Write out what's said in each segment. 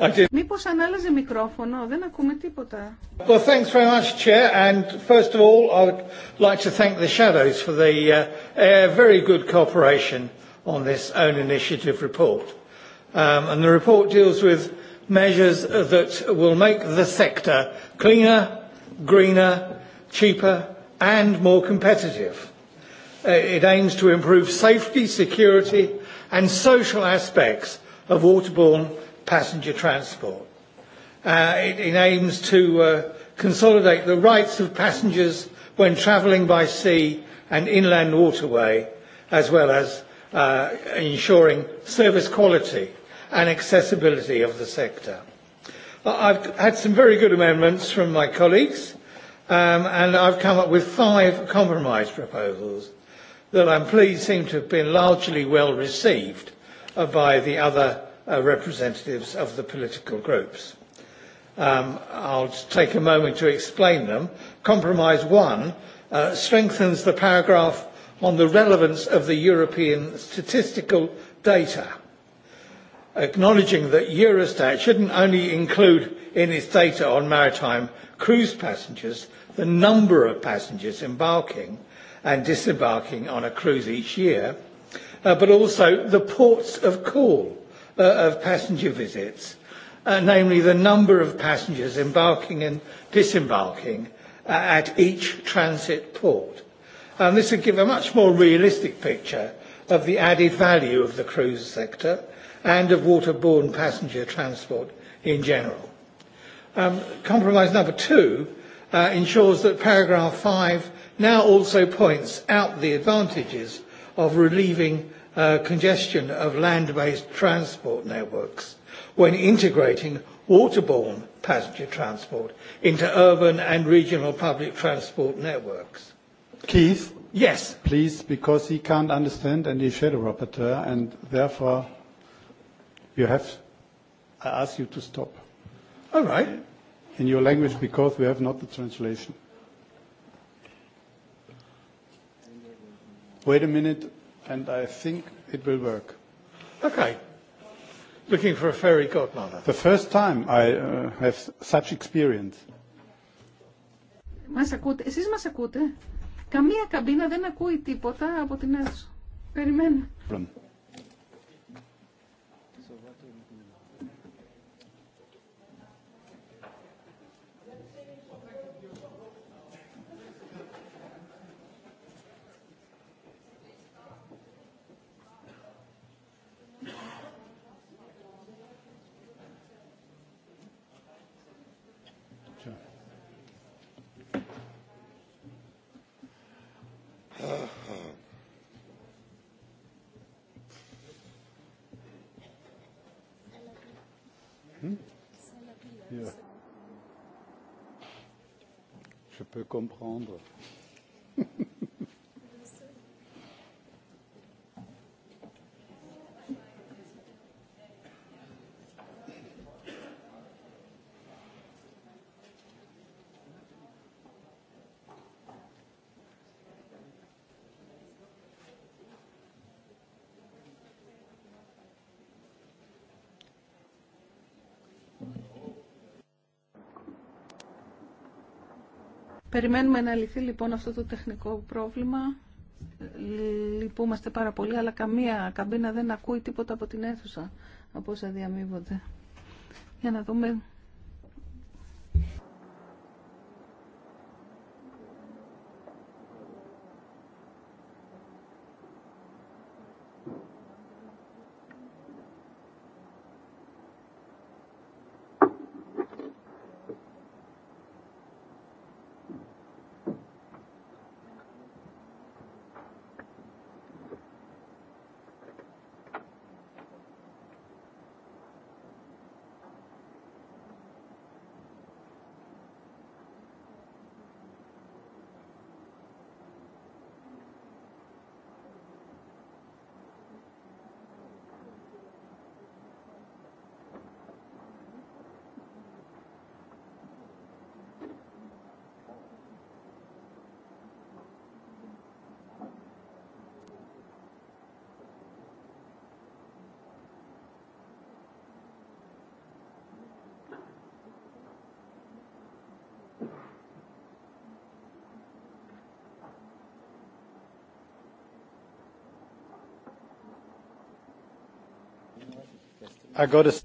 Okay. Μήπως μικρόφωνο, δεν ακούμε τίποτα. Well, thanks very much, Chair. And first of all, I would like to thank the shadows for the very good cooperation on this own initiative report. Um, and the report deals with measures that will make the sector cleaner, greener, cheaper and more competitive. It aims to improve safety, security and social aspects of waterborne passenger transport. It aims to consolidate the rights of passengers when travelling by sea and inland waterway, as well as ensuring service quality and accessibility of the sector. I've had some very good amendments from my colleagues, and I've come up with five compromise proposals that I'm pleased seem to have been largely well received by the other representatives of the political groups. I'll take a moment to explain them. Compromise 1 strengthens the paragraph on the relevance of the European statistical data, acknowledging that Eurostat shouldn't only include in its data on maritime cruise passengers the number of passengers embarking and disembarking on a cruise each year, but also the ports of call of passenger visits, namely the number of passengers embarking and disembarking at each transit port. And this would give a much more realistic picture of the added value of the cruise sector and of waterborne passenger transport in general. Compromise number two ensures that paragraph five now also points out the advantages of relieving congestion of land-based transport networks when integrating waterborne passenger transport into urban and regional public transport networks. Keith? Yes. Please, because he can't understand and he's shadow rapporteur and therefore you have, I ask you to stop. All right. In your language because we have not the translation. Wait a minute and I think it will work. Okay. Looking for a fairy godmother. The first time I uh, have such experience. Μας ακούτε. Εσείς μας ακούτε. Καμία καμπίνα δεν ακούει τίποτα από την αίθουσα. Περιμένω. comprendre. Περιμένουμε να λυθεί λοιπόν αυτό το τεχνικό πρόβλημα. Λυπούμαστε πάρα πολύ, αλλά καμία καμπίνα δεν ακούει τίποτα από την αίθουσα, από όσα διαμείβονται. Για να δούμε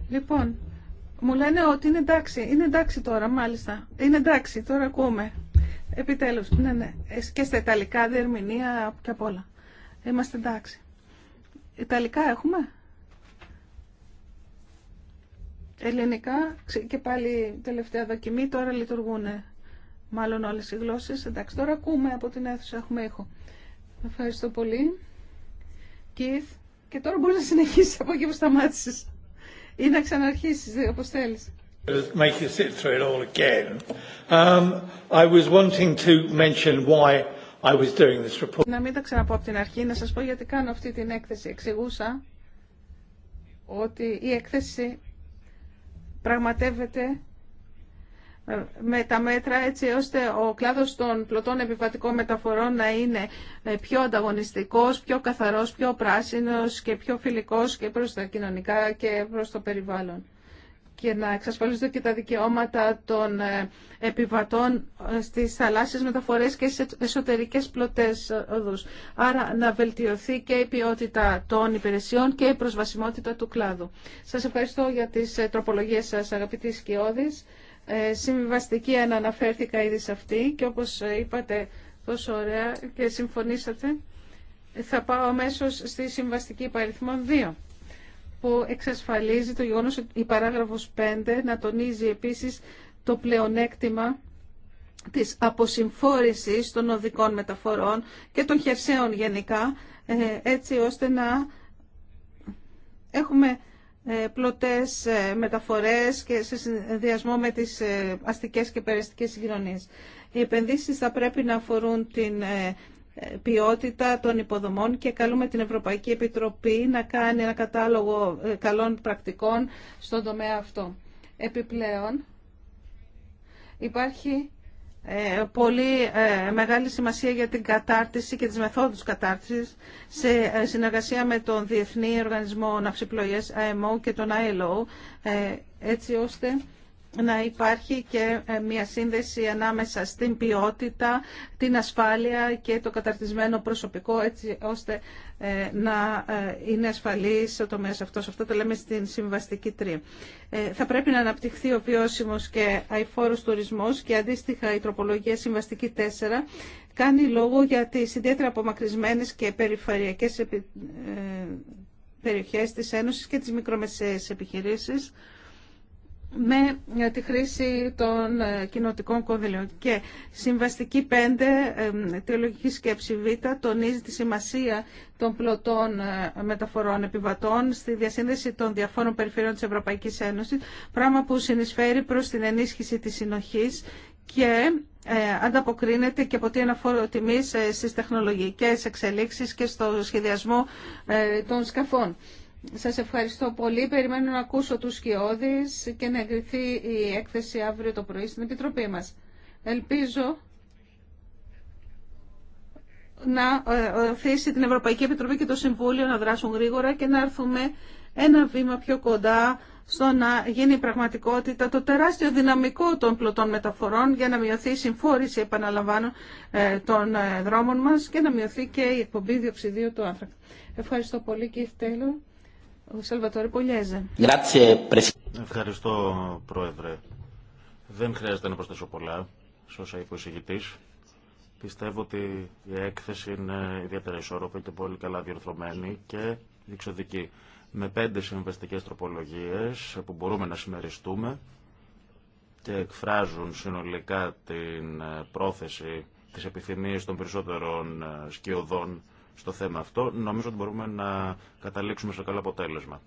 Λοιπόν, μου λένε ότι είναι εντάξει. Είναι εντάξει τώρα, μάλιστα. Είναι εντάξει, τώρα ακούμε. Επιτέλους, ναι, ναι. Ε, και στα Ιταλικά, διερμηνία και απ' όλα. Είμαστε εντάξει. Ιταλικά έχουμε. Ελληνικά και πάλι τελευταία δοκιμή, τώρα λειτουργούν μάλλον όλες οι γλώσσες. Εντάξει, τώρα ακούμε από την αίθουσα, έχουμε ήχο. Ευχαριστώ πολύ. Κιθ. Και τώρα μπορείς να συνεχίσεις από εκεί που σταμάτησες ή να ξαναρχίσεις όπως θέλεις. Make you sit through it all again. Um, I was wanting to mention why I was doing this report. Να μην τα ξαναπώ από την αρχή, να σας πω γιατί κάνω αυτή την έκθεση. Εξηγούσα ότι η έκθεση πραγματεύεται με τα μέτρα έτσι ώστε ο κλάδος των πλωτών επιβατικών μεταφορών να είναι ε, πιο ανταγωνιστικός, πιο καθαρός, πιο πράσινος και πιο φιλικός και προς τα κοινωνικά και προς το περιβάλλον και να εξασφαλίζονται και τα δικαιώματα των ε, επιβατών ε, στις θαλάσσιες μεταφορές και στις εσωτερικές πλωτές οδούς. Άρα να βελτιωθεί και η ποιότητα των υπηρεσιών και η προσβασιμότητα του κλάδου. Σας ευχαριστώ για τις τροπολογίες σας αγαπητοί Σκιώδης. Ε, συμβιβαστική αν αναφέρθηκα ήδη σε αυτή και όπως είπατε τόσο ωραία και συμφωνήσατε, θα πάω αμέσω στη συμβαστική υπαριθμό 2 που εξασφαλίζει το γεγονός ότι η παράγραφος 5 να τονίζει επίσης το πλεονέκτημα της αποσυμφόρησης των οδικών μεταφορών και των χερσαίων γενικά, ε, έτσι ώστε να έχουμε ε, πλωτές ε, μεταφορές και σε συνδυασμό με τις ε, αστικές και περιστικές συγκοινωνίες. Οι επενδύσεις θα πρέπει να αφορούν την ποιότητα των υποδομών και καλούμε την Ευρωπαϊκή Επιτροπή να κάνει ένα κατάλογο καλών πρακτικών στον τομέα αυτό. Επιπλέον, υπάρχει ε, πολύ ε, μεγάλη σημασία για την κατάρτιση και τις μεθόδους κατάρτισης σε ε, συνεργασία με τον Διεθνή Οργανισμό Ναυσιπλοίας ΑΕΜΟ και τον ILO έτσι ώστε να υπάρχει και ε, μια σύνδεση ανάμεσα στην ποιότητα, την ασφάλεια και το καταρτισμένο προσωπικό έτσι ώστε ε, να ε, είναι ασφαλής ο τομέας αυτός. Αυτό το λέμε στην Συμβαστική 3. Θα πρέπει να αναπτυχθεί ο βιώσιμος και αηφόρος τουρισμός και αντίστοιχα η τροπολογία Συμβαστική 4 κάνει λόγο για τις ιδιαίτερα απομακρυσμένες και περιφερειακές περιοχές της Ένωσης και τις μικρομεσαίες επιχειρήσεις με ε, τη χρήση των ε, κοινωτικών κονδυλίων. Και συμβαστική 5, ε, τηολογική σκέψη Β, τονίζει τη σημασία των πλωτών μεταφορών επιβατών στη διασύνδεση των διαφόρων περιφερειών της Ευρωπαϊκής Ένωσης, πράγμα που συνεισφέρει προς την ενίσχυση της συνοχής και ανταποκρίνεται και από τι αναφόρο τιμής στις τεχνολογικές εξελίξεις και στο σχεδιασμό των σκαφών. Σας ευχαριστώ πολύ. Περιμένω να ακούσω τους σκιώδεις και να εγκριθεί η έκθεση αύριο το πρωί στην Επιτροπή μας. Ελπίζω να ε, οθήσει την Ευρωπαϊκή Επιτροπή και το Συμβούλιο να δράσουν γρήγορα και να έρθουμε ένα βήμα πιο κοντά στο να γίνει πραγματικότητα το τεράστιο δυναμικό των πλωτών μεταφορών για να μειωθεί η συμφόρηση, επαναλαμβάνω, ε, των ε, δρόμων μας και να μειωθεί και η εκπομπή διοξιδίου του άνθρακα. Ευχαριστώ πολύ κύριε Τέιλορ. Ευχαριστώ, Πρόεδρε. Δεν χρειάζεται να προσθέσω πολλά σε όσα είπε ο εισηγητής. Πιστεύω ότι η έκθεση είναι ιδιαίτερα ισόρροπη και πολύ καλά διορθωμένη και διεξοδική. Με πέντε συμβαστικές τροπολογίες που μπορούμε να συμμεριστούμε και εκφράζουν συνολικά την πρόθεση της επιθυμίας των περισσότερων σκιωδών στο θέμα αυτό, νομίζω ότι μπορούμε να καταλήξουμε σε καλό αποτέλεσμα.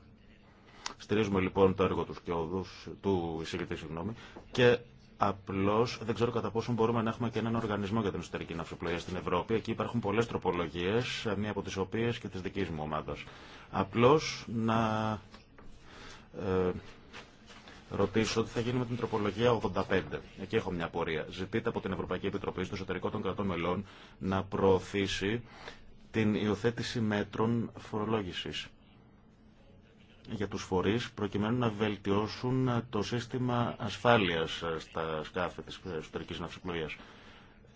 Στηρίζουμε λοιπόν το έργο του Σκιώδους, του εισηγητή, συγγνώμη, και Απλώ δεν ξέρω κατά πόσο μπορούμε να έχουμε και έναν οργανισμό για την εσωτερική ναυσοπλοεία στην Ευρώπη. Εκεί υπάρχουν πολλέ τροπολογίε, μία από τι οποίε και τη δική μου ομάδα. Απλώ να ε, ρωτήσω τι θα γίνει με την τροπολογία 85. Εκεί έχω μια απορία. Ζητείται από την Ευρωπαϊκή Επιτροπή στο εσωτερικό των κρατών μελών να προωθήσει την υιοθέτηση μέτρων φορολόγησης για τους φορείς προκειμένου να βελτιώσουν το σύστημα ασφάλειας στα σκάφη της εσωτερικής ναυσιπλοείας.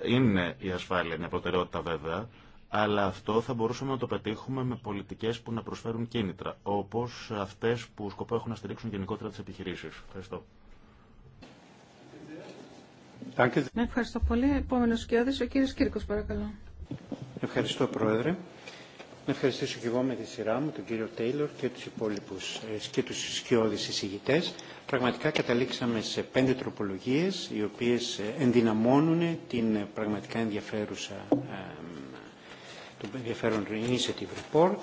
Είναι η ασφάλεια μια προτεραιότητα βέβαια, αλλά αυτό θα μπορούσαμε να το πετύχουμε με πολιτικές που να προσφέρουν κίνητρα, όπως αυτές που σκοπό έχουν να στηρίξουν γενικότερα τις επιχειρήσεις. Ευχαριστώ. Ευχαριστώ πολύ. Επόμενος ο κύριος Κύρκος παρακαλώ. Ευχαριστώ, Πρόεδρε. Να ευχαριστήσω και εγώ με τη σειρά μου τον κύριο Τέιλορ και τους υπόλοιπους ε, και τους σκιώδεις εισηγητές. Πραγματικά καταλήξαμε σε πέντε τροπολογίες οι οποίες ε, ενδυναμώνουν την ε, πραγματικά ενδιαφέρουσα το ενδιαφέρον Initiative Report.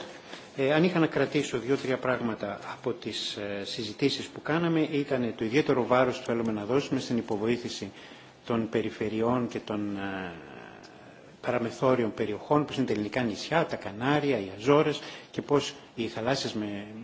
Ε, αν είχα να κρατήσω δύο-τρία πράγματα από τις συζητήσεις που κάναμε ήταν το ιδιαίτερο βάρος που θέλουμε να δώσουμε στην υποβοήθηση των περιφερειών και των παραμεθόριων περιοχών, όπως είναι τα ελληνικά νησιά, τα Κανάρια, οι Αζόρες και πώς οι θαλάσσιες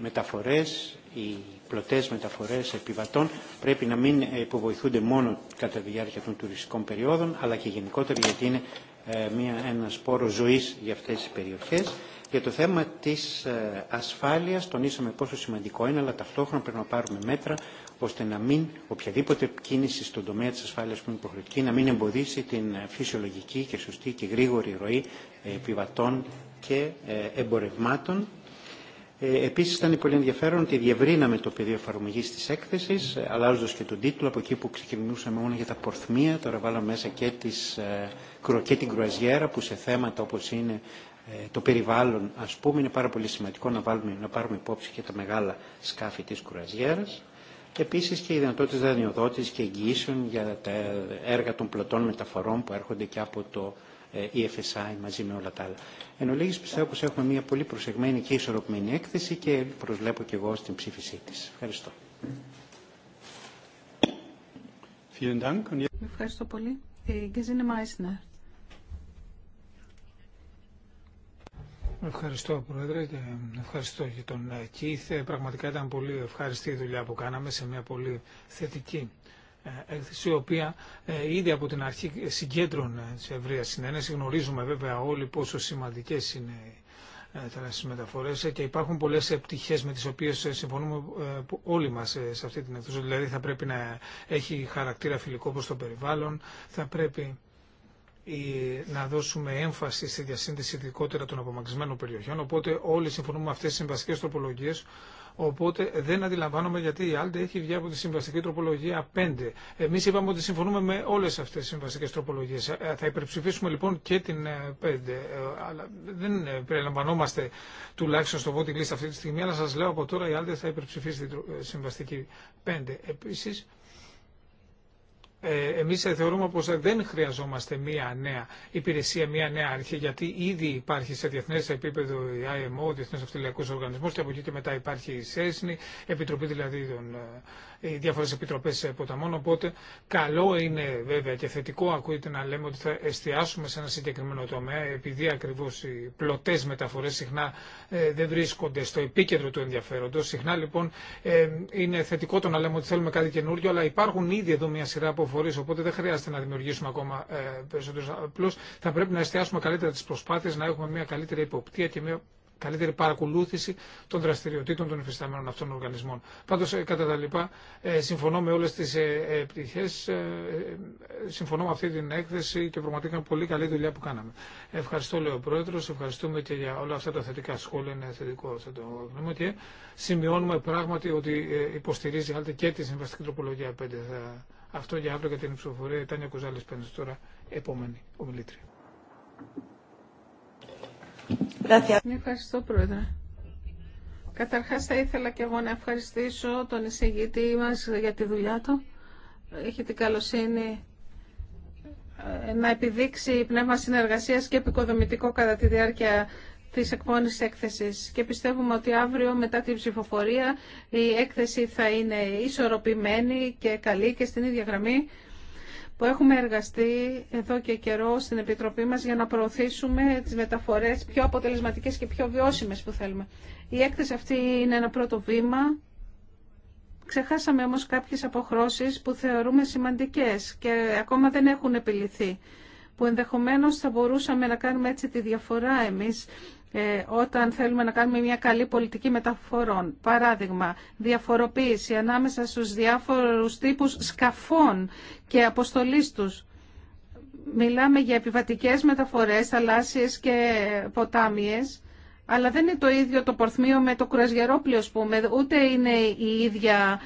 μεταφορές, οι πλωτές μεταφορές επιβατών πρέπει να μην υποβοηθούνται μόνο κατά τη διάρκεια των τουριστικών περιόδων αλλά και γενικότερα γιατί είναι ε, μια, ένας πόρος ζωής για αυτές τις περιοχές για το θέμα της ε, ασφάλειας τονίσαμε πόσο σημαντικό είναι, αλλά ταυτόχρονα πρέπει να πάρουμε μέτρα ώστε να μην οποιαδήποτε κίνηση στον τομέα της ασφάλειας που είναι υποχρεωτική να μην εμποδίσει την ε, φυσιολογική και σωστή και γρήγορη ροή ε, επιβατών και εμπορευμάτων. Επίσης ήταν πολύ ενδιαφέρον ότι διευρύναμε το πεδίο εφαρμογή της έκθεσης, αλλάζοντας και τον τίτλο από εκεί που ξεκινούσαμε μόνο για τα πορθμία, τώρα βάλαμε μέσα και, τις, και την κρουαζιέρα που σε θέματα όπως είναι ε, το περιβάλλον, ας πούμε, είναι πάρα πολύ σημαντικό να, βάλουμε, να πάρουμε υπόψη και τα μεγάλα σκάφη της κουραζιέρας. Επίσης και οι δυνατότητες δανειοδότησης και εγγυήσεων για τα έργα των πλωτών μεταφορών που έρχονται και από το ε, EFSI μαζί με όλα τα άλλα. Εν ολίγης πιστεύω πως έχουμε μια πολύ προσεγμένη και ισορροπημένη έκθεση και προσλέπω και εγώ στην ψήφισή της. Ευχαριστώ. Ευχαριστώ πολύ. Ε, Ευχαριστώ Πρόεδρε και ευχαριστώ για τον ε, Κίθ. Πραγματικά ήταν πολύ ευχαριστή η δουλειά που κάναμε σε μια πολύ θετική ε, έκθεση, η οποία ε, ήδη από την αρχή συγκέντρωνε σε ευρεία συνένεση. Γνωρίζουμε βέβαια όλοι πόσο σημαντικές είναι θαλάσσιες μεταφορές και υπάρχουν πολλές επιτυχίες με τις οποίες συμφωνούμε όλοι μας σε αυτή την εκθέση. Δηλαδή θα πρέπει να έχει χαρακτήρα φιλικό προς το περιβάλλον, θα πρέπει να δώσουμε έμφαση στη διασύνδεση ειδικότερα των απομακρυσμένων περιοχών. Οπότε όλοι συμφωνούμε με αυτέ τι συμβαστικέ τροπολογίε. Οπότε δεν αντιλαμβάνομαι γιατί η Άλντε έχει βγει από τη συμβαστική τροπολογία 5. Εμεί είπαμε ότι συμφωνούμε με όλε αυτέ τι συμβαστικέ τροπολογίε. Ε, θα υπερψηφίσουμε λοιπόν και την 5. Ε, ε, αλλά δεν περιλαμβανόμαστε τουλάχιστον στο voting list αυτή τη στιγμή. Αλλά σα λέω από τώρα η Άλτε θα υπερψηφίσει τη συμβαστική 5. Επίση, ε, εμείς θεωρούμε πως δεν χρειαζόμαστε μία νέα υπηρεσία, μία νέα αρχή, γιατί ήδη υπάρχει σε διεθνές επίπεδο η IMO, ο διεθνέ Αυτιλιακός Οργανισμός, και από εκεί και μετά υπάρχει η ΣΕΣΝΗ, Επιτροπή δηλαδή των ε, οι διάφορε επιτροπέ ε, ποταμών. Οπότε, καλό είναι βέβαια και θετικό ακούγεται να λέμε ότι θα εστιάσουμε σε ένα συγκεκριμένο τομέα, επειδή ακριβώ οι πλωτέ μεταφορέ συχνά ε, δεν βρίσκονται στο επίκεντρο του ενδιαφέροντο. Συχνά λοιπόν ε, είναι θετικό το να λέμε ότι θέλουμε κάτι καινούριο, αλλά υπάρχουν ήδη εδώ μια σειρά από φορεί, οπότε δεν χρειάζεται να δημιουργήσουμε ακόμα περισσότερου. Απλώ θα πρέπει να εστιάσουμε καλύτερα τι προσπάθειε, να έχουμε μια καλύτερη υποπτία και μια καλύτερη παρακολούθηση των δραστηριοτήτων των υφισταμένων αυτών οργανισμών. Πάντω, ε, κατά τα λοιπά, ε, συμφωνώ με όλες τις ε, πτυχές, συμφωνώ με αυτή την έκθεση και πραγματικά πολύ καλή δουλειά που κάναμε. Ευχαριστώ, λέει ο Πρόεδρο, ευχαριστούμε και για όλα αυτά τα θετικά σχόλια, είναι θετικό αυτό το γνώμη και σημειώνουμε πράγματι ότι υποστηρίζει άλλη, και τη συμβαστική τροπολογία 5. Αυτό για αύριο για την ψηφοφορία. Τάνια Κουζάλη πέντε τώρα, επόμενη ομιλήτρια. Ευχαριστώ, Πρόεδρε. Καταρχάς θα ήθελα και εγώ να ευχαριστήσω τον εισηγητή μας για τη δουλειά του. Έχει την καλοσύνη ε, να επιδείξει πνεύμα συνεργασίας και επικοδομητικό κατά τη διάρκεια της εκπόνησης έκθεσης. Και πιστεύουμε ότι αύριο μετά την ψηφοφορία η έκθεση θα είναι ισορροπημένη και καλή και στην ίδια γραμμή που έχουμε εργαστεί εδώ και καιρό στην Επιτροπή μας για να προωθήσουμε τις μεταφορές πιο αποτελεσματικές και πιο βιώσιμες που θέλουμε. Η έκθεση αυτή είναι ένα πρώτο βήμα. Ξεχάσαμε όμως κάποιες αποχρώσεις που θεωρούμε σημαντικές και ακόμα δεν έχουν επιληθεί που ενδεχομένως θα μπορούσαμε να κάνουμε έτσι τη διαφορά εμείς ε, όταν θέλουμε να κάνουμε μια καλή πολιτική μεταφορών. Παράδειγμα, διαφοροποίηση ανάμεσα στους διάφορους τύπους σκαφών και αποστολή τους. Μιλάμε για επιβατικές μεταφορές, θαλάσσιες και ποτάμιες, αλλά δεν είναι το ίδιο το πορθμίο με το κουρασγερόπλιο, πούμε, ούτε είναι η ίδια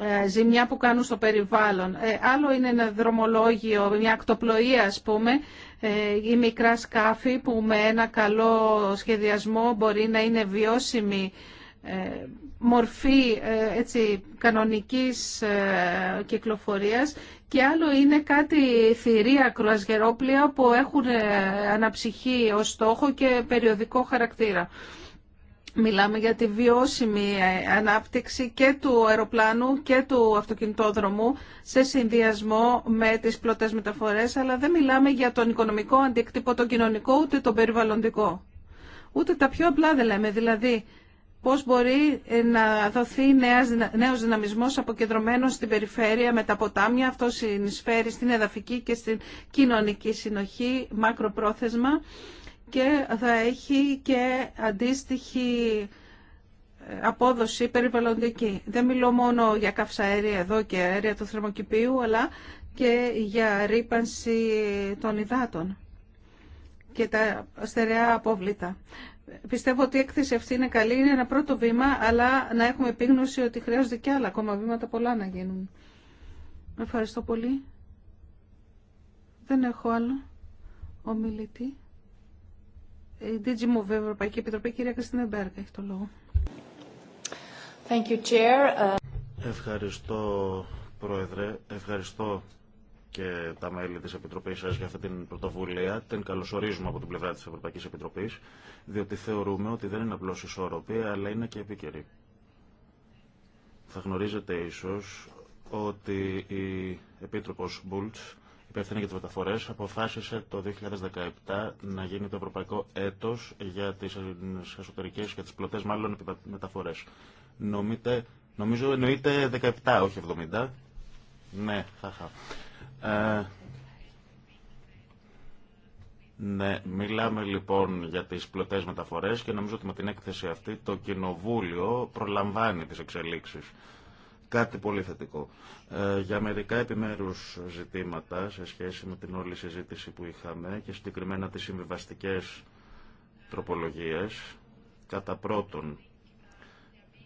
ε, ζημιά που κάνουν στο περιβάλλον. Ε, άλλο είναι ένα δρομολόγιο, μια ακτοπλοεία, ας πούμε, ή ε, μικρά σκάφη που με ένα καλό σχεδιασμό μπορεί να είναι βιώσιμη ε, μορφή ε, έτσι, κανονικής κυκλοφορίας και άλλο είναι κάτι θηρία κρουαζιερόπλια που έχουν αναψυχή ως στόχο και περιοδικό χαρακτήρα. Μιλάμε για τη βιώσιμη ε, ανάπτυξη και του αεροπλάνου και του αυτοκινητόδρομου σε συνδυασμό με τις πλωτές μεταφορές, αλλά δεν μιλάμε για τον οικονομικό αντίκτυπο, τον κοινωνικό, ούτε τον περιβαλλοντικό. Ούτε τα πιο απλά δεν λέμε, δηλαδή πώς μπορεί ε, να δοθεί νέος δυναμισμός αποκεντρωμένος στην περιφέρεια με τα ποτάμια, αυτό συνεισφέρει στην εδαφική και στην κοινωνική συνοχή, μακροπρόθεσμα και θα έχει και αντίστοιχη ε, απόδοση περιβαλλοντική. Δεν μιλώ μόνο για καυσαέρια εδώ και αέρια του θερμοκηπίου, αλλά και για ρήπανση των υδάτων και τα στερεά απόβλητα. Πιστεύω ότι η έκθεση αυτή είναι καλή, είναι ένα πρώτο βήμα, αλλά να έχουμε επίγνωση ότι χρειάζονται και άλλα ακόμα βήματα πολλά να γίνουν. Ευχαριστώ πολύ. Δεν έχω άλλο ομιλητή. Η DigiMove, Ευρωπαϊκή Επιτροπή, κυρία Κριστίνα Μπέρκ, έχει το λόγο. Ευχαριστώ, Πρόεδρε. Ευχαριστώ και τα μέλη της Επιτροπής σας για αυτή την πρωτοβουλία. Την καλωσορίζουμε από την πλευρά της Ευρωπαϊκής Επιτροπής, διότι θεωρούμε ότι δεν είναι απλώς ισορροπία, αλλά είναι και επίκαιρη. Θα γνωρίζετε ίσως ότι η Επίτροπος Μπούλτς υπεύθυνη για τι μεταφορές, αποφάσισε το 2017 να γίνει το ευρωπαϊκό έτος για τις εσωτερικέ και τι πλωτέ, μάλλον μεταφορές. νομίζω εννοείται 17, όχι 70. Ναι, χαχα. Ε, ναι, μιλάμε λοιπόν για τις πλωτές μεταφορές και νομίζω ότι με την έκθεση αυτή το Κοινοβούλιο προλαμβάνει τις εξελίξεις κάτι πολύ θετικό. Ε, για μερικά επιμέρους ζητήματα σε σχέση με την όλη συζήτηση που είχαμε και συγκεκριμένα τις συμβιβαστικέ τροπολογίες, κατά πρώτον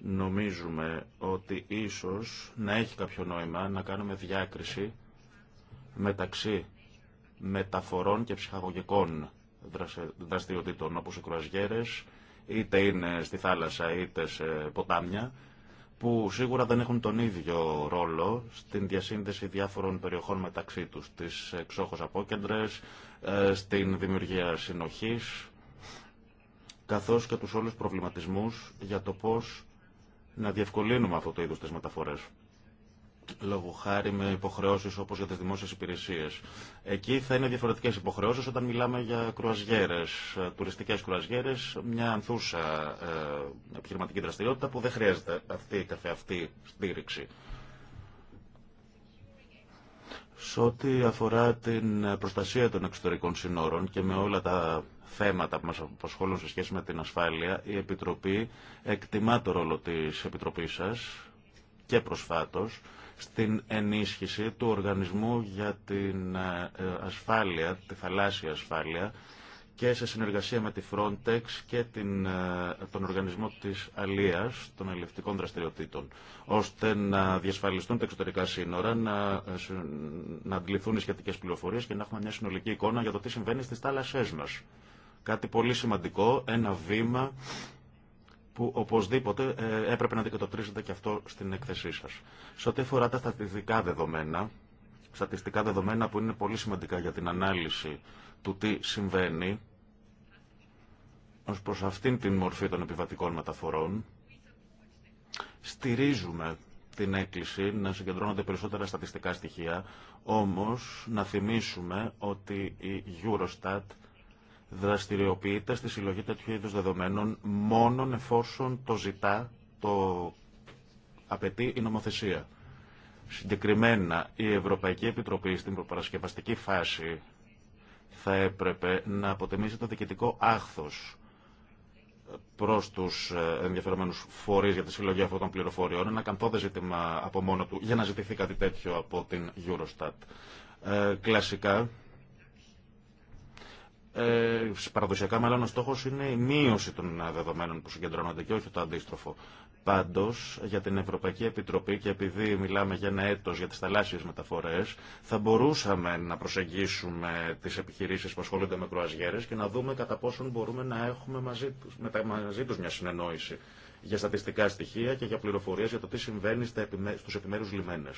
νομίζουμε ότι ίσως να έχει κάποιο νόημα να κάνουμε διάκριση μεταξύ μεταφορών και ψυχαγωγικών δραστηριοτήτων όπως οι κρουαζιέρες, είτε είναι στη θάλασσα είτε σε ποτάμια που σίγουρα δεν έχουν τον ίδιο ρόλο στην διασύνδεση διάφορων περιοχών μεταξύ τους, στις εξόχως απόκεντρες, ε, στην δημιουργία συνοχής, καθώς και τους όλους προβληματισμούς για το πώς να διευκολύνουμε αυτό το είδος τις μεταφορές λόγω χάρη με υποχρεώσει όπω για τι δημόσιε υπηρεσίε. Εκεί θα είναι διαφορετικέ υποχρεώσει όταν μιλάμε για κρουαζιέρε, τουριστικέ κρουαζιέρε, μια ανθούσα ε, επιχειρηματική δραστηριότητα που δεν χρειάζεται αυτή η καθεαυτή στήριξη. Σε ό,τι αφορά την προστασία των εξωτερικών συνόρων και με όλα τα θέματα που μας απασχολούν σε σχέση με την ασφάλεια, η Επιτροπή εκτιμά το ρόλο της Επιτροπής σας και προσφάτως στην ενίσχυση του Οργανισμού για την ε, ασφάλεια, τη θαλάσσια ασφάλεια και σε συνεργασία με τη Frontex και την, ε, τον οργανισμό της Αλίας των αλληλευτικών δραστηριοτήτων, ώστε να διασφαλιστούν τα εξωτερικά σύνορα, να, ε, να αντιληφθούν οι σχετικές πληροφορίες και να έχουμε μια συνολική εικόνα για το τι συμβαίνει στις θάλασσές μας. Κάτι πολύ σημαντικό, ένα βήμα που οπωσδήποτε ε, έπρεπε να αντικατοπτρίζεται και αυτό στην έκθεσή σα. Σε ό,τι αφορά τα στατιστικά δεδομένα, στατιστικά δεδομένα που είναι πολύ σημαντικά για την ανάλυση του τι συμβαίνει ως προς αυτήν την μορφή των επιβατικών μεταφορών, στηρίζουμε την έκκληση να συγκεντρώνονται περισσότερα στατιστικά στοιχεία, όμως να θυμίσουμε ότι η Eurostat δραστηριοποιείται στη συλλογή τέτοιου είδους δεδομένων μόνον εφόσον το ζητά, το απαιτεί η νομοθεσία. Συγκεκριμένα, η Ευρωπαϊκή Επιτροπή στην προπαρασκευαστική φάση θα έπρεπε να αποτεμήσει το διοικητικό άχθος προς τους ε, ενδιαφερομένους φορείς για τη συλλογή αυτών των πληροφοριών. Ένα καμπόδε ζήτημα από μόνο του για να ζητηθεί κάτι τέτοιο από την Eurostat. Ε, κλασικά, ε, παραδοσιακά, μάλλον ο στόχος είναι η μείωση των δεδομένων που συγκεντρώνονται και όχι το αντίστροφο. Πάντω, για την Ευρωπαϊκή Επιτροπή και επειδή μιλάμε για ένα έτο για τι θαλάσσιε μεταφορέ, θα μπορούσαμε να προσεγγίσουμε τι επιχειρήσει που ασχολούνται με κρουαζιέρε και να δούμε κατά πόσον μπορούμε να έχουμε μαζί του μαζί τους μια συνεννόηση για στατιστικά στοιχεία και για πληροφορίε για το τι συμβαίνει στου επιμέρου λιμένες.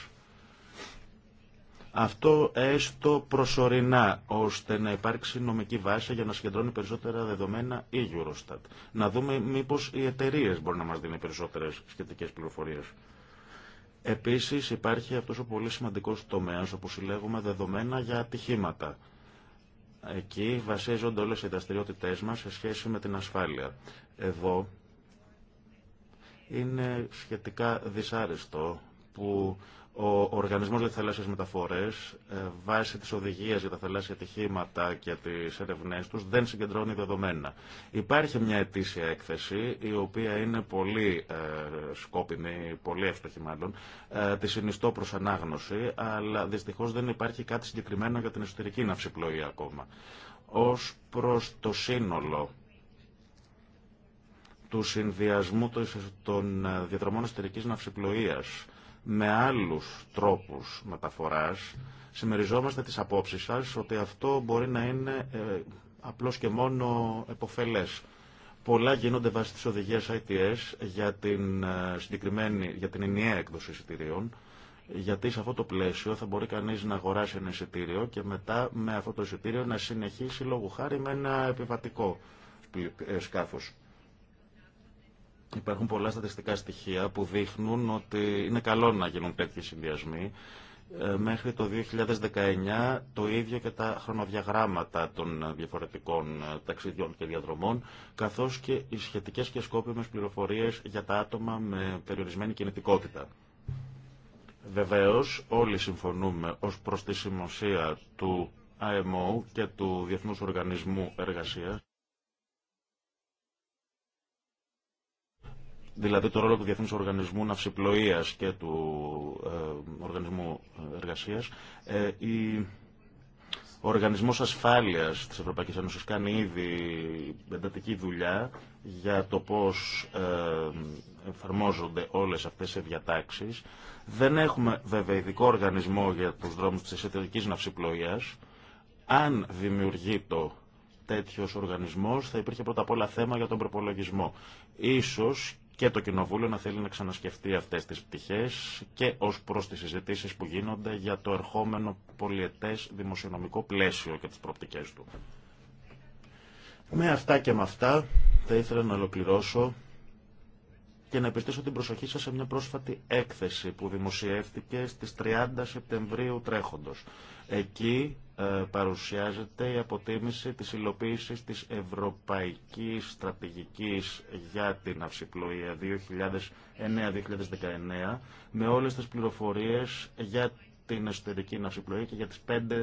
Αυτό έστω προσωρινά, ώστε να υπάρξει νομική βάση για να συγκεντρώνει περισσότερα δεδομένα η Eurostat. Να δούμε μήπως οι εταιρείε μπορούν να μας δίνουν περισσότερες σχετικές πληροφορίες. Επίσης υπάρχει αυτός ο πολύ σημαντικός τομέας όπου συλλέγουμε δεδομένα για ατυχήματα. Εκεί βασίζονται όλες οι δραστηριότητέ μας σε σχέση με την ασφάλεια. Εδώ είναι σχετικά δυσάρεστο που ο Οργανισμός για τι Θαλάσσιες Μεταφορές, ε, βάσει της οδηγίας για τα θαλάσσια ατυχήματα και τις ερευνές τους, δεν συγκεντρώνει δεδομένα. Υπάρχει μια ετήσια έκθεση, η οποία είναι πολύ ε, σκόπιμη, πολύ εύστοχη μάλλον, ε, τη συνιστώ προς ανάγνωση, αλλά δυστυχώς δεν υπάρχει κάτι συγκεκριμένο για την εσωτερική ναυσιπλοεία ακόμα. Ως προς το σύνολο του συνδυασμού των διαδρομών εσωτερικής ναυσιπλοείας, με άλλους τρόπους μεταφοράς. Συμμεριζόμαστε τις απόψεις σας ότι αυτό μπορεί να είναι ε, απλώς και μόνο εποφελές. Πολλά γίνονται βάσει τις οδηγίες ITS για την, ε, συγκεκριμένη, για την ενιαία έκδοση εισιτηρίων, γιατί σε αυτό το πλαίσιο θα μπορεί κανείς να αγοράσει ένα εισιτήριο και μετά με αυτό το εισιτήριο να συνεχίσει λόγου χάρη με ένα επιβατικό ε, σκάφος. Υπάρχουν πολλά στατιστικά στοιχεία που δείχνουν ότι είναι καλό να γίνουν τέτοιοι συνδυασμοί. Ε, μέχρι το 2019 το ίδιο και τα χρονοδιαγράμματα των διαφορετικών ε, ταξιδιών και διαδρομών, καθώς και οι σχετικές και σκόπιμες πληροφορίες για τα άτομα με περιορισμένη κινητικότητα. Βεβαίως, όλοι συμφωνούμε ως προς τη σημασία του ΑΕΜΟ και του Διεθνούς Οργανισμού Εργασίας δηλαδή το ρόλο του Διεθνούς Οργανισμού Ναυσιπλοείας και του ε, Οργανισμού Εργασίας, ε, ο Οργανισμό Ασφάλεια τη Ευρωπαϊκή Ένωση κάνει ήδη εντατική δουλειά για το πώ ε, εφαρμόζονται όλε αυτέ οι διατάξει. Δεν έχουμε βέβαια ειδικό οργανισμό για του δρόμου τη εσωτερική ναυσιπλοεία. Αν δημιουργεί το τέτοιο οργανισμό, θα υπήρχε πρώτα απ' όλα θέμα για τον προπολογισμό. Ίσως και το Κοινοβούλιο να θέλει να ξανασκεφτεί αυτές τις πτυχές και ως προς τις συζητήσεις που γίνονται για το ερχόμενο πολιετές δημοσιονομικό πλαίσιο και τις προοπτικές του. Με αυτά και με αυτά θα ήθελα να ολοκληρώσω και να επιστήσω την προσοχή σας σε μια πρόσφατη έκθεση που δημοσιεύτηκε στις 30 Σεπτεμβρίου τρέχοντος. Εκεί ε, παρουσιάζεται η αποτίμηση της υλοποίησης της Ευρωπαϊκής Στρατηγικής για την Αυσιπλοεία 2009-2019 με όλες τις πληροφορίες για την εσωτερική ναυσιπλοεία και για τις πέντε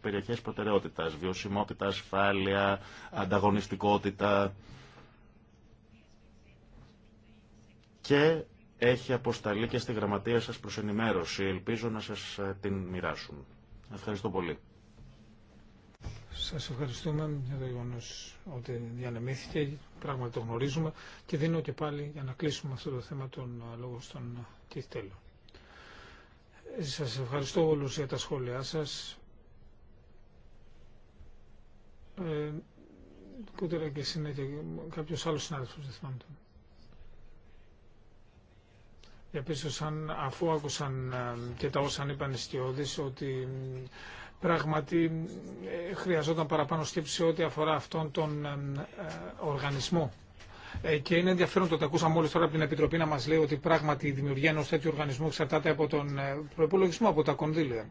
περιοχές προτεραιότητας, βιωσιμότητα, ασφάλεια, ανταγωνιστικότητα, και έχει αποσταλεί και στη γραμματεία σας προς ενημέρωση. Ελπίζω να σας ε, την μοιράσουν. Ευχαριστώ πολύ. Σας ευχαριστούμε για το γεγονό ότι διανεμήθηκε, πράγματι το γνωρίζουμε και δίνω και πάλι για να κλείσουμε αυτό το θέμα τον ε, λόγο στον Κίχτέλο. Ε, σας ευχαριστώ όλους για τα σχόλιά σας. Ε, Κούτερα και εσύ κάποιος άλλος συνάδελφος, δεν θυμάμαι τον. Επίσης, αφού άκουσαν ε, και τα όσα είπαν οι σκιώδεις, ότι πράγματι ε, χρειαζόταν παραπάνω σκέψη ό,τι αφορά αυτόν τον ε, οργανισμό. Και είναι ενδιαφέρον το ότι ακούσαμε μόλι τώρα από την Επιτροπή να μα λέει ότι πράγματι η δημιουργία ενό τέτοιου οργανισμού εξαρτάται από τον προπολογισμό, από τα κονδύλια.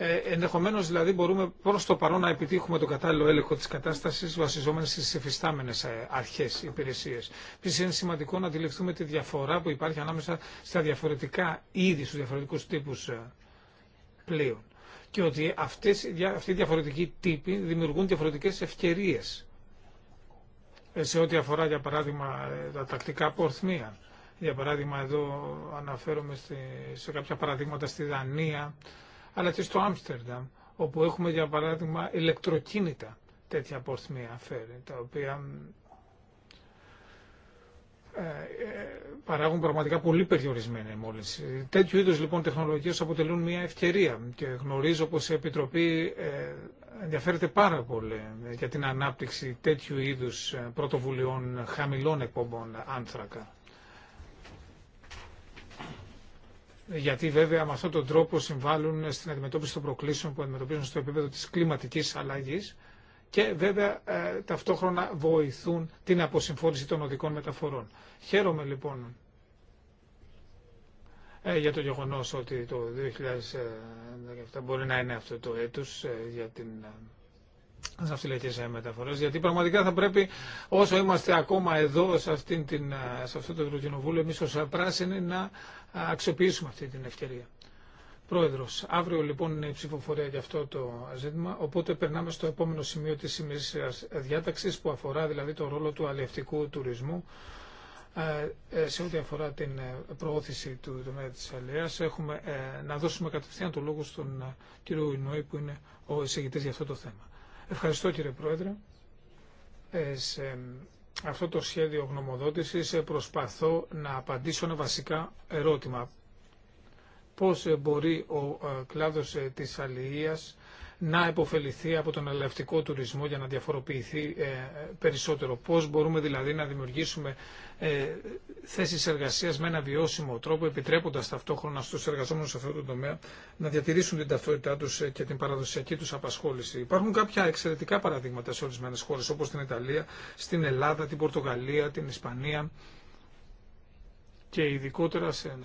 Ε, Ενδεχομένω, δηλαδή μπορούμε προ το παρόν να επιτύχουμε τον κατάλληλο έλεγχο τη κατάσταση βασιζόμενοι στι εφιστάμενες ε, αρχέ υπηρεσίε. Επίση, είναι σημαντικό να αντιληφθούμε τη διαφορά που υπάρχει ανάμεσα στα διαφορετικά είδη, στου διαφορετικού τύπου ε, πλοίων. Και ότι αυτές, αυτοί οι διαφορετικοί τύποι δημιουργούν διαφορετικές ευκαιρίε, σε ό,τι αφορά για παράδειγμα τα τακτικά πορθμία. Για παράδειγμα εδώ αναφέρομαι σε κάποια παραδείγματα στη Δανία, αλλά και στο Άμστερνταμ, όπου έχουμε για παράδειγμα ηλεκτροκίνητα τέτοια απορθμία φέρει, τα οποία ε, ε, παράγουν πραγματικά πολύ περιορισμένη μόλις. Τέτοιου είδους λοιπόν τεχνολογίες αποτελούν μια ευκαιρία και γνωρίζω πως η Επιτροπή ε, ενδιαφέρεται πάρα πολύ για την ανάπτυξη τέτοιου είδους πρωτοβουλειών χαμηλών εκπομπών άνθρακα. γιατί βέβαια με αυτόν τον τρόπο συμβάλλουν στην αντιμετώπιση των προκλήσεων που αντιμετωπίζουν στο επίπεδο της κλιματικής αλλαγής και βέβαια ε, ταυτόχρονα βοηθούν την αποσυμφόρηση των οδικών μεταφορών. Χαίρομαι λοιπόν ε, για το γεγονός ότι το 2017 ε, μπορεί να είναι αυτό το έτος για την σε μεταφορές, γιατί πραγματικά θα πρέπει όσο είμαστε ακόμα εδώ σε, την, ε, σε αυτό το Ευρωκοινοβούλιο εμείς ως πράσινοι να αξιοποιήσουμε αυτή την ευκαιρία. Πρόεδρος, αύριο λοιπόν είναι η ψηφοφορία για αυτό το ζήτημα, οπότε περνάμε στο επόμενο σημείο της ημερήσιας διάταξης που αφορά δηλαδή το ρόλο του αλλιευτικού τουρισμού ε, ε, σε ό,τι αφορά την προώθηση του τομέα της αλληλείας έχουμε να δώσουμε κατευθείαν το λόγο στον κύριο Ινωή που είναι ο εισηγητής για αυτό το θέμα. Ευχαριστώ κύριε Πρόεδρε. Ε, σε αυτό το σχέδιο γνωμοδότησης ε, προσπαθώ να απαντήσω ένα βασικά ερώτημα. Πώς ε, μπορεί ο κλάδος της αλληλείας να επωφεληθεί από τον ελευτικό τουρισμό για να διαφοροποιηθεί ε, περισσότερο. Πώς μπορούμε δηλαδή να δημιουργήσουμε ε, θέσεις εργασίας με ένα βιώσιμο τρόπο, επιτρέποντας ταυτόχρονα στους εργαζόμενους σε αυτό το τομέα να διατηρήσουν την ταυτότητά τους ε, και την παραδοσιακή τους απασχόληση. Υπάρχουν κάποια εξαιρετικά παραδείγματα σε ορισμένες χώρες, όπως την Ιταλία, στην Ελλάδα, την Πορτογαλία, την Ισπανία και ειδικότερα σε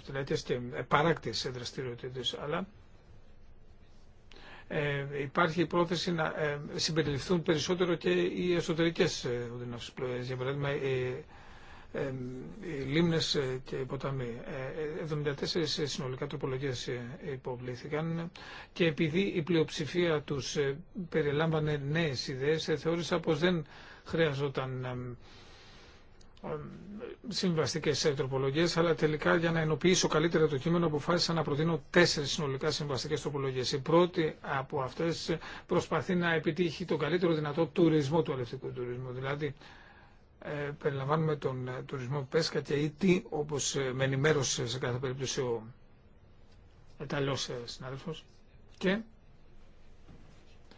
και παράκτη δραστηριότητε αλλά ε, υπάρχει η πρόθεση να ε, συμπεριληφθούν περισσότερο και οι εσωτερικές ε, οδυναύσεις Για παράδειγμα, οι λίμνες και οι ποταμοί. 74 συνολικά τροπολογίες υποβλήθηκαν και επειδή η πλειοψηφία τους περιλάμβανε νέες ιδέες, θεώρησα πως δεν χρειαζόταν συμβαστικέ τροπολογίε, αλλά τελικά για να ενοποιήσω καλύτερα το κείμενο αποφάσισα να προτείνω τέσσερι συνολικά συμβαστικέ τροπολογίε. Η πρώτη από αυτέ προσπαθεί να επιτύχει τον καλύτερο δυνατό τουρισμό του αλευτικού τουρισμού. Δηλαδή, ε, περιλαμβάνουμε τον ε, τουρισμό Πέσκα και ήτη, όπω ε, με ενημέρωσε σε κάθε περίπτωση ο Ιταλό συνάδελφο. Και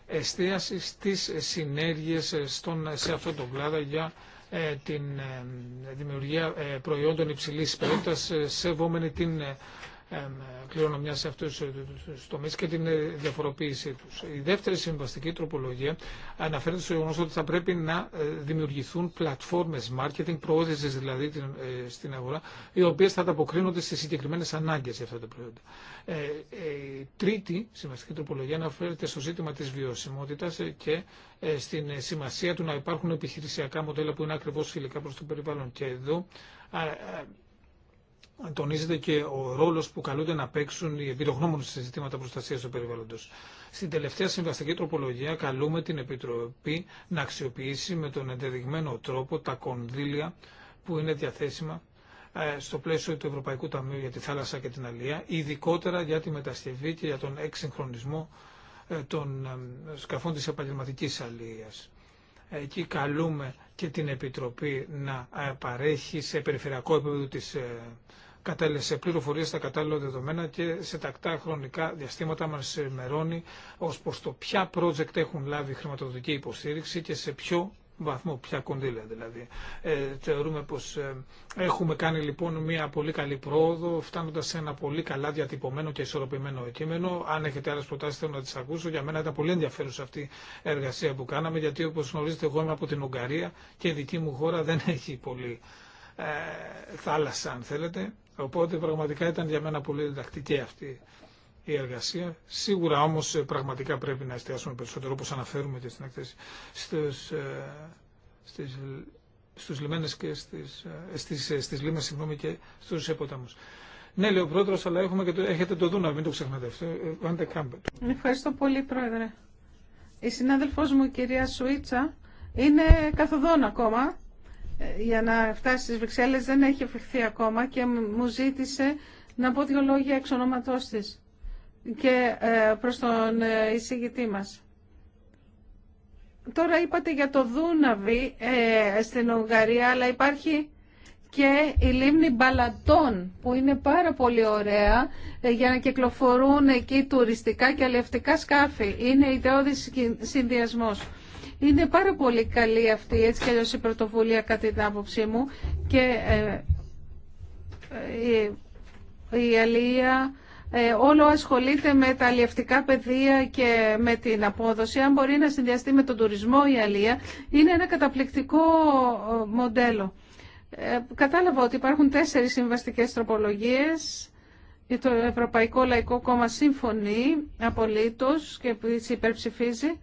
εστίαση στις συνέργειες σε αυτό το κλάδο για ε, την ε, δημιουργία ε, προϊόντων υψηλής ποιότητας σεβόμενη την ε, κληρονομιά σε αυτού ε, του τομεί και την ε, διαφοροποίησή του. Η δεύτερη συμβαστική τροπολογία αναφέρεται στο γεγονό ότι θα πρέπει να δημιουργηθούν πλατφόρμε marketing, προώθηση δηλαδή στην αγορά, οι οποίε θα ανταποκρίνονται στι συγκεκριμένε ανάγκε για αυτά τα προϊόντα. Η τρίτη συμβαστική τροπολογία αναφέρεται στο ζήτημα τη βιωσιμότητα και στην σημασία του να υπάρχουν επιχειρησιακά μοντέλα που είναι ακριβώ φιλικά προ το περιβάλλον. Και εδώ τονίζεται και ο ρόλο που καλούνται να παίξουν οι εμπειρογνώμονε σε ζητήματα προστασία του περιβάλλοντο. Στην τελευταία συμβαστική τροπολογία καλούμε την Επιτροπή να αξιοποιήσει με τον εντεδειγμένο τρόπο τα κονδύλια που είναι διαθέσιμα ε, στο πλαίσιο του Ευρωπαϊκού Ταμείου για τη Θάλασσα και την Αλία, ειδικότερα για τη μετασκευή και για τον εξυγχρονισμό ε, των ε, σκαφών της επαγγελματική αλίας. Εκεί καλούμε και την Επιτροπή να παρέχει σε περιφερειακό επίπεδο τις κατέλεσε πληροφορίε στα κατάλληλα δεδομένα και σε τακτά χρονικά διαστήματα μα ενημερώνει ω προ το ποια project έχουν λάβει χρηματοδοτική υποστήριξη και σε ποιο βαθμό, πια κονδύλια δηλαδή. Ε, θεωρούμε πως ε, έχουμε κάνει λοιπόν μια πολύ καλή πρόοδο, φτάνοντας σε ένα πολύ καλά διατυπωμένο και ισορροπημένο κείμενο. Αν έχετε άλλες προτάσεις θέλω να τις ακούσω. Για μένα ήταν πολύ ενδιαφέρουσα αυτή η εργασία που κάναμε, γιατί όπως γνωρίζετε εγώ είμαι από την Ουγγαρία και η δική μου χώρα δεν έχει πολύ ε, θάλασσα αν θέλετε. Οπότε πραγματικά ήταν για μένα πολύ εντακτική αυτή η εργασία. Σίγουρα όμως ε, πραγματικά πρέπει να εστιάσουμε περισσότερο όπως αναφέρουμε και στην εκθέση στους, ε, στις, λιμένες και στις, ε, στις, λίμνες συγγνώμη, και στους εποταμούς. Ναι, λέει ο πρόεδρος, αλλά έχουμε και το, έχετε το Δούνα, μην το ξεχνάτε αυτό. Ευχαριστώ πολύ, πρόεδρε. Η συνάδελφός μου, η κυρία Σουίτσα, είναι καθοδόν ακόμα ε, για να φτάσει στις Βρυξέλλες δεν έχει εφηχθεί ακόμα και μου ζήτησε να πω δύο λόγια εξ ονόματός της και ε, προς τον ε, εισηγητή μας. Τώρα είπατε για το Δούναβι στην Ουγγαρία, αλλά υπάρχει και η λίμνη Μπαλατών που είναι πάρα πολύ ωραία για να κυκλοφορούν εκεί τουριστικά και αλευτικά σκάφη. Είναι ιδεώδης συνδυασμός. Είναι πάρα πολύ καλή αυτή έτσι κι αλλιώς η πρωτοβουλία κατά την άποψή μου και ε, ε, η, η Αλία ε, όλο ασχολείται με τα αλλιευτικά πεδία και με την απόδοση. Αν μπορεί να συνδυαστεί με τον τουρισμό η Αλία, είναι ένα καταπληκτικό μοντέλο. κατάλαβα ότι υπάρχουν τέσσερις συμβαστικές τροπολογίες. Το Ευρωπαϊκό Λαϊκό Κόμμα συμφωνεί απολύτως και υπερψηφίζει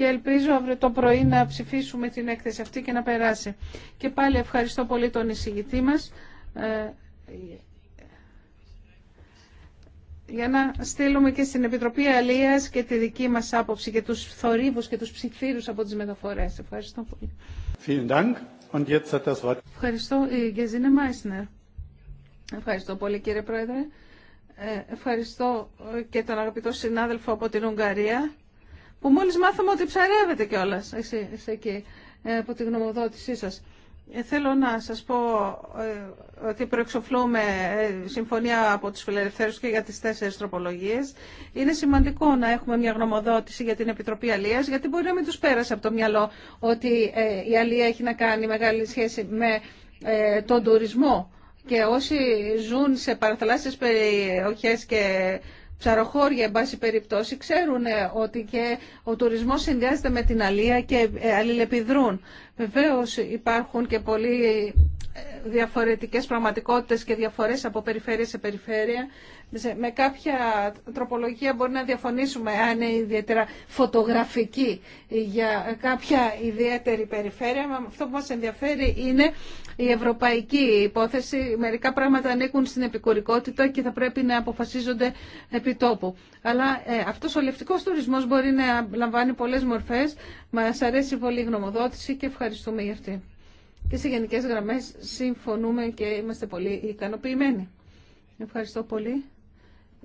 και ελπίζω αύριο το πρωί να ψηφίσουμε την έκθεση αυτή και να περάσει. Και πάλι ευχαριστώ πολύ τον εισηγητή μας ε, για να στείλουμε και στην Επιτροπή Αλίας και τη δική μας άποψη και τους θορύβους και τους ψηφίρους από τις μεταφορές. Ευχαριστώ πολύ. Ευχαριστώ, Γεζίνε Μάισνερ. Ευχαριστώ πολύ, κύριε Πρόεδρε. Ε, ευχαριστώ και τον αγαπητό συνάδελφο από την Ουγγαρία που μόλις μάθαμε ότι ψαρεύετε κιόλα εσύ, εσύ εκεί ε, από τη γνωμοδότησή σας. Ε, θέλω να σας πω ε, ότι προεξοφλούμε συμφωνία από τους φιλελευθέρους και για τις τέσσερις τροπολογίες. Είναι σημαντικό να έχουμε μια γνωμοδότηση για την Επιτροπή Αλίας, γιατί μπορεί να μην τους πέρασε από το μυαλό ότι η Αλία έχει να κάνει μεγάλη σχέση με τον τουρισμό. Και όσοι ζουν σε παραθαλάσσιες περιοχές και ψαροχώρια, εν πάση περιπτώσει, ξέρουν ε, ότι και ο τουρισμός συνδυάζεται με την αλία και ε, αλληλεπιδρούν. Βεβαίως υπάρχουν και πολλοί ε, διαφορετικές πραγματικότητες και διαφορές από περιφέρεια σε περιφέρεια με κάποια τροπολογία μπορεί να διαφωνήσουμε αν είναι ιδιαίτερα φωτογραφική για κάποια ιδιαίτερη περιφέρεια. Αυτό που μας ενδιαφέρει είναι η ευρωπαϊκή υπόθεση. Μερικά πράγματα ανήκουν στην επικουρικότητα και θα πρέπει να αποφασίζονται επί τόπου. Αλλά ε, αυτός ο λευτικός τουρισμός μπορεί να λαμβάνει πολλές μορφές. Μας αρέσει πολύ η γνωμοδότηση και ευχαριστούμε για αυτή. Και σε γενικές γραμμές συμφωνούμε και είμαστε πολύ ικανοποιημένοι. Ευχαριστώ πολύ.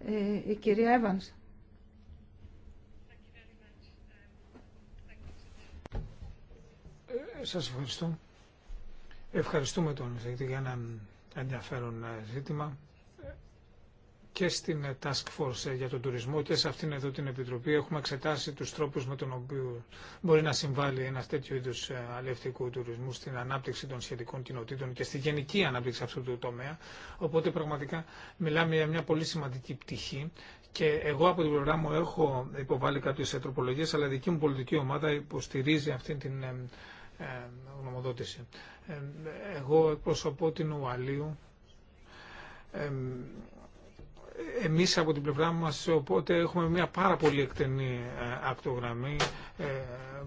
Ε, η κυρία Εύανς. Σας ευχαριστώ. Ευχαριστούμε τον Ζήτη για ένα ενδιαφέρον ε, ζήτημα και στην Task Force για τον τουρισμό και σε αυτήν εδώ την Επιτροπή έχουμε εξετάσει τους τρόπους με τον οποίο μπορεί να συμβάλλει ένα τέτοιο είδους ε, αλευτικού τουρισμού στην ανάπτυξη των σχετικών κοινοτήτων και στη γενική ανάπτυξη αυτού του τομέα. Οπότε πραγματικά μιλάμε για μια πολύ σημαντική πτυχή και εγώ από την πλευρά μου έχω υποβάλει κάποιες τροπολογίες αλλά η δική μου πολιτική ομάδα υποστηρίζει αυτή την ε, ε, γνωμοδότηση. Εγώ εκπροσωπώ την Ουαλίου εμείς από την πλευρά μας οπότε έχουμε μια πάρα πολύ εκτενή ε, ακτογραμμή ε,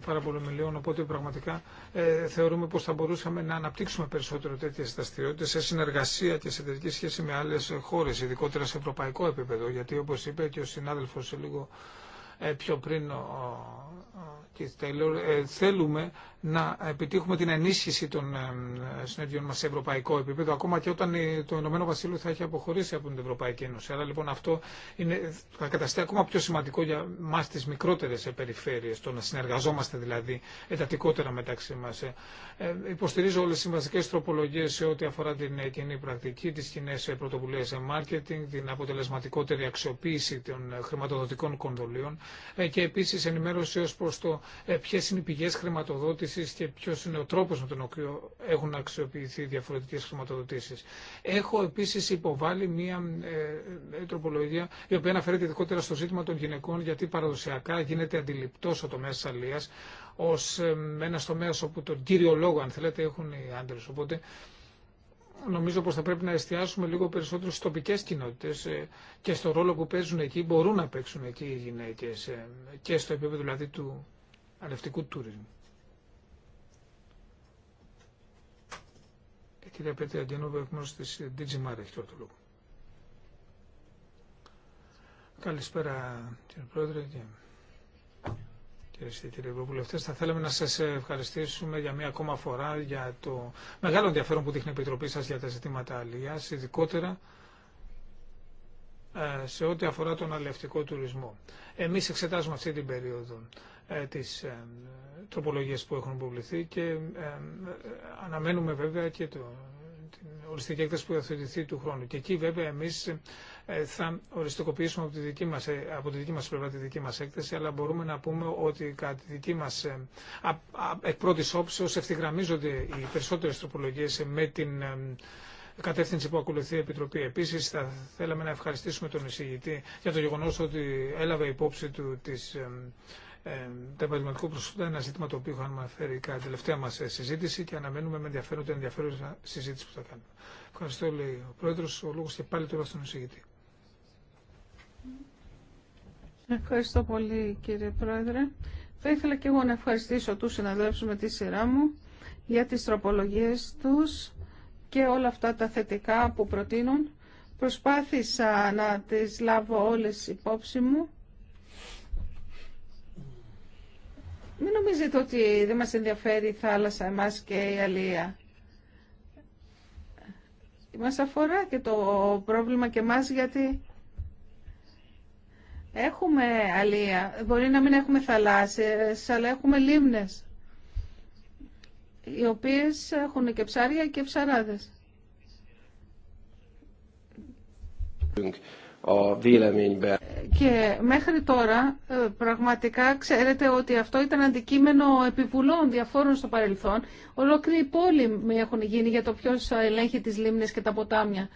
πάρα πολλών μελίων, οπότε πραγματικά ε, θεωρούμε πως θα μπορούσαμε να αναπτύξουμε περισσότερο τέτοιες δραστηριότητε σε συνεργασία και σε τέτοια σχέση με άλλες χώρες ειδικότερα σε ευρωπαϊκό επίπεδο γιατί όπως είπε και ο συνάδελφος λίγο πιο πριν ο Κιθ Taylor, θέλουμε να επιτύχουμε την ενίσχυση των ε, συνεργειών μας σε ευρωπαϊκό επίπεδο, ακόμα και όταν το Ηνωμένο Βασίλειο θα έχει αποχωρήσει από την Ευρωπαϊκή Ένωση. Άρα λοιπόν αυτό είναι, θα καταστεί ακόμα πιο σημαντικό για μας τις μικρότερες περιφέρειες, το να συνεργαζόμαστε δηλαδή εντατικότερα μεταξύ μας. Ε, ε, υποστηρίζω όλες τις βασικές τροπολογίες σε ό,τι αφορά την κοινή πρακτική, τις κοινέ σε marketing, την αποτελεσματικότερη αξιοποίηση των χρηματοδοτικών κονδολίων και επίσης ενημέρωση προς το ποιε είναι οι πηγές χρηματοδότηση και ποιο είναι ο τρόπο με τον οποίο έχουν αξιοποιηθεί διαφορετικέ χρηματοδοτήσει. Έχω επίση υποβάλει μία ε, ε, τροπολογία η οποία αναφέρεται ειδικότερα στο ζήτημα των γυναικών γιατί παραδοσιακά γίνεται αντιληπτό ο τομέα τη αλληλεία ω ε, ένα τομέα όπου τον κύριο λόγο, αν θέλετε, έχουν οι άντρε. Οπότε νομίζω πως θα πρέπει να εστιάσουμε λίγο περισσότερο στις τοπικές κοινότητες ε, και στο ρόλο που παίζουν εκεί, μπορούν να παίξουν εκεί οι γυναίκες και στο επίπεδο δηλαδή του αλευτικού τουρισμού. Κύριε Πέτρια Αγγενόβα, εκ μέρους της ε, DGMAR έχει το λόγο. Καλησπέρα κύριε Πρόεδρε και κύριε και κύριε Ευρωβουλευτές. Θα θέλαμε να σας ευχαριστήσουμε για μία ακόμα φορά για το μεγάλο ενδιαφέρον που δείχνει η Επιτροπή σας για τα ζητήματα αλληλείας, ειδικότερα ε, σε ό,τι αφορά τον αλληλευτικό τουρισμό. Εμείς εξετάζουμε αυτή την περίοδο ε, τις ε, τροπολογίες που έχουν υποβληθεί και αναμένουμε βέβαια και το, την οριστική έκθεση που θα θεωρηθεί του χρόνου. Και εκεί βέβαια εμείς θα οριστικοποιήσουμε από τη δική μας, από τη δική μας πλευρά τη δική μας έκθεση, αλλά μπορούμε να πούμε ότι κατά τη δική μας εκ πρώτης όψης ευθυγραμμίζονται οι περισσότερες τροπολογίες με την κατεύθυνση που ακολουθεί η Επιτροπή. Επίση, θα θέλαμε να ευχαριστήσουμε τον εισηγητή για το γεγονό ότι έλαβε υπόψη του τι ε, τα επαγγελματικό ένα ζήτημα το οποίο είχαμε αναφέρει κατά τελευταία μα ε, συζήτηση και αναμένουμε με ενδιαφέρον την ενδιαφέρουσα συζήτηση που θα κάνουμε. Ευχαριστώ, λέει ο Πρόεδρο. Ο λόγο και πάλι τώρα στον εισηγητή. Ευχαριστώ πολύ κύριε Πρόεδρε. Θα ήθελα και εγώ να ευχαριστήσω του συναδέλφου με τη σειρά μου για τι τροπολογίε του και όλα αυτά τα θετικά που προτείνουν. Προσπάθησα να τις λάβω όλες υπόψη μου. Μην νομίζετε ότι δεν μας ενδιαφέρει η θάλασσα εμάς και η αλία. Μας αφορά και το πρόβλημα και εμάς γιατί έχουμε αλία. Μπορεί να μην έχουμε θαλάσσες αλλά έχουμε λίμνες οι οποίες έχουν και ψάρια και ψαράδες. Και μέχρι τώρα ε, πραγματικά ξέρετε ότι αυτό ήταν αντικείμενο επιβουλών διαφόρων στο παρελθόν. Ολόκληρη πόλη έχουν γίνει για το ποιο ελέγχει τις λίμνες και τα ποτάμια.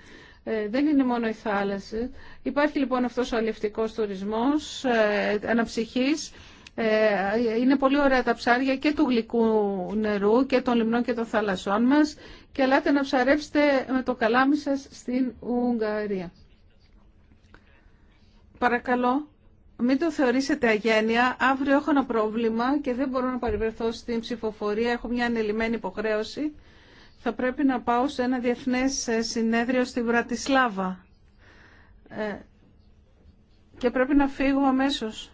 Ε, δεν είναι μόνο η θάλασσα. Υπάρχει λοιπόν αυτός ο αλληλευτικός τουρισμός ε, αναψυχής ε, είναι πολύ ωραία τα ψάρια και του γλυκού νερού και των λιμνών και των θαλασσών μας και ελάτε να ψαρέψετε με το καλάμι σας στην Ουγγαρία. Παρακαλώ, μην το θεωρήσετε αγένεια. Αύριο έχω ένα πρόβλημα και δεν μπορώ να παρευρεθώ στην ψηφοφορία. Έχω μια ανελημμένη υποχρέωση. Θα πρέπει να πάω σε ένα διεθνές ε, συνέδριο στη Βρατισλάβα. Ε, και πρέπει να φύγω αμέσως.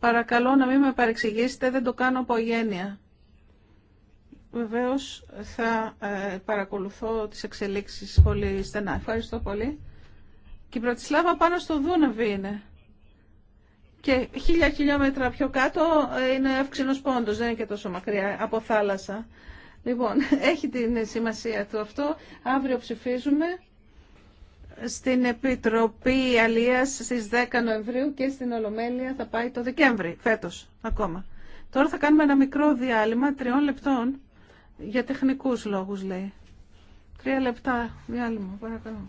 Παρακαλώ να μην με παρεξηγήσετε, δεν το κάνω από γένεια. Βεβαίως θα ε, παρακολουθώ τις εξελίξεις πολύ στενά. Ευχαριστώ πολύ. Και η πάνω στο Δούνευ είναι. Και χίλια χιλιόμετρα πιο κάτω ε, είναι εύξηνος πόντος, δεν είναι και τόσο μακριά από θάλασσα. Λοιπόν, έχει την σημασία του αυτό. Αύριο ψηφίζουμε στην Επιτροπή Αλίας στις 10 Νοεμβρίου και στην Ολομέλεια θα πάει το Δεκέμβρη, φέτος ακόμα. Τώρα θα κάνουμε ένα μικρό διάλειμμα τριών λεπτών για τεχνικούς λόγους λέει. Τρία λεπτά διάλειμμα, παρακαλώ.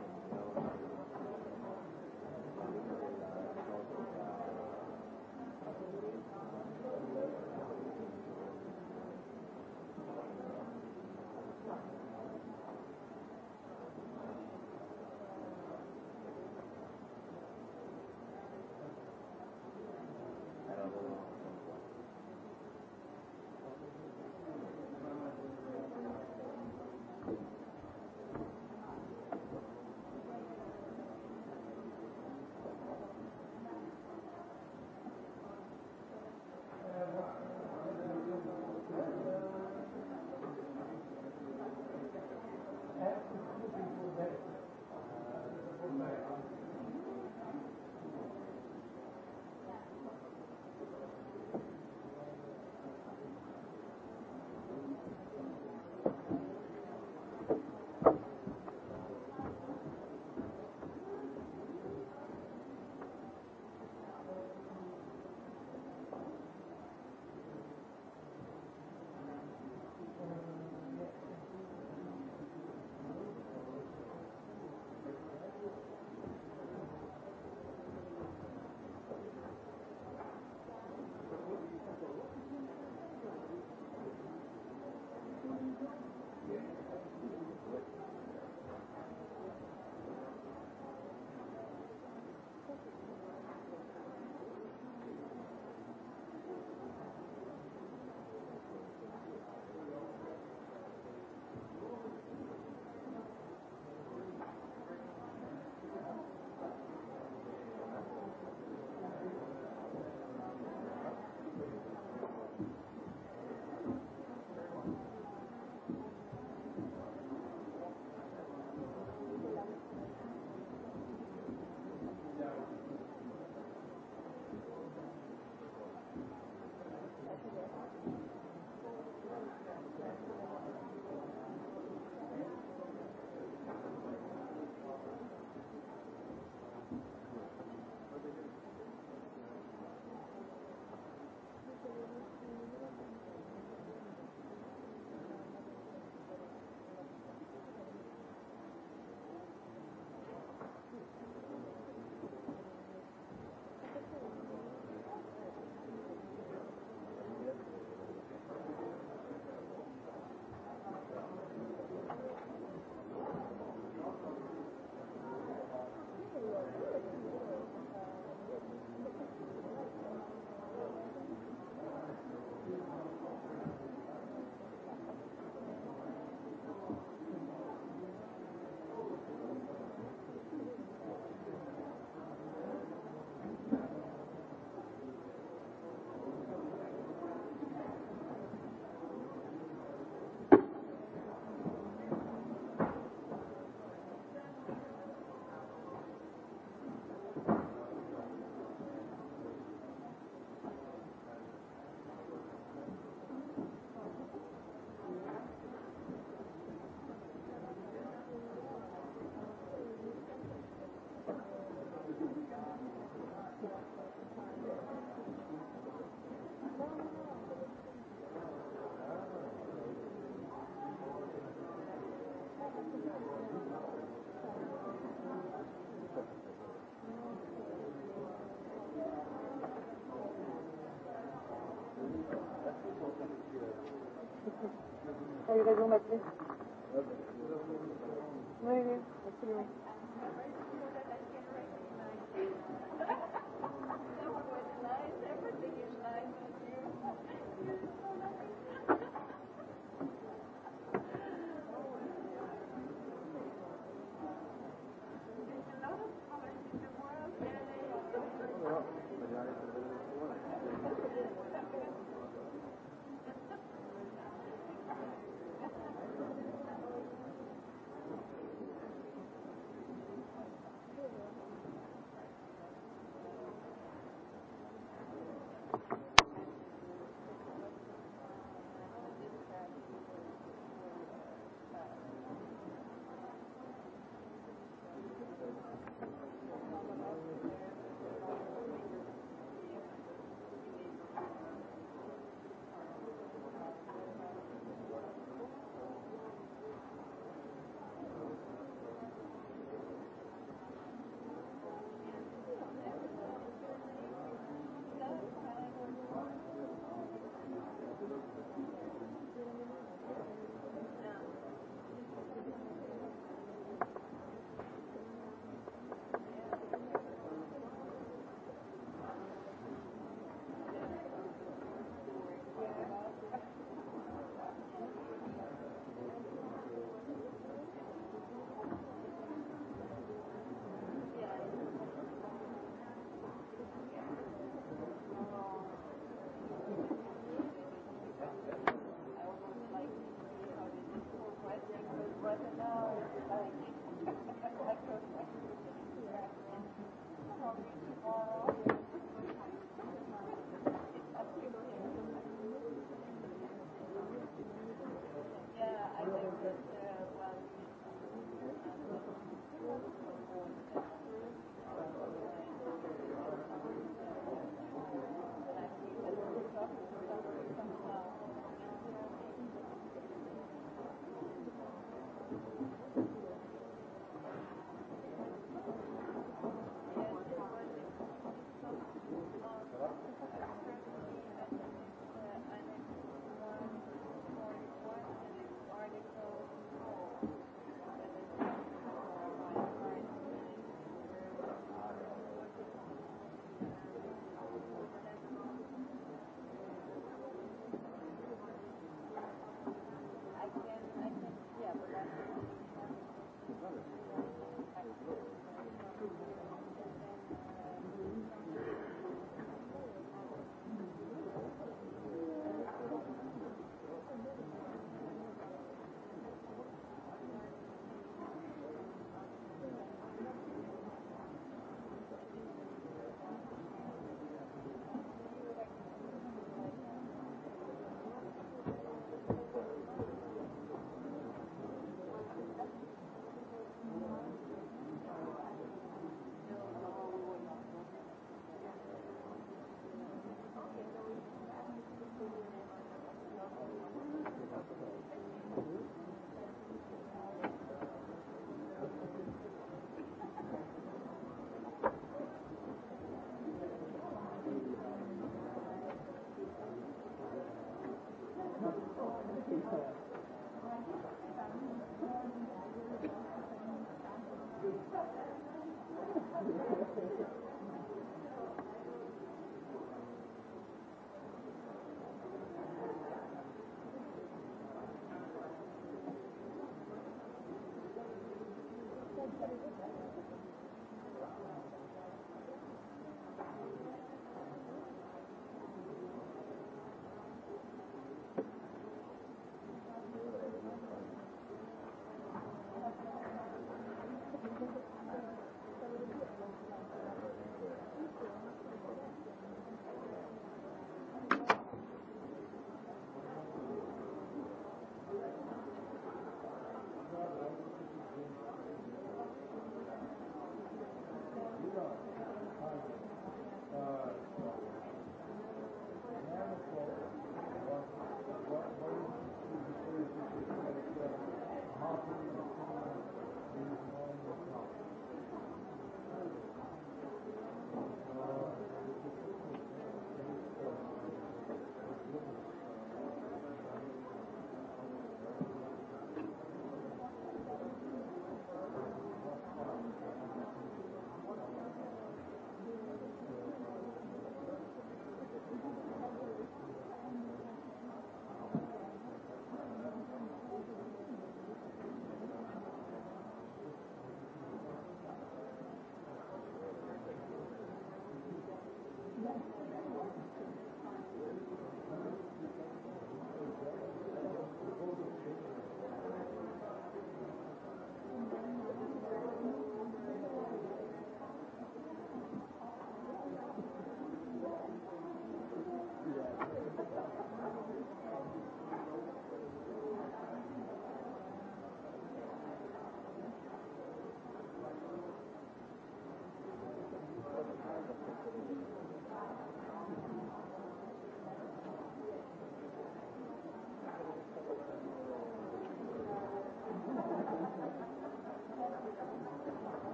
Θα ηρεγούμε πριν. Ναι, ναι, Thank you.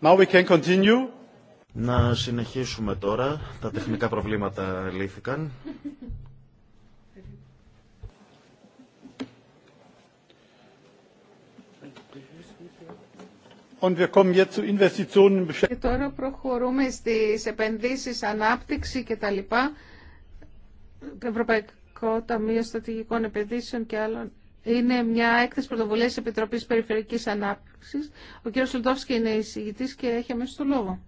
Να συνεχίσουμε τώρα. Τα τεχνικά προβλήματα λύθηκαν. Και τώρα προχωρούμε στις επενδύσεις, ανάπτυξη και τα κτλ. Ευρωπαϊκό Ταμείο Στρατηγικών Επενδύσεων και άλλων είναι μια έκθεση πρωτοβουλία τη Επιτροπή Περιφερειακή Ανάπτυξη. Ο κ. Σουλτόφσκι είναι εισηγητή και έχει αμέσω το λόγο.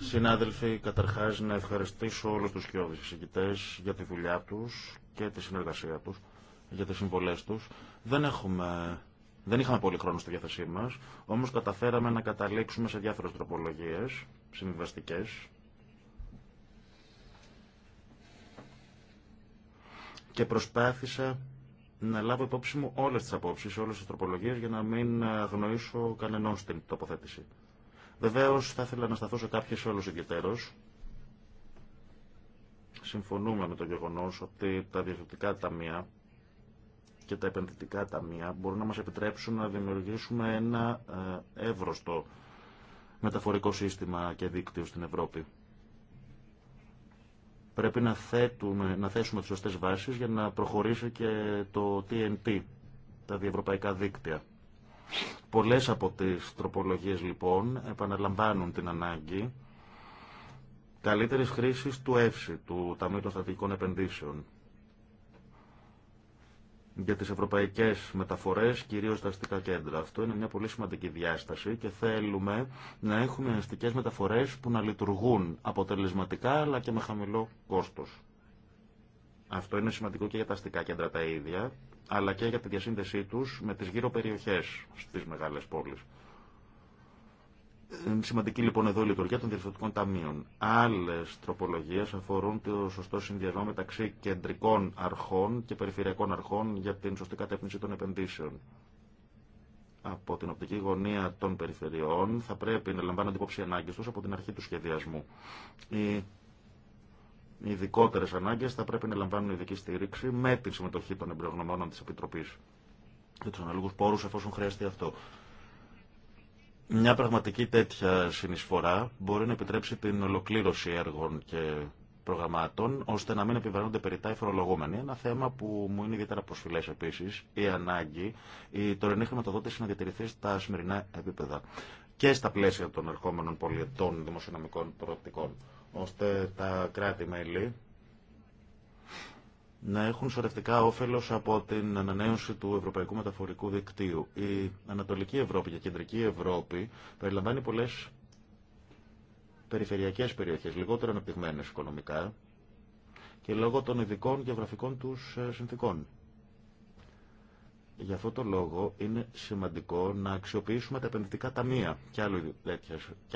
Συνάδελφοι, καταρχά να ευχαριστήσω όλου του σκιώδει εισηγητές για τη δουλειά του και τη συνεργασία του για τι συμβολέ του. Δεν έχουμε δεν είχαμε πολύ χρόνο στη διάθεσή μα, όμω καταφέραμε να καταλήξουμε σε διάφορε τροπολογίε συμβιβαστικές. Και προσπάθησα να λάβω υπόψη μου όλες τις απόψεις, όλες τις τροπολογίες για να μην αγνοήσω κανενών στην τοποθέτηση. Βεβαίως θα ήθελα να σταθώ σε κάποιες όλους ιδιαιτέρως. Συμφωνούμε με το γεγονός ότι τα διευθυντικά ταμεία και τα επενδυτικά ταμεία μπορούν να μας επιτρέψουν να δημιουργήσουμε ένα ε, εύρωστο μεταφορικό σύστημα και δίκτυο στην Ευρώπη. Πρέπει να, θέτουμε, θέσουμε τις σωστές βάσεις για να προχωρήσει και το TNT, τα διευρωπαϊκά δίκτυα. Πολλές από τις τροπολογίες λοιπόν επαναλαμβάνουν την ανάγκη καλύτερης χρήσης του ΕΦΣΙ, του Ταμείου των Στατικών Επενδύσεων, για τις ευρωπαϊκές μεταφορές, κυρίως τα αστικά κέντρα. Αυτό είναι μια πολύ σημαντική διάσταση και θέλουμε να έχουμε αστικές μεταφορές που να λειτουργούν αποτελεσματικά αλλά και με χαμηλό κόστος. Αυτό είναι σημαντικό και για τα αστικά κέντρα τα ίδια, αλλά και για τη διασύνδεσή τους με τις γύρω περιοχές στις μεγάλες πόλεις. Ε, σημαντική λοιπόν εδώ η λειτουργία των διευθυντικών ταμείων. Άλλε τροπολογίε αφορούν το σωστό συνδυασμό μεταξύ κεντρικών αρχών και περιφερειακών αρχών για την σωστή κατεύθυνση των επενδύσεων. Από την οπτική γωνία των περιφερειών θα πρέπει να λαμβάνονται υπόψη ανάγκε του από την αρχή του σχεδιασμού. Οι ειδικότερε ανάγκε θα πρέπει να λαμβάνουν ειδική στήριξη με τη συμμετοχή των εμπειρογνωμόνων τη Επιτροπή και του αναλόγου πόρου εφόσον χρειαστεί αυτό. Μια πραγματική τέτοια συνεισφορά μπορεί να επιτρέψει την ολοκλήρωση έργων και προγραμμάτων, ώστε να μην επιβαρύνονται περιτά οι Ένα θέμα που μου είναι ιδιαίτερα προσφυλέ επίση, η ανάγκη η τωρινή χρηματοδότηση να διατηρηθεί στα σημερινά επίπεδα και στα πλαίσια των ερχόμενων πολιετών δημοσιονομικών προοπτικών, ώστε τα κράτη-μέλη να έχουν σωρευτικά όφελο από την ανανέωση του ευρωπαϊκού μεταφορικού δικτύου. Η Ανατολική Ευρώπη και η Κεντρική Ευρώπη περιλαμβάνει πολλέ περιφερειακέ περιοχέ, λιγότερο αναπτυγμένε οικονομικά και λόγω των ειδικών γεωγραφικών του ε, συνθήκων. Γι' αυτό το λόγο είναι σημαντικό να αξιοποιήσουμε τα επενδυτικά ταμεία και άλλου,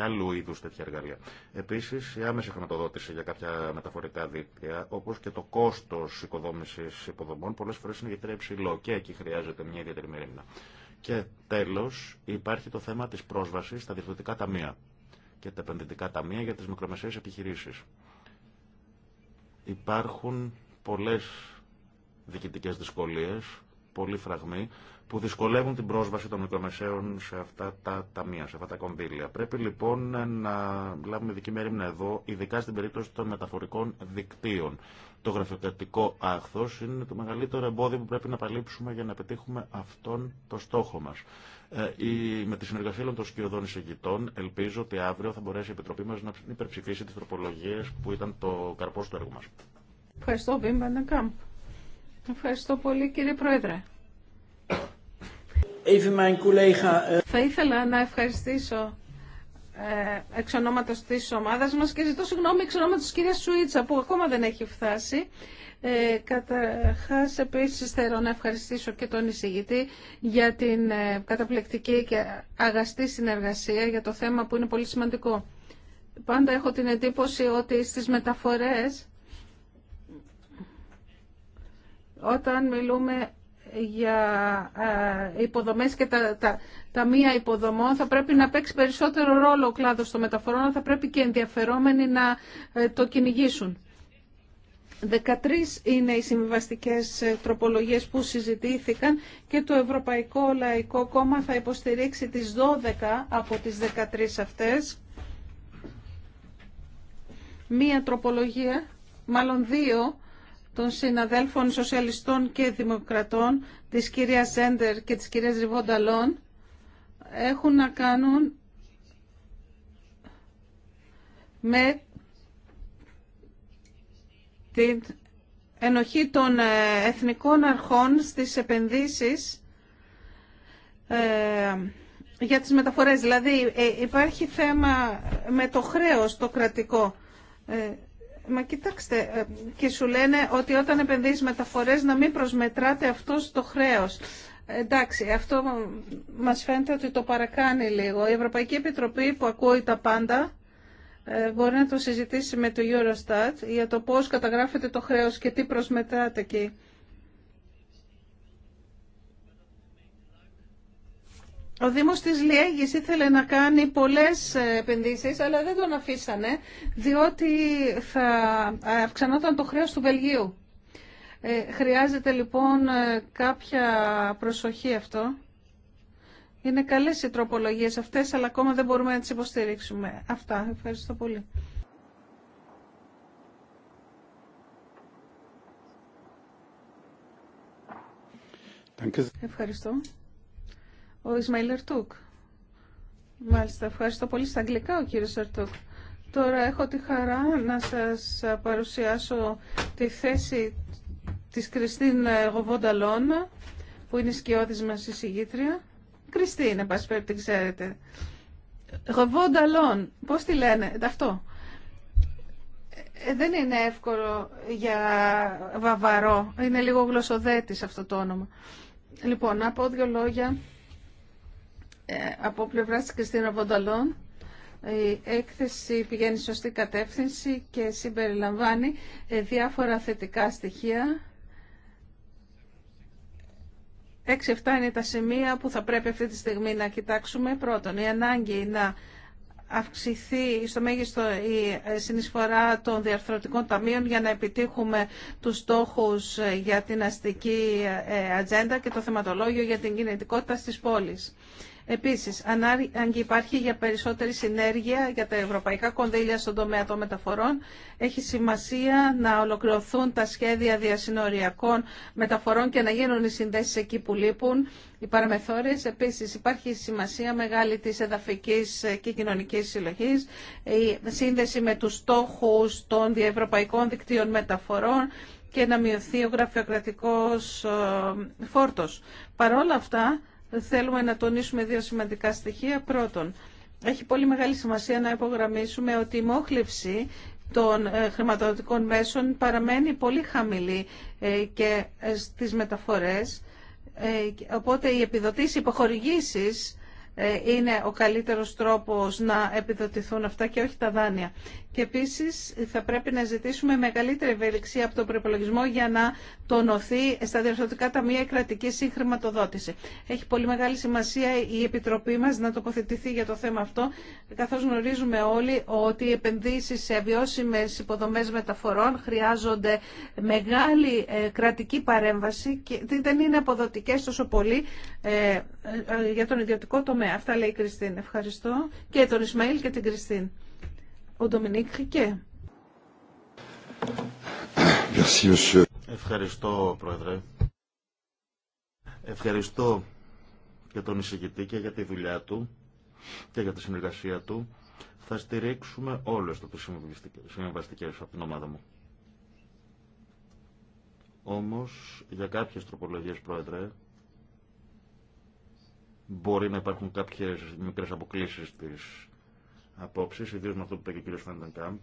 είδου είδους τέτοια εργαλεία. Επίσης, η άμεση χρηματοδότηση για κάποια μεταφορικά δίκτυα, όπως και το κόστος οικοδόμησης υποδομών, πολλές φορές είναι ιδιαίτερα υψηλό και εκεί χρειάζεται μια ιδιαίτερη μερίμνα. Και τέλος, υπάρχει το θέμα της πρόσβασης στα διευθυντικά ταμεία και τα επενδυτικά ταμεία για τις μικρομεσαίες επιχειρήσεις. Υπάρχουν πολλές διοικητικές δυσκολίες Πολύ φραγμοί που δυσκολεύουν την πρόσβαση των μικρομεσαίων σε αυτά τα ταμεία, σε αυτά τα κονδύλια. Πρέπει λοιπόν να λάβουμε δική μέρη εδώ, ειδικά στην περίπτωση των μεταφορικών δικτύων. Το γραφειοκρατικό άχθο είναι το μεγαλύτερο εμπόδιο που πρέπει να παλύψουμε για να πετύχουμε αυτόν το στόχο μα. Ε, με τη συνεργασία των σκιωδών εισηγητών, ελπίζω ότι αύριο θα μπορέσει η Επιτροπή μα να υπερψηφίσει τι τροπολογίε που ήταν το καρπό του έργου μα. Ευχαριστώ, Κάμπ. Ευχαριστώ πολύ κύριε Πρόεδρε. Ε. Θα ήθελα να ευχαριστήσω ε, εξ ονόματος της ομάδας μας και ζητώ συγγνώμη εξ ονόματος της κυρίας Σουίτσα που ακόμα δεν έχει φτάσει. Ε, καταρχάς επίσης θέλω να ευχαριστήσω και τον εισηγητή για την ε, καταπληκτική και αγαστή συνεργασία για το θέμα που είναι πολύ σημαντικό. Πάντα έχω την εντύπωση ότι στις μεταφορές Όταν μιλούμε για υποδομές και τα, τα, τα μία υποδομών θα πρέπει να παίξει περισσότερο ρόλο ο κλάδος των μεταφορών, θα πρέπει και ενδιαφερόμενοι να ε, το κυνηγήσουν. 13 είναι οι συμβιβαστικές ε, τροπολογίες που συζητήθηκαν και το Ευρωπαϊκό Λαϊκό Κόμμα θα υποστηρίξει τις 12 από τις 13 αυτές. Μία τροπολογία, μάλλον δύο, των συναδέλφων σοσιαλιστών και δημοκρατών, της κυρίας Ζέντερ και της κυρίας Ριβόνταλόν, έχουν να κάνουν με την ενοχή των ε, εθνικών αρχών στις επενδύσεις ε, για τις μεταφορές. Δηλαδή ε, υπάρχει θέμα με το χρέος το κρατικό. Μα κοιτάξτε, ε, και σου λένε ότι όταν επενδύεις μεταφορές να μην προσμετράτε αυτό το χρέος. Εντάξει, αυτό μας φαίνεται ότι το παρακάνει λίγο. Η Ευρωπαϊκή Επιτροπή που ακούει τα πάντα ε, μπορεί να το συζητήσει με το Eurostat για το πώς καταγράφεται το χρέος και τι προσμετράτε εκεί. Ο Δήμος της Λιέγης ήθελε να κάνει πολλές επενδύσεις, αλλά δεν τον αφήσανε, διότι θα αυξανόταν το χρέος του Βελγίου. Ε, χρειάζεται λοιπόν ε, κάποια προσοχή αυτό. Είναι καλές οι τροπολογίες αυτές, αλλά ακόμα δεν μπορούμε να τις υποστηρίξουμε. Αυτά. Ευχαριστώ πολύ. Ευχαριστώ. Ο Ισμαήλ Ερτούκ. Μάλιστα, ευχαριστώ πολύ στα αγγλικά ο κύριος Ερτούκ. Τώρα έχω τη χαρά να σας παρουσιάσω τη θέση της Κριστίν Γοβόντα που είναι η σκιώδης μας συγγήτρια. Κριστίν, εν πάση την ξέρετε. Γοβόντα πώς τη λένε, ε, αυτό. Ε, δεν είναι εύκολο για βαβαρό, είναι λίγο γλωσσοδέτης αυτό το όνομα. Λοιπόν, να πω δύο λόγια από πλευρά της Κριστίνα Βονταλόν η έκθεση πηγαίνει σωστή κατεύθυνση και συμπεριλαμβάνει ε, διάφορα θετικά στοιχεία. Έξι-εφτά είναι τα σημεία που θα πρέπει αυτή τη στιγμή να κοιτάξουμε. Πρώτον, η ανάγκη να αυξηθεί στο μέγιστο η ε, συνεισφορά των διαρθρωτικών ταμείων για να επιτύχουμε τους στόχους ε, για την αστική ατζέντα και το θεματολόγιο για την κινητικότητα στις πόλεις. Επίσης, αν υπάρχει για περισσότερη συνέργεια για τα ευρωπαϊκά κονδύλια στον τομέα των μεταφορών. Έχει σημασία να ολοκληρωθούν τα σχέδια διασυνοριακών μεταφορών και να γίνουν οι συνδέσεις εκεί που λείπουν. Οι παραμεθόρες, επίσης, υπάρχει σημασία μεγάλη της εδαφικής και κοινωνικής συλλογής, η σύνδεση με τους στόχους των διευρωπαϊκών δικτύων μεταφορών, και να μειωθεί ο γραφειοκρατικός ε, φόρτος. Παρόλα αυτά, θέλουμε να τονίσουμε δύο σημαντικά στοιχεία. Πρώτον, έχει πολύ μεγάλη σημασία να υπογραμμίσουμε ότι η μόχλευση των ε, χρηματοδοτικών μέσων παραμένει πολύ χαμηλή ε, και ε, στις μεταφορές. Οπότε η επιδοτήσει υποχορηγήσεις είναι ο καλύτερος τρόπος να επιδοτηθούν αυτά και όχι τα δάνεια και επίση θα πρέπει να ζητήσουμε μεγαλύτερη ευελιξία από τον προπολογισμό για να τονωθεί στα διευθυντικά ταμεία η κρατική συγχρηματοδότηση. Έχει πολύ μεγάλη σημασία η Επιτροπή μα να τοποθετηθεί για το θέμα αυτό, καθώ γνωρίζουμε όλοι ότι οι επενδύσει σε βιώσιμε υποδομέ μεταφορών χρειάζονται μεγάλη ε, κρατική παρέμβαση και δεν είναι αποδοτικέ τόσο πολύ ε, ε, για τον ιδιωτικό τομέα. Αυτά λέει η Κριστίν. Ευχαριστώ και τον Ισμαήλ και την Κριστίν ο Ντομινίκ Χικέ. Ευχαριστώ, Πρόεδρε. Ευχαριστώ και τον εισηγητή και για τη δουλειά του και για τη συνεργασία του. Θα στηρίξουμε όλες τις συμβαστικές από την ομάδα μου. Όμως, για κάποιες τροπολογίες, Πρόεδρε, μπορεί να υπάρχουν κάποιες μικρές αποκλήσεις της απόψεις, ιδίω με αυτό που είπε και ο κ. Κάμπ,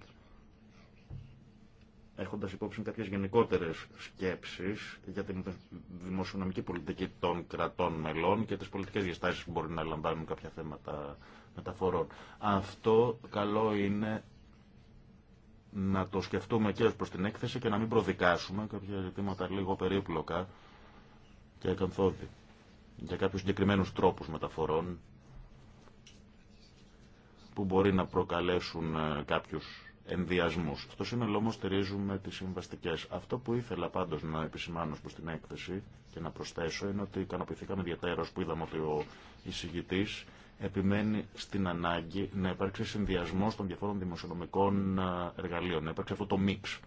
έχοντα υπόψη κάποιε γενικότερε σκέψει για την δημοσιονομική πολιτική των κρατών μελών και τι πολιτικέ διαστάσει που μπορεί να λαμβάνουν κάποια θέματα μεταφορών. Αυτό καλό είναι να το σκεφτούμε και ως προς την έκθεση και να μην προδικάσουμε κάποια ζητήματα λίγο περίπλοκα και ακαθόδη για κάποιους συγκεκριμένους τρόπους μεταφορών που μπορεί να προκαλέσουν ε, κάποιους ενδιασμούς. Στο σύνολό όμως στηρίζουμε τις συμβαστικές. Αυτό που ήθελα πάντως να επισημάνω προ την έκθεση και να προσθέσω είναι ότι ικανοποιηθήκαμε ιδιαίτερα που είδαμε ότι ο εισηγητής επιμένει στην ανάγκη να υπάρξει συνδυασμό των διαφόρων δημοσιονομικών ε, εργαλείων. Να υπάρξει αυτό το μίξ.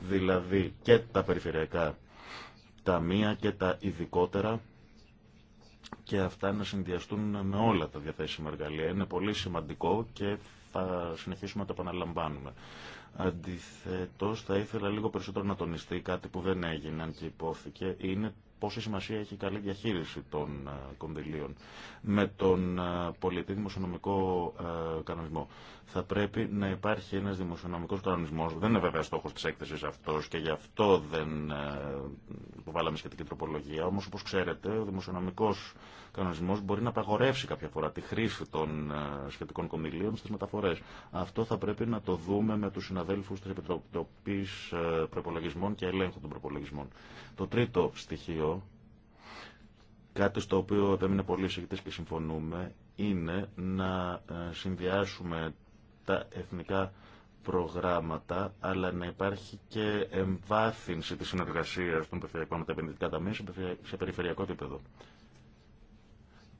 Δηλαδή και τα περιφερειακά ταμεία και τα ειδικότερα και αυτά να συνδυαστούν με όλα τα διαθέσιμα εργαλεία. Είναι πολύ σημαντικό και θα συνεχίσουμε να το επαναλαμβάνουμε. Αντιθέτω, θα ήθελα λίγο περισσότερο να τονιστεί κάτι που δεν έγινε, αν και υπόθηκε, είναι πόση σημασία έχει η καλή διαχείριση των ε, κονδυλίων με τον ε, πολιτή δημοσιονομικό ε, κανονισμό. Θα πρέπει να υπάρχει ένας δημοσιονομικός κανονισμός, δεν είναι βέβαια στόχος της έκθεσης αυτός και γι' αυτό δεν βάλαμε σχετική τροπολογία, όμως όπως ξέρετε ο δημοσιονομικός κανονισμό μπορεί να απαγορεύσει κάποια φορά τη χρήση των ε, σχετικών κομιλίων στι μεταφορέ. Αυτό θα πρέπει να το δούμε με του συναδέλφου τη Επιτροπή ε, Προπολογισμών και Ελέγχου των Προπολογισμών. Το τρίτο στοιχείο, κάτι στο οποίο επέμεινε πολύ συγκεκριτή και συμφωνούμε, είναι να ε, συνδυάσουμε τα εθνικά προγράμματα, αλλά να υπάρχει και εμβάθυνση της συνεργασίας των περιφερειακών με τα επενδυτικά ταμεία σε περιφερειακό επίπεδο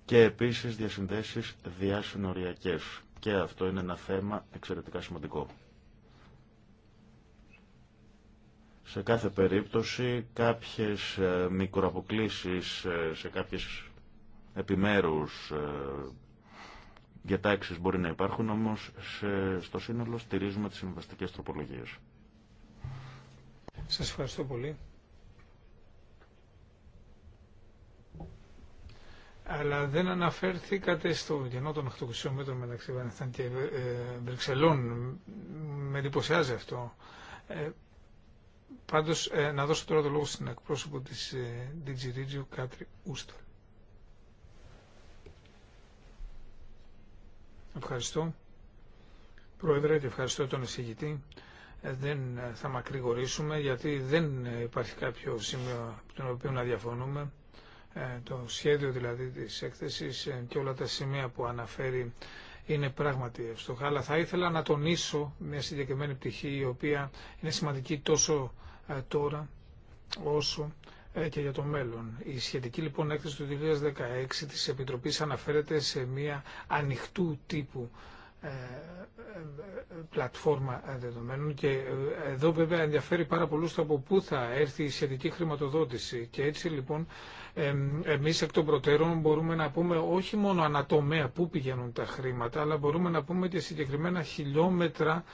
και επίσης διασυνδέσεις διασυνοριακές. Και αυτό είναι ένα θέμα εξαιρετικά σημαντικό. Σε κάθε περίπτωση κάποιες ε, μικροαποκλήσεις ε, σε κάποιες επιμέρους ε, διατάξεις μπορεί να υπάρχουν, όμως στο σύνολο στηρίζουμε τις συμβαστικές τροπολογίες. Σας ευχαριστώ πολύ. αλλά δεν αναφέρθηκατε στο κενό των 800 μέτρων μεταξύ Βανεθάν και ε, Βρυξελών. Με εντυπωσιάζει αυτό. Ε, πάντως, ε, να δώσω τώρα το λόγο στην εκπρόσωπο της ε, Κάτρι Ούστολ. Ευχαριστώ. Πρόεδρε, και ευχαριστώ τον εισηγητή. Ε, δεν θα μακρηγορήσουμε, γιατί δεν υπάρχει κάποιο σημείο από τον οποίο να διαφωνούμε. Ε, το σχέδιο δηλαδή της έκθεσης ε, και όλα τα σημεία που αναφέρει είναι πράγματι ευστοχά, αλλά θα ήθελα να τονίσω μια συγκεκριμένη πτυχή η οποία είναι σημαντική τόσο ε, τώρα όσο και για το μέλλον. Η σχετική λοιπόν έκθεση του 2016 της Επιτροπής αναφέρεται σε μια ανοιχτού τύπου πλατφόρμα δεδομένων και ε, εδώ βέβαια ενδιαφέρει πάρα πολλούς το από πού θα έρθει η σχετική χρηματοδότηση και έτσι λοιπόν εμείς εκ των προτέρων μπορούμε να πούμε όχι μόνο ανατομέα πού πηγαίνουν τα χρήματα αλλά μπορούμε να πούμε και συγκεκριμένα χιλιόμετρα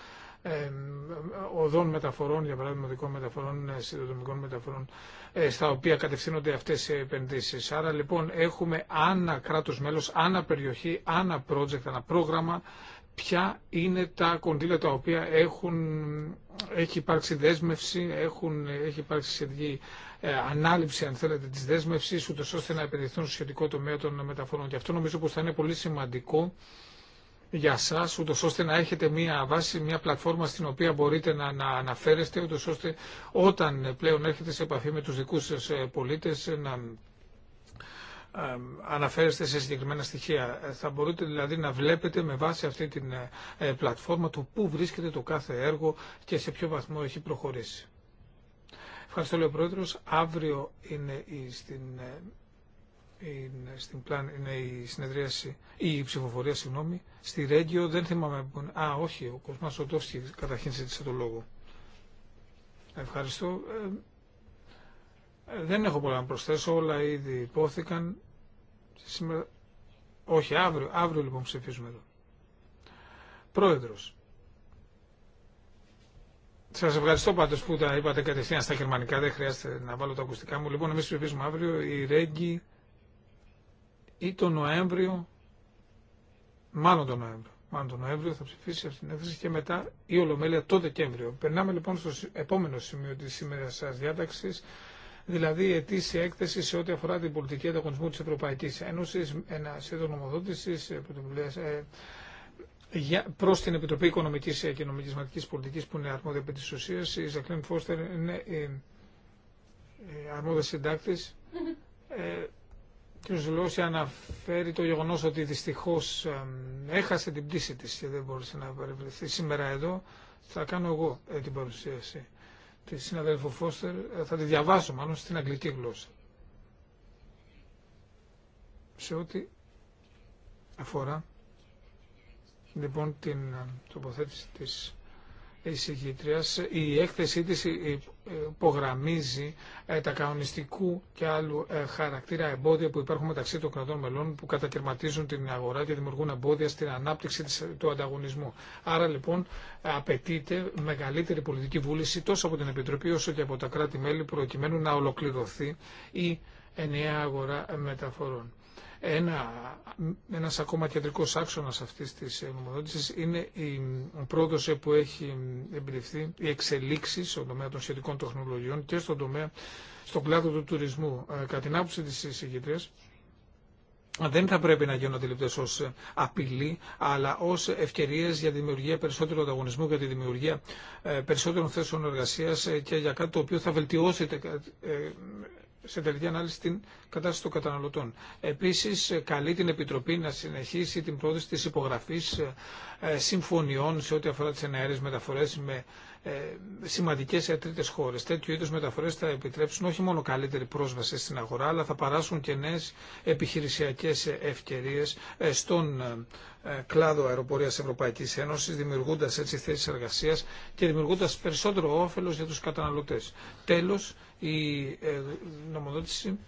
οδών μεταφορών, για παράδειγμα δικών μεταφορών, ε, συνδεδομικών μεταφορών, ε, στα οποία κατευθύνονται αυτές οι επενδύσεις. Άρα λοιπόν έχουμε άνα κράτος μέλος, άνα περιοχή, άνα project, άνα πρόγραμμα, ποια είναι τα κονδύλια τα οποία έχουν, έχει υπάρξει δέσμευση, έχουν, έχει υπάρξει σχετική ε, ανάληψη αν θέλετε της δέσμευσης ούτως ώστε να επενδυθούν στο σχετικό τομέα των μεταφορών. Και αυτό νομίζω πως θα είναι πολύ σημαντικό για σας, ούτως ώστε να έχετε μία βάση, μία πλατφόρμα στην οποία μπορείτε να, να αναφέρεστε, ούτως ώστε όταν πλέον έρχεται σε επαφή με τους δικούς σας ε, πολίτες ε, να αναφέρεστε σε συγκεκριμένα στοιχεία. Ε, θα μπορείτε δηλαδή να βλέπετε με βάση αυτή την ε, ε, πλατφόρμα το πού βρίσκεται το κάθε έργο και σε ποιο βαθμό έχει προχωρήσει. Ευχαριστώ, λέει ο Πρόεδρος. Αύριο είναι η, στην, στην η συνεδρίαση, η ψηφοφορία, συγγνώμη, στη Ρέγγιο. Δεν θυμάμαι που Α, όχι, ο Κοσμάς Οτόφσκι καταρχήν ζήτησε το λόγο. Ευχαριστώ. Δεν έχω πολλά να προσθέσω, όλα ήδη υπόθηκαν. Σήμερα... Όχι, αύριο, αύριο λοιπόν ψηφίζουμε εδώ. Πρόεδρος. Σα ευχαριστώ πάντω που τα είπατε κατευθείαν στα γερμανικά. Δεν χρειάζεται να βάλω τα ακουστικά μου. Λοιπόν, εμεί ψηφίζουμε αύριο η Ρέγγι ή τον Νοέμβριο. Μάλλον τον Νοέμβριο. Μάλλον τον Νοέμβριο θα ψηφίσει αυτή την έκθεση και μετά η Ολομέλεια το Δεκέμβριο. Περνάμε λοιπόν στο επόμενο σημείο τη σήμερα σα διάταξη δηλαδή η ετήσια έκθεση σε ό,τι αφορά την πολιτική ανταγωνισμού της Ευρωπαϊκής Ένωσης, ένα σχέδιο νομοδότησης ε, ε, προς την Επιτροπή Οικονομικής και Νομικής Πολιτικής που είναι αρμόδια επί της ουσίας. Η Ζακλίν Φώστερ είναι η, αρμόδια συντάκτης. Ε, και ο Ζουλώση αναφέρει το γεγονό ότι δυστυχώ έχασε την πτήση τη και δεν μπορούσε να παρευρεθεί σήμερα εδώ. Θα κάνω εγώ την παρουσίαση τη συναδέλφου Φώστερ, ε, θα τη διαβάσω μάλλον στην αγγλική γλώσσα. Σε ό,τι αφορά λοιπόν την ε, τοποθέτηση της η έκθεσή της υπογραμμίζει ε, τα κανονιστικού και άλλου ε, χαρακτήρα εμπόδια που υπάρχουν μεταξύ των κρατών μελών που κατακαιρματίζουν την αγορά και δημιουργούν εμπόδια στην ανάπτυξη του ανταγωνισμού. Άρα λοιπόν απαιτείται μεγαλύτερη πολιτική βούληση τόσο από την Επιτροπή όσο και από τα κράτη-μέλη προκειμένου να ολοκληρωθεί η ενιαία αγορά μεταφορών. Ένα, ένας ακόμα κεντρικός άξονας αυτής της ε, νομοδότησης είναι η πρόοδος που έχει εμπνευθεί, οι εξελίξεις στον τομέα των σχετικών τεχνολογιών και στον τομέα, στον κλάδο του τουρισμού. Ε, κατά την άποψη της συγκεντρίας, δεν θα πρέπει να γίνονται λεπτέ ω απειλή, αλλά ω ευκαιρίε για τη δημιουργία περισσότερου ανταγωνισμού, για τη δημιουργία ε, περισσότερων θέσεων εργασία και για κάτι το οποίο θα βελτιώσει σε τελική ανάλυση την κατάσταση των καταναλωτών. Επίση, καλεί την Επιτροπή να συνεχίσει την πρόθεση τη υπογραφή ε, συμφωνιών σε ό,τι αφορά τι εναέρειε μεταφορέ με ε, σημαντικέ σε τρίτε χώρε. Τέτοιου είδου μεταφορέ θα επιτρέψουν όχι μόνο καλύτερη πρόσβαση στην αγορά, αλλά θα παράσουν και νέε επιχειρησιακέ ευκαιρίε ε, στον ε, κλάδο αεροπορία Ευρωπαϊκή Ένωση, δημιουργώντα έτσι θέσει εργασία και δημιουργώντα περισσότερο όφελο για του καταναλωτέ. Τέλο, η νομοδότηση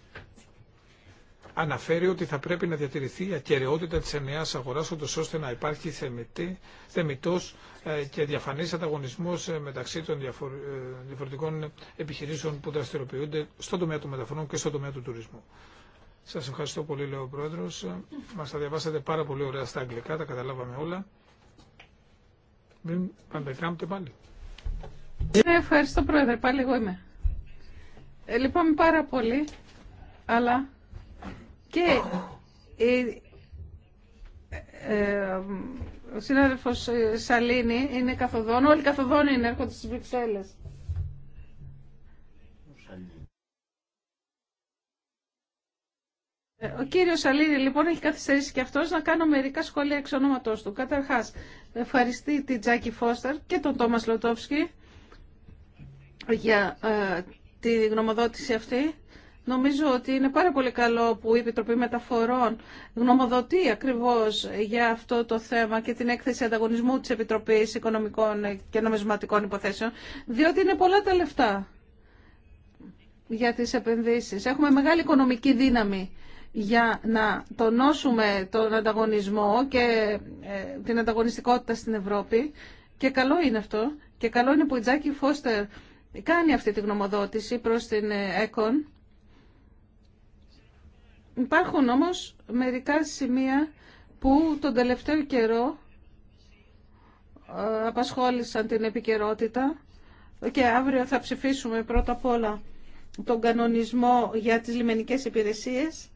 αναφέρει ότι θα πρέπει να διατηρηθεί η ακαιρεότητα της ενιαίας αγοράς ώστε να υπάρχει θεμητή, θεμητός ε, και διαφανής ανταγωνισμός ε, μεταξύ των ε, διαφορετικών επιχειρήσεων που δραστηριοποιούνται στον τομέα των μεταφορών και στον τομέα του τουρισμού. Σας ευχαριστώ πολύ, Λέω ο Πρόεδρο. Μα τα διαβάσατε πάρα πολύ ωραία στα αγγλικά, τα καταλάβαμε όλα. Μην παντεκράμπτε πάλι. ευχαριστώ, Πρόεδρε. Πάλι εγώ είμαι. λυπάμαι πάρα πολύ, αλλά και ε, ο συνάδελφος ε, Σαλίνη είναι καθοδόν. Όλοι καθοδόν είναι, έρχονται στις Βρυξέλλες. Ε, ο κύριος Σαλίνη λοιπόν έχει καθυστερήσει και αυτός να κάνω μερικά σχόλια εξ ονόματός του. Καταρχάς, ευχαριστεί την Τζάκη Φώσταρ και τον Τόμας Λοτόφσκι για ε, τη γνωμοδότηση αυτή. Νομίζω ότι είναι πάρα πολύ καλό που η Επιτροπή Μεταφορών γνωμοδοτεί ακριβώς για αυτό το θέμα και την έκθεση ανταγωνισμού της Επιτροπής Οικονομικών και Νομισματικών Υποθέσεων, διότι είναι πολλά τα λεφτά για τις επενδύσεις. Έχουμε μεγάλη οικονομική δύναμη για να τονώσουμε τον ανταγωνισμό και ε, την ανταγωνιστικότητα στην Ευρώπη και καλό είναι αυτό και καλό είναι που η Τζάκη Φώστερ κάνει αυτή τη γνωμοδότηση προς την ε, ΕΚΟΝ Υπάρχουν όμως μερικά σημεία που τον τελευταίο καιρό ε, απασχόλησαν την επικαιρότητα και αύριο θα ψηφίσουμε πρώτα απ' όλα τον κανονισμό για τις λιμενικές υπηρεσίες.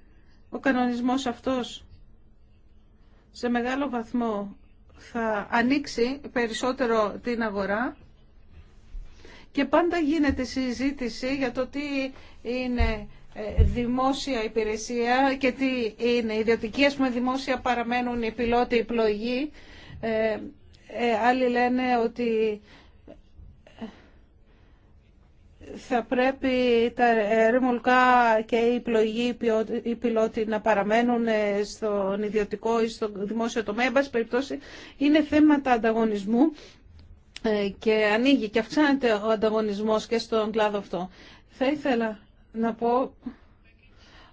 Ο κανονισμός αυτός σε μεγάλο βαθμό θα ανοίξει περισσότερο την αγορά και πάντα γίνεται συζήτηση για το τι είναι ε, δημόσια υπηρεσία και τι είναι ιδιωτική, ας πούμε δημόσια παραμένουν οι πιλότοι, οι πλοηγοί. Ε, ε, άλλοι λένε ότι θα πρέπει τα ρεμολκά και οι πλοηγοί, οι πιλότοι να παραμένουν στον ιδιωτικό ή στο δημόσιο τομέα. Εν πάση περιπτώσει είναι θέματα ανταγωνισμού και ανοίγει και αυξάνεται ο ανταγωνισμός και στον κλάδο αυτό. Θα ήθελα να πω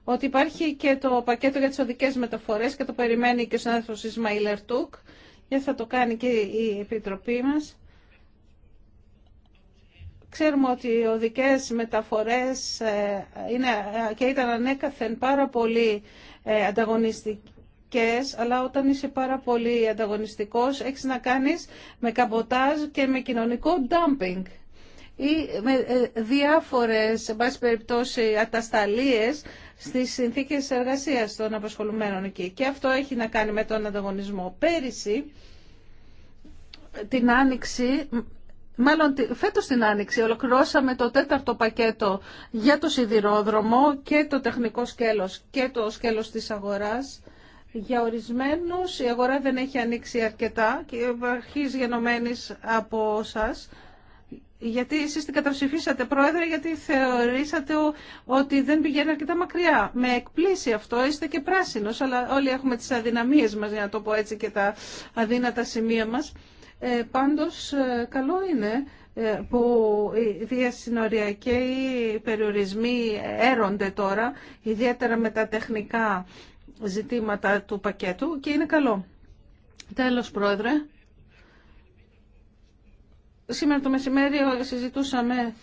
ότι υπάρχει και το πακέτο για τις οδικές μεταφορές και το περιμένει και ο συνάδελφος Ισμαήλ Ερτούκ για θα το κάνει και η Επιτροπή μας. Ξέρουμε ότι οι οδικές μεταφορές ε, είναι ε, και ήταν ανέκαθεν πάρα πολύ ε, ανταγωνιστικές, αλλά όταν είσαι πάρα πολύ ανταγωνιστικός έχεις να κάνεις με καμποτάζ και με κοινωνικό dumping ή με ε, διάφορες, σε πάση περιπτώσει, ατασταλίες στις συνθήκες εργασίας των απασχολουμένων εκεί. Και αυτό έχει να κάνει με τον ανταγωνισμό. Πέρυσι, την Άνοιξη, μάλλον φέτος την Άνοιξη, ολοκληρώσαμε το τέταρτο πακέτο για το σιδηρόδρομο και το τεχνικό σκέλος και το σκέλος της αγοράς. Για ορισμένους η αγορά δεν έχει ανοίξει αρκετά και αρχίζει γενομένης από σας γιατί εσείς την καταψηφίσατε πρόεδρε γιατί θεωρήσατε ότι δεν πηγαίνει αρκετά μακριά. Με εκπλήσει αυτό, είστε και πράσινος, αλλά όλοι έχουμε τις αδυναμίες μας, για να το πω έτσι, και τα αδύνατα σημεία μας. Ε, πάντως, ε, καλό είναι ε, που οι διασυνοριακοί περιορισμοί έρονται τώρα, ιδιαίτερα με τα τεχνικά ζητήματα του πακέτου και είναι καλό. Τέλος, Πρόεδρε, Σήμερα το μεσημέρι συζητούσαμε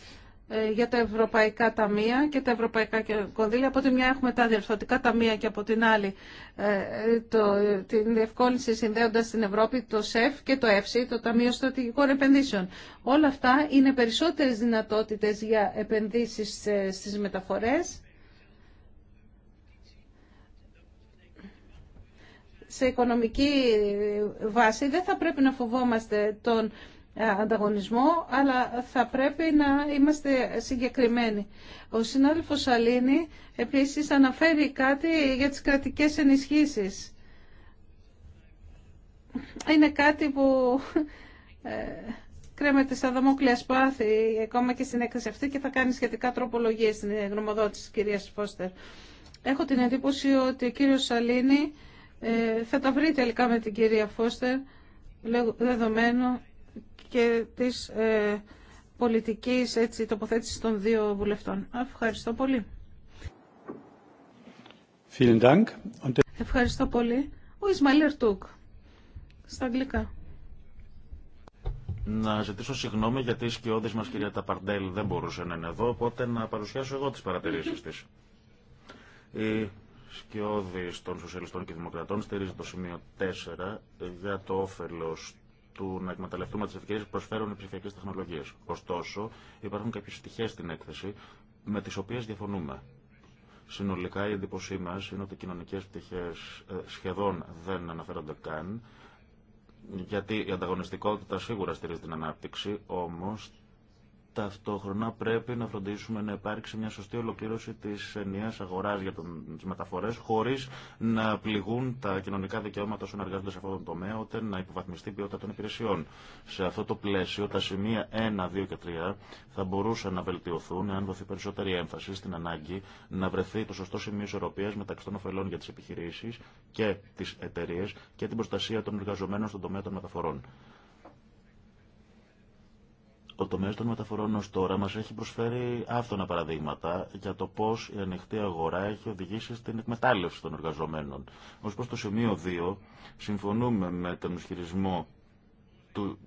ε, για τα ευρωπαϊκά ταμεία και τα ευρωπαϊκά κονδύλια. Από τη μια έχουμε τα διευθυντικά ταμεία και από την άλλη ε, το, την διευκόλυνση συνδέοντας την Ευρώπη, το ΣΕΦ και το ΕΦΣΙ, το Ταμείο Στρατηγικών Επενδύσεων. Όλα αυτά είναι περισσότερες δυνατότητες για επενδύσεις ε, στις μεταφορές. Σε οικονομική βάση δεν θα πρέπει να φοβόμαστε τον ε, ανταγωνισμό, αλλά θα πρέπει να είμαστε συγκεκριμένοι. Ο συνάδελφος Σαλίνη επίσης αναφέρει κάτι για τις κρατικές ενισχύσεις. Είναι κάτι που ε, κρέμεται στα δαμόκλια σπάθη ακόμα και στην έκθεση αυτή και θα κάνει σχετικά τροπολογίες στην γνωμοδότηση της κυρίας Φώστερ. Έχω την εντύπωση ότι ο κύριος Σαλίνη ε, θα τα βρει τελικά με την κυρία Φώστερ δεδομένου και της ε, πολιτικής έτσι, τοποθέτησης των δύο βουλευτών. Ευχαριστώ πολύ. Ευχαριστώ πολύ. Ο Ισμαήλ Ερτούκ, στα αγγλικά. Να ζητήσω συγγνώμη γιατί οι σκιώδη μα κυρία Ταπαρντέλ δεν μπορούσε να είναι εδώ, οπότε να παρουσιάσω εγώ τι παρατηρήσει τη. Η σκιώδη των Σοσιαλιστών και Δημοκρατών στηρίζει το σημείο 4 για το όφελο του να εκμεταλλευτούμε τι ευκαιρίε που προσφέρουν οι ψηφιακέ τεχνολογίε. Ωστόσο, υπάρχουν κάποιε στοιχεία στην έκθεση με τι οποίε διαφωνούμε. Συνολικά η εντύπωσή μα είναι ότι οι κοινωνικέ πτυχέ ε, σχεδόν δεν αναφέρονται καν, γιατί η ανταγωνιστικότητα σίγουρα στηρίζει την ανάπτυξη, όμω Ταυτόχρονα πρέπει να φροντίσουμε να υπάρξει μια σωστή ολοκλήρωση τη ενιαία αγορά για τι μεταφορέ, χωρί να πληγούν τα κοινωνικά δικαιώματα όσων εργάζονται σε αυτόν τον τομέα, ούτε να υποβαθμιστεί η ποιότητα των υπηρεσιών. Σε αυτό το πλαίσιο, τα σημεία 1, 2 και 3 θα μπορούσαν να βελτιωθούν αν δοθεί περισσότερη έμφαση στην ανάγκη να βρεθεί το σωστό σημείο ισορροπία μεταξύ των ωφελών για τι επιχειρήσει και τι εταιρείε και την προστασία των εργαζομένων στον τομέα των μεταφορών. Ο τομέας των μεταφορών ως τώρα μας έχει προσφέρει άφθονα παραδείγματα για το πώς η ανοιχτή αγορά έχει οδηγήσει στην εκμετάλλευση των εργαζομένων. Ως προς το σημείο 2 συμφωνούμε με τον ισχυρισμό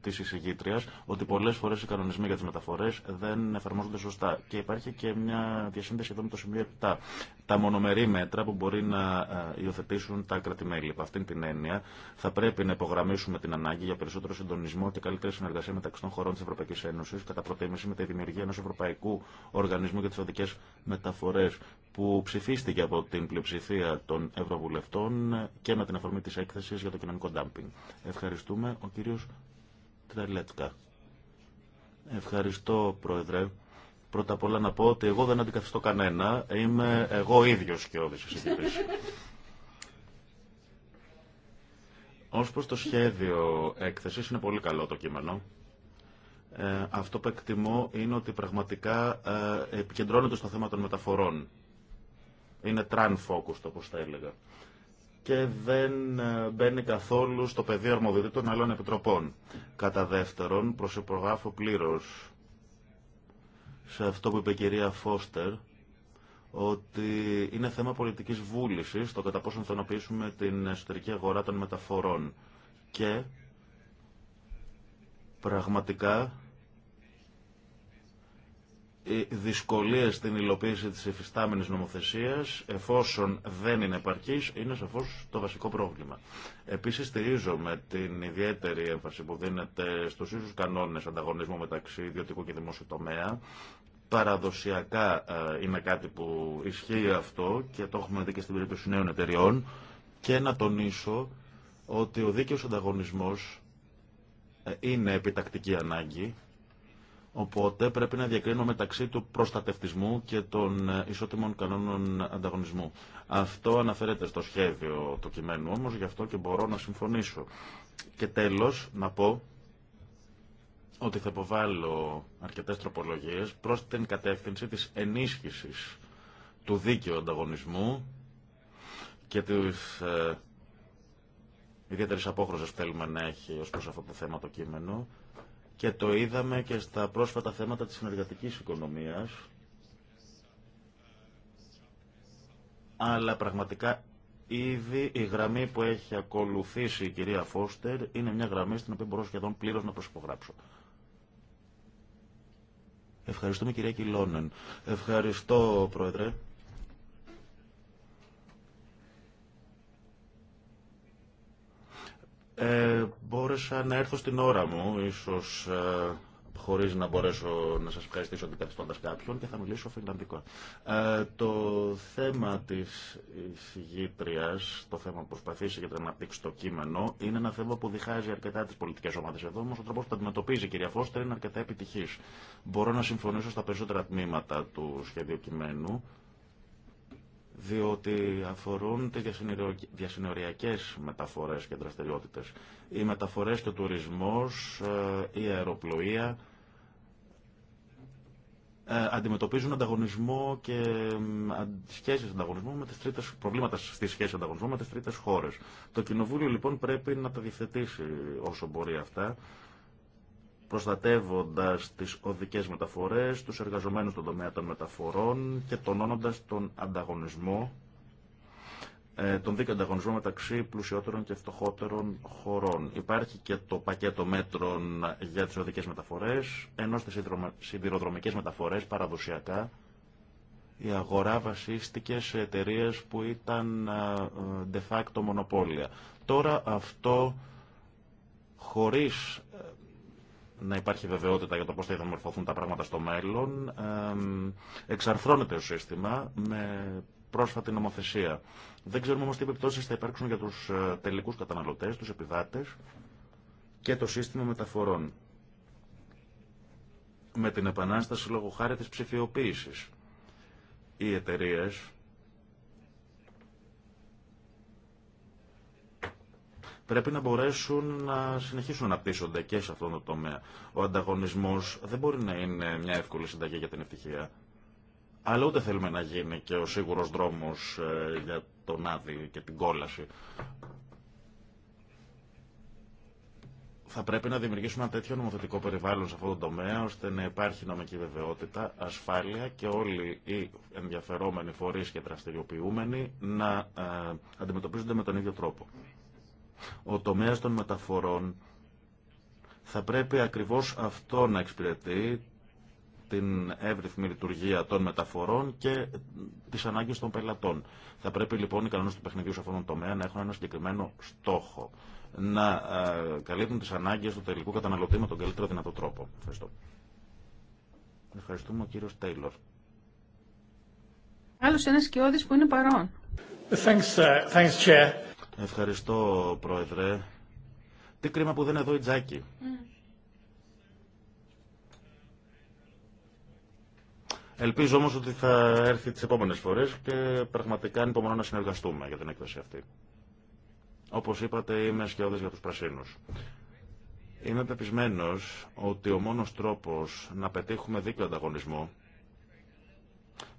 τη εισηγήτρια ότι πολλέ φορέ οι κανονισμοί για τι μεταφορέ δεν εφαρμόζονται σωστά. Και υπάρχει και μια διασύνδεση εδώ με το σημείο 7 τα μονομερή μέτρα που μπορεί να ε, υιοθετήσουν τα κρατημέλη. Από αυτήν την έννοια θα πρέπει να υπογραμμίσουμε την ανάγκη για περισσότερο συντονισμό και καλύτερη συνεργασία μεταξύ των χωρών τη Ευρωπαϊκή Ένωση, κατά προτίμηση με τη δημιουργία ενό Ευρωπαϊκού Οργανισμού για τι Οδικέ Μεταφορέ, που ψηφίστηκε από την πλειοψηφία των Ευρωβουλευτών και με την αφορμή τη έκθεση για το κοινωνικό ντάμπινγκ. Ευχαριστούμε. Ο κύριο Τρελέτκα. Ευχαριστώ, Πρόεδρε. Πρώτα απ' όλα να πω ότι εγώ δεν αντικαθιστώ κανένα. Είμαι εγώ ίδιος και όδης Ω Ως προς το σχέδιο έκθεση είναι πολύ καλό το κείμενο. Ε, αυτό που εκτιμώ είναι ότι πραγματικά ε, επικεντρώνεται στο θέμα των μεταφορών. τραν trans-focused όπω τα έλεγα. Και δεν ε, μπαίνει καθόλου στο πεδίο των άλλων επιτροπών. Κατά δεύτερον, προσυπογράφω πλήρω σε αυτό που είπε η κυρία Φώστερ, ότι είναι θέμα πολιτικής βούλησης το κατά πόσο θα την εσωτερική αγορά των μεταφορών. Και πραγματικά οι δυσκολίες στην υλοποίηση της εφιστάμενης νομοθεσίας, εφόσον δεν είναι επαρκής, είναι σαφώς το βασικό πρόβλημα. Επίσης στηρίζομαι την ιδιαίτερη έμφαση που δίνεται στους ίσους κανόνες ανταγωνισμού μεταξύ ιδιωτικού και δημόσιου τομέα, Παραδοσιακά ε, είναι κάτι που ισχύει αυτό και το έχουμε δει και στην περίπτωση νέων εταιριών και να τονίσω ότι ο δίκαιος ανταγωνισμός ε, είναι επιτακτική ανάγκη οπότε πρέπει να διακρίνω μεταξύ του προστατευτισμού και των ε, ισότιμων κανόνων ανταγωνισμού. Αυτό αναφέρεται στο σχέδιο του κειμένου όμως, γι' αυτό και μπορώ να συμφωνήσω. Και τέλος να πω ότι θα υποβάλω αρκετές τροπολογίες προς την κατεύθυνση της ενίσχυσης του δίκαιου ανταγωνισμού και της ε, ιδιαίτερης απόχρωσης που θέλουμε να έχει ως προς αυτό το θέμα το κείμενο και το είδαμε και στα πρόσφατα θέματα της συνεργατικής οικονομίας αλλά πραγματικά ήδη η γραμμή που έχει ακολουθήσει η κυρία Φώστερ είναι μια γραμμή στην οποία μπορώ σχεδόν πλήρως να προσυπογράψω. Ευχαριστούμε κυρία Κιλόνεν. Ευχαριστώ πρόεδρε. Ε, μπόρεσα να έρθω στην ώρα μου, ίσως ε, χωρίς να μπορέσω να σας ευχαριστήσω αντικαθιστώντας κάποιον και θα μιλήσω φιλανδικό. Ε, το θέμα της εισηγήτριας, το θέμα που προσπαθήσει για να αναπτύξει το κείμενο, είναι ένα θέμα που διχάζει αρκετά τις πολιτικές ομάδες εδώ, όμως ο τρόπος που τα αντιμετωπίζει η κυρία Φώστερ είναι αρκετά επιτυχής. Μπορώ να συμφωνήσω στα περισσότερα τμήματα του σχεδίου κειμένου, διότι αφορούν τι διασυνοριακές μεταφορές και δραστηριότητες. Οι μεταφορές και ο τουρισμός, ε, η αεροπλοεία ε, αντιμετωπίζουν ανταγωνισμό και σχέσεις ανταγωνισμού με τις τρίτες, προβλήματα στις σχέσεις ανταγωνισμού με τις τρίτες χώρες. Το Κοινοβούλιο λοιπόν πρέπει να τα διευθετήσει όσο μπορεί αυτά προστατεύοντας τις οδικές μεταφορές, τους εργαζομένους στον τομέα των μεταφορών και τονώνοντας τον ανταγωνισμό, ε, τον δίκαιο ανταγωνισμό μεταξύ πλουσιότερων και φτωχότερων χωρών. Υπάρχει και το πακέτο μέτρων για τις οδικές μεταφορές, ενώ στις σιδηροδρομικές μεταφορές παραδοσιακά η αγορά βασίστηκε σε εταιρείε που ήταν ε, ε, de facto μονοπόλια. Τώρα αυτό χωρίς να υπάρχει βεβαιότητα για το πώς θα ιδιομορφωθούν τα πράγματα στο μέλλον. Εξαρθρώνεται το σύστημα με πρόσφατη νομοθεσία. Δεν ξέρουμε όμως τι επιπτώσεις θα υπάρξουν για τους ε, τελικούς καταναλωτές, τους επιβάτες και το σύστημα μεταφορών. Με την επανάσταση λόγω χάρη της ψηφιοποίησης. Οι εταιρείες πρέπει να μπορέσουν να συνεχίσουν να αναπτύσσονται και σε αυτό το τομέα. Ο ανταγωνισμό δεν μπορεί να είναι μια εύκολη συνταγή για την ευτυχία. Αλλά ούτε θέλουμε να γίνει και ο σίγουρο δρόμο ε, για τον άδη και την κόλαση. θα πρέπει να δημιουργήσουμε ένα τέτοιο νομοθετικό περιβάλλον σε αυτό το τομέα, ώστε να υπάρχει νομική βεβαιότητα, ασφάλεια και όλοι οι ενδιαφερόμενοι φορεί και δραστηριοποιούμενοι να ε, αντιμετωπίζονται με τον ίδιο τρόπο. Ο τομέας των μεταφορών θα πρέπει ακριβώς αυτό να εξυπηρετεί την εύρυθμη λειτουργία των μεταφορών και τις ανάγκες των πελατών. Θα πρέπει λοιπόν οι κανόνες του παιχνιδιού σε αυτόν τον τομέα να έχουν ένα συγκεκριμένο στόχο. Να ε, καλύπτουν τις ανάγκες του τελικού καταναλωτή με τον καλύτερο δυνατό τρόπο. Ευχαριστώ. Ευχαριστούμε ο κύριος Τέιλορ. Άλλος ένας σκιώδης που είναι παρόν. Thanks, uh, Ευχαριστώ, Πρόεδρε. Τι κρίμα που δεν είναι εδώ η Τζάκη. Mm. Ελπίζω όμως ότι θα έρθει τις επόμενες φορές και πραγματικά ανυπομονώ να συνεργαστούμε για την έκθεση αυτή. Όπως είπατε, είμαι σκιώδης για τους πρασίνους. Είμαι πεπισμένος ότι ο μόνος τρόπος να πετύχουμε δίκαιο ανταγωνισμό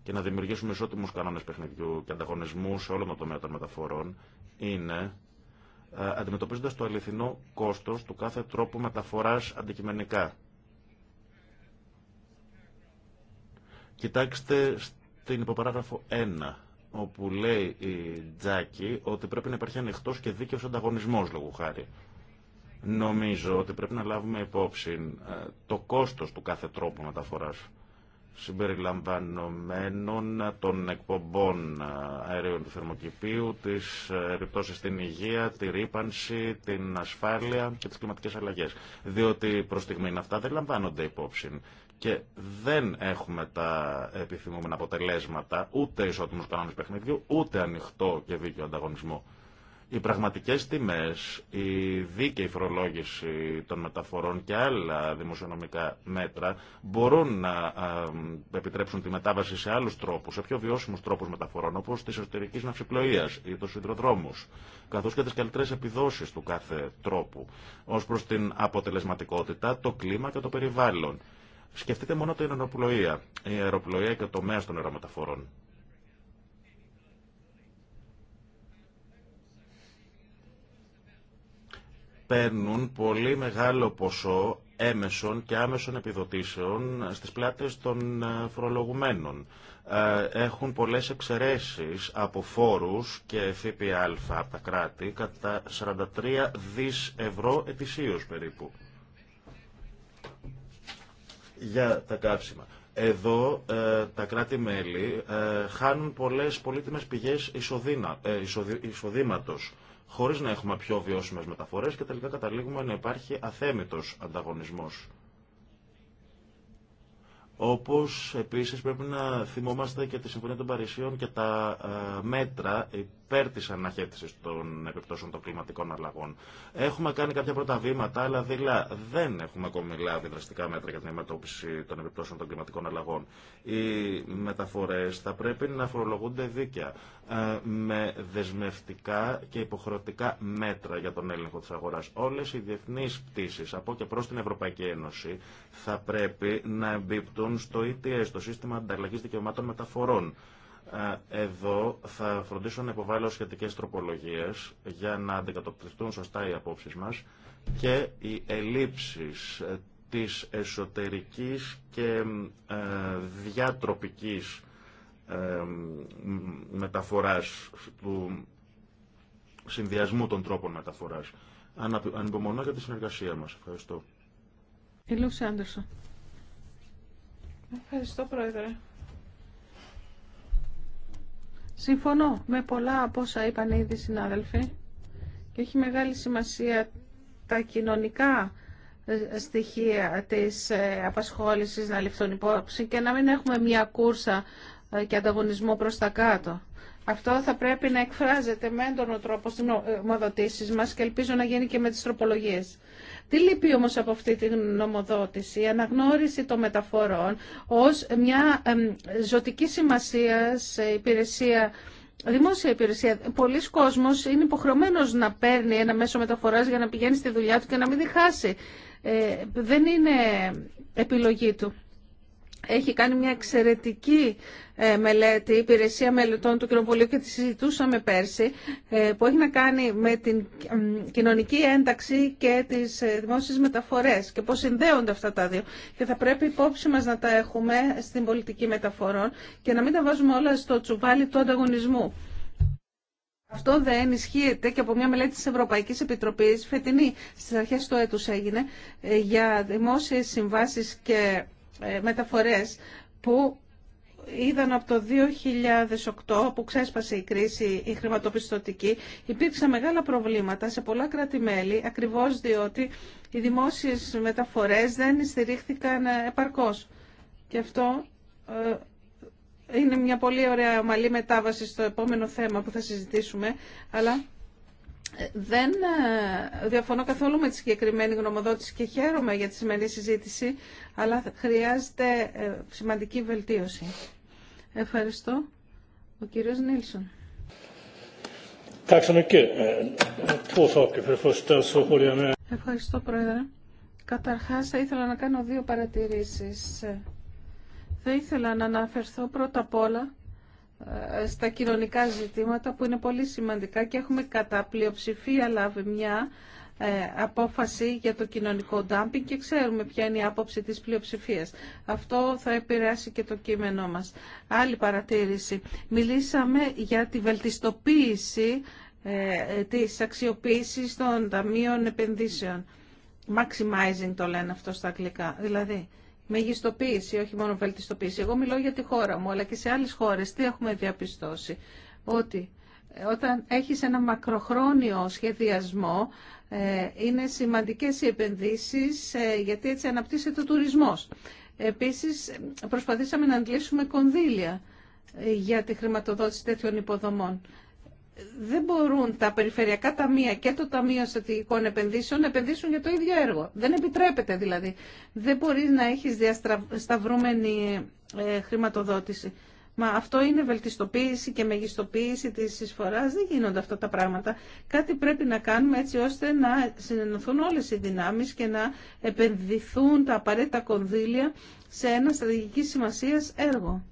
και να δημιουργήσουμε ισότιμους κανόνες παιχνιδιού και ανταγωνισμού σε όλο το τομέα των μεταφορών είναι ε, αντιμετωπίζοντας το αληθινό κόστος του κάθε τρόπου μεταφοράς αντικειμενικά. Κοιτάξτε στην υποπαράγραφο 1, όπου λέει η Τζάκη ότι πρέπει να υπάρχει ανοιχτό και δίκαιος ανταγωνισμός λόγου χάρη. Νομίζω ότι πρέπει να λάβουμε υπόψη ε, το κόστος του κάθε τρόπου μεταφοράς συμπεριλαμβανομένων των εκπομπών αερίων του θερμοκηπίου, τις ε, επιπτώσεις στην υγεία, τη ρήπανση, την ασφάλεια και τις κλιματικές αλλαγές. Διότι προς στιγμή αυτά δεν λαμβάνονται υπόψη και δεν έχουμε τα επιθυμούμενα αποτελέσματα ούτε ισότιμους κανόνες παιχνιδιού, ούτε ανοιχτό και δίκαιο ανταγωνισμό. Οι πραγματικές τιμές, η δίκαιη φορολόγηση των μεταφορών και άλλα δημοσιονομικά μέτρα μπορούν να επιτρέψουν τη μετάβαση σε άλλους τρόπους, σε πιο βιώσιμους τρόπους μεταφορών, όπως τη εσωτερικής ναυσιπλοείας ή του συνδροδρόμου, καθώς και τις καλύτερες επιδόσεις του κάθε τρόπου, ως προς την αποτελεσματικότητα, το κλίμα και το περιβάλλον. Σκεφτείτε μόνο την αεροπλοεία, η αεροπλοεία και το τομέα των αερομεταφορών. παίρνουν πολύ μεγάλο ποσό έμεσων και άμεσων επιδοτήσεων στις πλάτες των ε, φορολογουμένων. Ε, έχουν πολλές εξαιρέσεις από φόρους και ΦΠΑ από τα κράτη κατά 43 δις ευρώ ετησίως περίπου για τα κάψιμα. Εδώ ε, τα κράτη-μέλη χάνουν πολλές πολύτιμες πηγές εισοδήματο χωρί να έχουμε πιο βιώσιμε μεταφορέ και τελικά καταλήγουμε να υπάρχει αθέμητο ανταγωνισμό. Όπω επίση πρέπει να θυμόμαστε και τη Συμφωνία των Παρισιών και τα ε, μέτρα υπέρ τη αναχέτηση των επιπτώσεων των κλιματικών αλλαγών. Έχουμε κάνει κάποια πρώτα βήματα, αλλά δειλά δεν έχουμε ακόμη λάβει δραστικά μέτρα για την αντιμετώπιση των επιπτώσεων των κλιματικών αλλαγών. Οι μεταφορέ θα πρέπει να φορολογούνται δίκαια ε, με δεσμευτικά και υποχρεωτικά μέτρα για τον έλεγχο τη αγορά. Όλε οι διεθνεί πτήσει από και προ την Ευρωπαϊκή Ένωση θα πρέπει να εμπίπτουν στο ETS, το Σύστημα ανταλλαγή Δικαιωμάτων Μεταφορών εδώ θα φροντίσω να υποβάλω σχετικές τροπολογίες για να αντικατοπτριστούν σωστά οι απόψεις μας και οι ελλείψεις ε, της εσωτερικής και ε, διατροπικής ε, μεταφοράς του συνδυασμού των τρόπων μεταφοράς. Ανυπομονώ για τη συνεργασία μας. Ευχαριστώ. Ευχαριστώ, Πρόεδρε. Συμφωνώ με πολλά από όσα είπαν ήδη συνάδελφοι και έχει μεγάλη σημασία τα κοινωνικά ε, στοιχεία της ε, απασχόλησης να ληφθούν υπόψη και να μην έχουμε μια κούρσα ε, και ανταγωνισμό προς τα κάτω. Αυτό θα πρέπει να εκφράζεται με έντονο τρόπο στις ομοδοτήσει μας και ελπίζω να γίνει και με τις τροπολογίες. Τι λείπει όμως από αυτή τη νομοδότηση, η αναγνώριση των μεταφορών ως μια ζωτική σημασία σε υπηρεσία Δημόσια υπηρεσία. Πολλοί κόσμος είναι υποχρεωμένος να παίρνει ένα μέσο μεταφοράς για να πηγαίνει στη δουλειά του και να μην διχάσει. Ε, δεν είναι επιλογή του έχει κάνει μια εξαιρετική ε, μελέτη, υπηρεσία μελετών του Κοινοβουλίου και τη συζητούσαμε πέρσι, ε, που έχει να κάνει με την κοινωνική ένταξη και τις ε, δημόσιες μεταφορές και πώς συνδέονται αυτά τα δύο. Και θα πρέπει υπόψη μας να τα έχουμε στην πολιτική μεταφορών και να μην τα βάζουμε όλα στο τσουβάλι του ανταγωνισμού. Αυτό δεν ενισχύεται και από μια μελέτη της Ευρωπαϊκής Επιτροπής, φετινή στις αρχές του έτους έγινε, για δημόσιες συμβάσεις και ε, μεταφορές που είδαν από το 2008 που ξέσπασε η κρίση η χρηματοπιστωτική υπήρξαν μεγάλα προβλήματα σε πολλά κράτη-μέλη ακριβώς διότι οι δημόσιες μεταφορές δεν στηρίχθηκαν ε, επαρκώς. Και αυτό ε, είναι μια πολύ ωραία ομαλή μετάβαση στο επόμενο θέμα που θα συζητήσουμε αλλά δεν ε, διαφωνώ καθόλου με τη συγκεκριμένη γνωμοδότηση και χαίρομαι για τη σημερινή συζήτηση, αλλά χρειάζεται ε, σημαντική βελτίωση. Ευχαριστώ. Ο κύριος Νίλσον. Ε, Ευχαριστώ, Πρόεδρε. Καταρχάς, θα ήθελα να κάνω δύο παρατηρήσεις. Θα ήθελα να αναφερθώ πρώτα απ' όλα ε, στα κοινωνικά ζητήματα που είναι πολύ σημαντικά και έχουμε κατά πλειοψηφία λάβει μια ε, απόφαση για το κοινωνικό ντάμπινγκ και ξέρουμε ποια είναι η άποψη της πλειοψηφίας. Αυτό θα επηρεάσει και το κείμενό μας. Άλλη παρατήρηση. Μιλήσαμε για τη βελτιστοποίηση ε, της αξιοποίησης των ταμείων επενδύσεων. Maximizing το λένε αυτό στα αγγλικά. Δηλαδή, μεγιστοποίηση, όχι μόνο βελτιστοποίηση. Εγώ μιλώ για τη χώρα μου, αλλά και σε άλλες χώρες τι έχουμε διαπιστώσει. Ότι όταν έχεις ένα μακροχρόνιο σχεδιασμό, ε, είναι σημαντικές οι επενδύσεις, ε, γιατί έτσι αναπτύσσεται ο τουρισμός. Επίσης, προσπαθήσαμε να αντλήσουμε κονδύλια ε, για τη χρηματοδότηση τέτοιων υποδομών δεν μπορούν τα περιφερειακά ταμεία και το Ταμείο Στατηγικών Επενδύσεων να επενδύσουν για το ίδιο έργο. Δεν επιτρέπεται δηλαδή. Δεν μπορεί να έχει διασταυρούμενη ε, χρηματοδότηση. Μα αυτό είναι βελτιστοποίηση και μεγιστοποίηση της εισφοράς. Δεν γίνονται αυτά τα πράγματα. Κάτι πρέπει να κάνουμε έτσι ώστε να συνενωθούν όλες οι δυνάμεις και να επενδυθούν τα απαραίτητα κονδύλια σε ένα στρατηγική σημασίας έργο.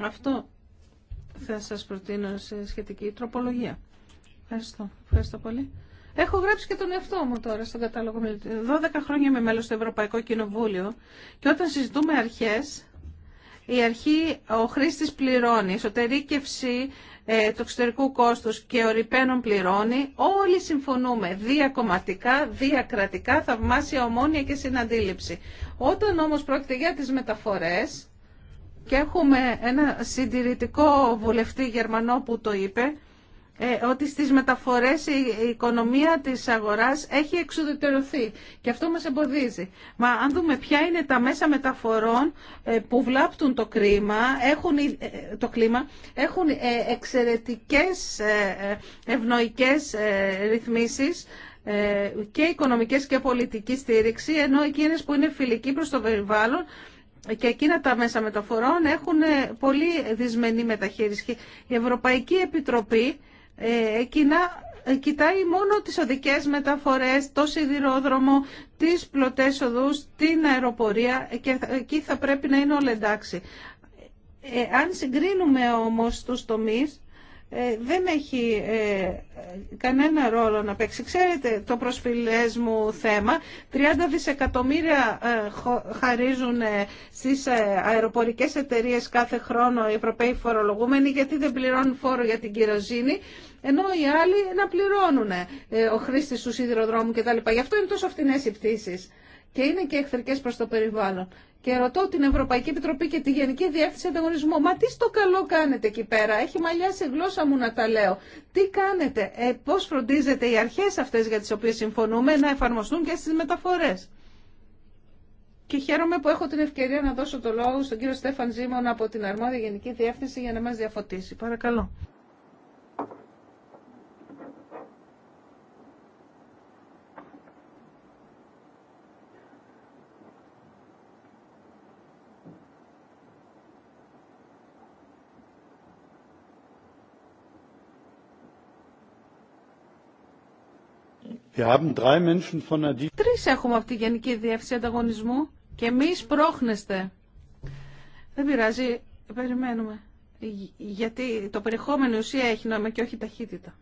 Αυτό θα σας προτείνω σε σχετική τροπολογία. Ευχαριστώ. Ευχαριστώ πολύ. Έχω γράψει και τον εαυτό μου τώρα στον κατάλογο. 12 χρόνια είμαι μέλος στο Ευρωπαϊκό Κοινοβούλιο και όταν συζητούμε αρχές, η αρχή ο χρήστης πληρώνει, η εσωτερήκευση ε, του εξωτερικού κόστους και ο ρηπαίνων πληρώνει, όλοι συμφωνούμε διακομματικά, διακρατικά, θαυμάσια ομόνια και συναντήληψη. Όταν όμως πρόκειται για τις μεταφορές, και έχουμε ένα συντηρητικό βουλευτή Γερμανό που το είπε, ε, ότι στις μεταφορές η οικονομία της αγοράς έχει εξουδετερωθεί και αυτό μας εμποδίζει. Μα αν δούμε ποια είναι τα μέσα μεταφορών ε, που βλάπτουν το κλίμα, έχουν, ε, το κλίμα, έχουν εξαιρετικές ευνοϊκές ρυθμίσεις και οικονομικές και πολιτική στήριξη, ενώ εκείνες που είναι φιλικοί προς το περιβάλλον και εκείνα τα μέσα μεταφορών έχουν ε, πολύ δυσμενή μεταχείριση. Η Ευρωπαϊκή Επιτροπή ε, εκείνα ε, κοιτάει μόνο τις οδικές μεταφορές, το σιδηρόδρομο, τις πλωτές οδούς, την αεροπορία και εκεί θα πρέπει να είναι όλα εντάξει. αν συγκρίνουμε όμως τους τομείς, ε, δεν έχει ε, κανένα ρόλο να παίξει. Ξέρετε το προσφυλές μου θέμα, 30 δισεκατομμύρια ε, χαρίζουν στις αεροπορικές εταιρείες κάθε χρόνο οι Ευρωπαίοι φορολογούμενοι γιατί δεν πληρώνουν φόρο για την κυροζήνη ενώ οι άλλοι να πληρώνουν ο χρήστη του σιδηροδρόμου κτλ. Γι' αυτό είναι τόσο φθηνές οι πτήσεις και είναι και εχθρικέ προ το περιβάλλον. Και ρωτώ την Ευρωπαϊκή Επιτροπή και τη Γενική Διεύθυνση Ανταγωνισμού. Μα τι στο καλό κάνετε εκεί πέρα. Έχει μαλλιά σε γλώσσα μου να τα λέω. Τι κάνετε, ε, πώ φροντίζετε οι αρχέ αυτέ για τι οποίε συμφωνούμε να εφαρμοστούν και στι μεταφορέ. Και χαίρομαι που έχω την ευκαιρία να δώσω το λόγο στον κύριο Στέφαν Ζήμων από την Αρμόδια Γενική Διεύθυνση για να μα διαφωτίσει. Παρακαλώ. Τρεις έχουμε από τη Γενική Διεύθυνση Ανταγωνισμού και εμεί πρόχνεστε. Δεν πειράζει, περιμένουμε. Γιατί το περιεχόμενο ουσία έχει νόημα και όχι ταχύτητα.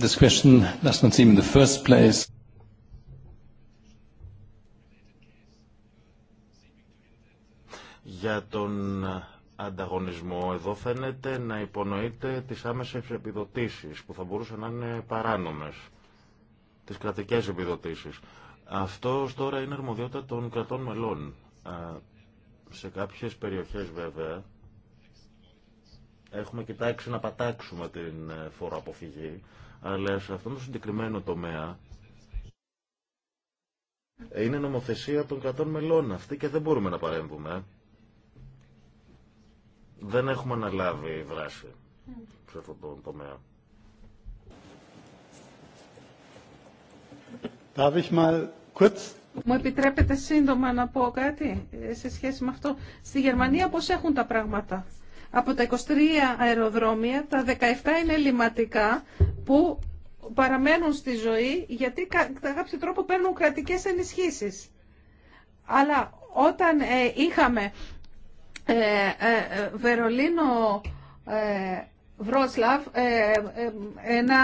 This question not seem in the για τον ανταγωνισμό. Εδώ φαίνεται να υπονοείται τις άμεσες επιδοτήσεις που θα μπορούσαν να είναι παράνομες, τις κρατικές επιδοτήσεις. Αυτό τώρα είναι αρμοδιότητα των κρατών μελών. Σε κάποιες περιοχές βέβαια έχουμε κοιτάξει να πατάξουμε την ε, φοροαποφυγή, αλλά σε αυτόν τον συγκεκριμένο τομέα είναι νομοθεσία των κρατών μελών αυτή και δεν μπορούμε να παρέμβουμε. Δεν έχουμε αναλάβει δράση σε αυτό το τομέα. Μου επιτρέπετε σύντομα να πω κάτι ε, σε σχέση με αυτό. Στη Γερμανία πώς έχουν τα πράγματα. Από τα 23 αεροδρόμια, τα 17 είναι λιματικά που παραμένουν στη ζωή γιατί κατά κάποιο τρόπο παίρνουν κρατικές ενισχύσεις. Αλλά όταν ε, είχαμε ε, ε, ε, Βερολίνο ε, Βρότσλαβ, ένα,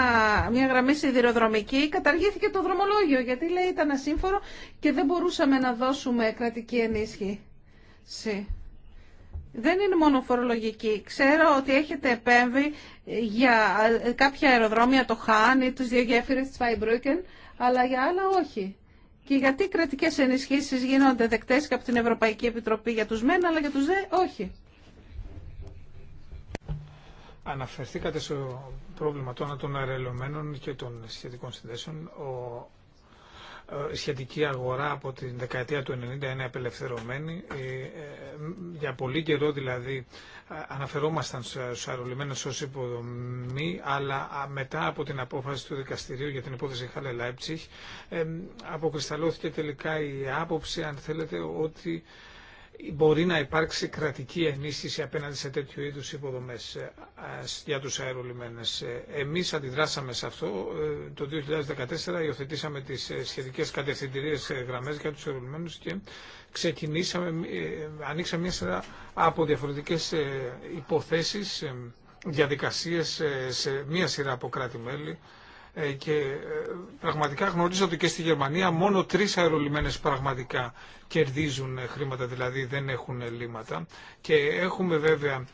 μια γραμμή σιδηροδρομική, καταργήθηκε το δρομολόγιο γιατί λέει ήταν ασύμφορο και δεν μπορούσαμε να δώσουμε κρατική ενίσχυση. Δεν είναι μόνο φορολογική. Ξέρω ότι έχετε επέμβει για κάποια αεροδρόμια, το Χάν τους δύο γέφυρες της Φαϊμπρούκεν, αλλά για άλλα όχι και γιατί οι κρατικές ενισχύσεις γίνονται δεκτές και από την Ευρωπαϊκή Επιτροπή για τους μεν, αλλά για τους δε όχι. Αναφερθήκατε στο πρόβλημα των, των και των σχετικών συνδέσεων. Ο, ε, η σχετική αγορά από την δεκαετία του 1990 είναι απελευθερωμένη. Ε, ε, για πολύ καιρό δηλαδή αναφερόμασταν στους αερολιμένε ως υποδομή, αλλά μετά από την απόφαση του δικαστηρίου για την υπόθεση Χάλε Λάιψιχ, αποκρισταλώθηκε τελικά η άποψη, αν θέλετε, ότι μπορεί να υπάρξει κρατική ενίσχυση απέναντι σε τέτοιου είδους υποδομές ε, για τους αερολιμένες. Ε, εμείς αντιδράσαμε σε αυτό. Ε, το 2014 υιοθετήσαμε τις σχετικές κατευθυντηρίες γραμμές για τους αερολιμένους και ξεκινήσαμε, ε, ανοίξαμε μια σειρά από διαφορετικές ε, υποθέσεις, ε, διαδικασίες σε μια σειρά από κράτη-μέλη και πραγματικά γνωρίζω ότι και στη Γερμανία μόνο τρεις αερολιμένες πραγματικά κερδίζουν χρήματα, δηλαδή δεν έχουν λύματα και έχουμε βέβαια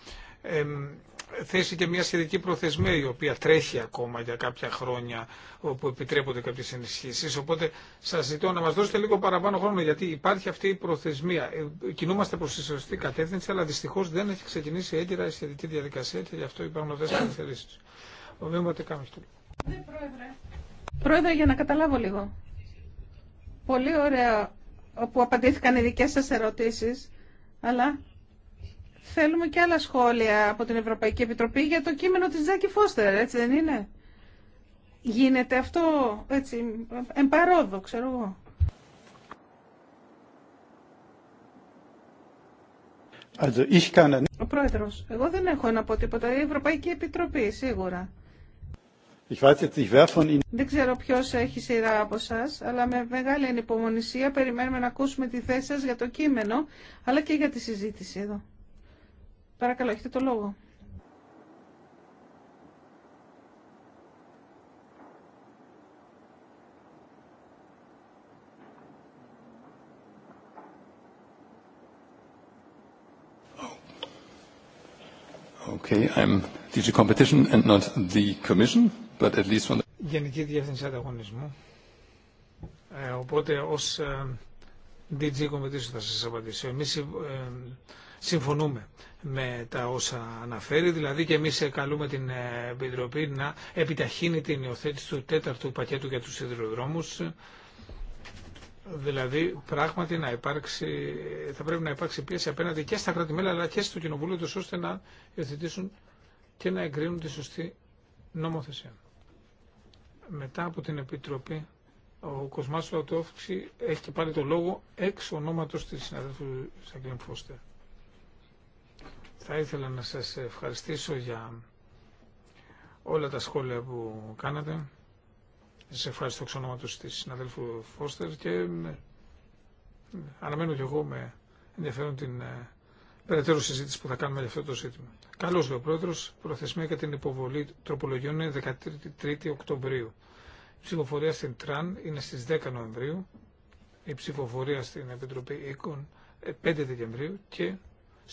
θέσει και μια σχετική προθεσμία η οποία τρέχει ακόμα για κάποια χρόνια όπου επιτρέπονται κάποιες ενισχύσεις. Οπότε σας ζητώ να μας δώσετε λίγο παραπάνω χρόνο γιατί υπάρχει αυτή η προθεσμία. Ε, κινούμαστε προς τη σωστή κατεύθυνση αλλά δυστυχώς δεν έχει ξεκινήσει έγκυρα η σχετική διαδικασία και γι' αυτό υπάρχουν αυτές τις καθυστερήσεις. Ο Ναι, Πρόεδρε. Πρόεδρε, για να καταλάβω λίγο. Πολύ ωραία που απαντήθηκαν οι δικές σας ερωτήσεις, αλλά Θέλουμε και άλλα σχόλια από την Ευρωπαϊκή Επιτροπή για το κείμενο της Ζάκη Φώστερ, έτσι δεν είναι. Γίνεται αυτό, έτσι, εμπαρόδο, ξέρω εγώ. Also ich kann... Ο πρόεδρος, εγώ δεν έχω να πω τίποτα. Η Ευρωπαϊκή Επιτροπή, σίγουρα. Ich weiß jetzt, von Ihnen... Δεν ξέρω ποιο έχει σειρά από εσά, αλλά με μεγάλη ανυπομονησία περιμένουμε να ακούσουμε τη θέση σα για το κείμενο, αλλά και για τη συζήτηση εδώ. Παρακαλώ, έχετε το λόγο. Okay, I'm DG Competition and not the Commission, but at least from the... Γενική Διεύθυνση Ανταγωνισμού. Ε, οπότε ως ε, DG Competition θα σας απαντήσω. Εμείς ε, συμφωνούμε με τα όσα αναφέρει, δηλαδή και εμείς καλούμε την Επιτροπή να επιταχύνει την υιοθέτηση του τέταρτου πακέτου για τους σιδηροδρόμους, δηλαδή πράγματι να υπάρξει, θα πρέπει να υπάρξει πίεση απέναντι και στα κρατημέλα αλλά και στο Κοινοβούλιο τους ώστε να υιοθετήσουν και να εγκρίνουν τη σωστή νομοθεσία. Μετά από την Επιτροπή ο Κοσμάς Λατόφξη έχει και πάλι το λόγο εξ ονόματος της συναδέλφου Σαγκρίν Φώστερ. Θα ήθελα να σας ευχαριστήσω για όλα τα σχόλια που κάνατε. Σας ευχαριστώ εξ ονόματος της συναδέλφου Φώστερ και ε, αναμένω κι εγώ με ενδιαφέρον την ε, περαιτέρω συζήτηση που θα κάνουμε για αυτό το ζήτημα. Καλώς λέει ο Πρόεδρος, προθεσμία για την υποβολή τροπολογιών είναι 13 Οκτωβρίου. Η ψηφοφορία στην Τραν είναι στις 10 Νοεμβρίου, η ψηφοφορία στην Επιτροπή ΕΚΟΝ 5 Δεκεμβρίου και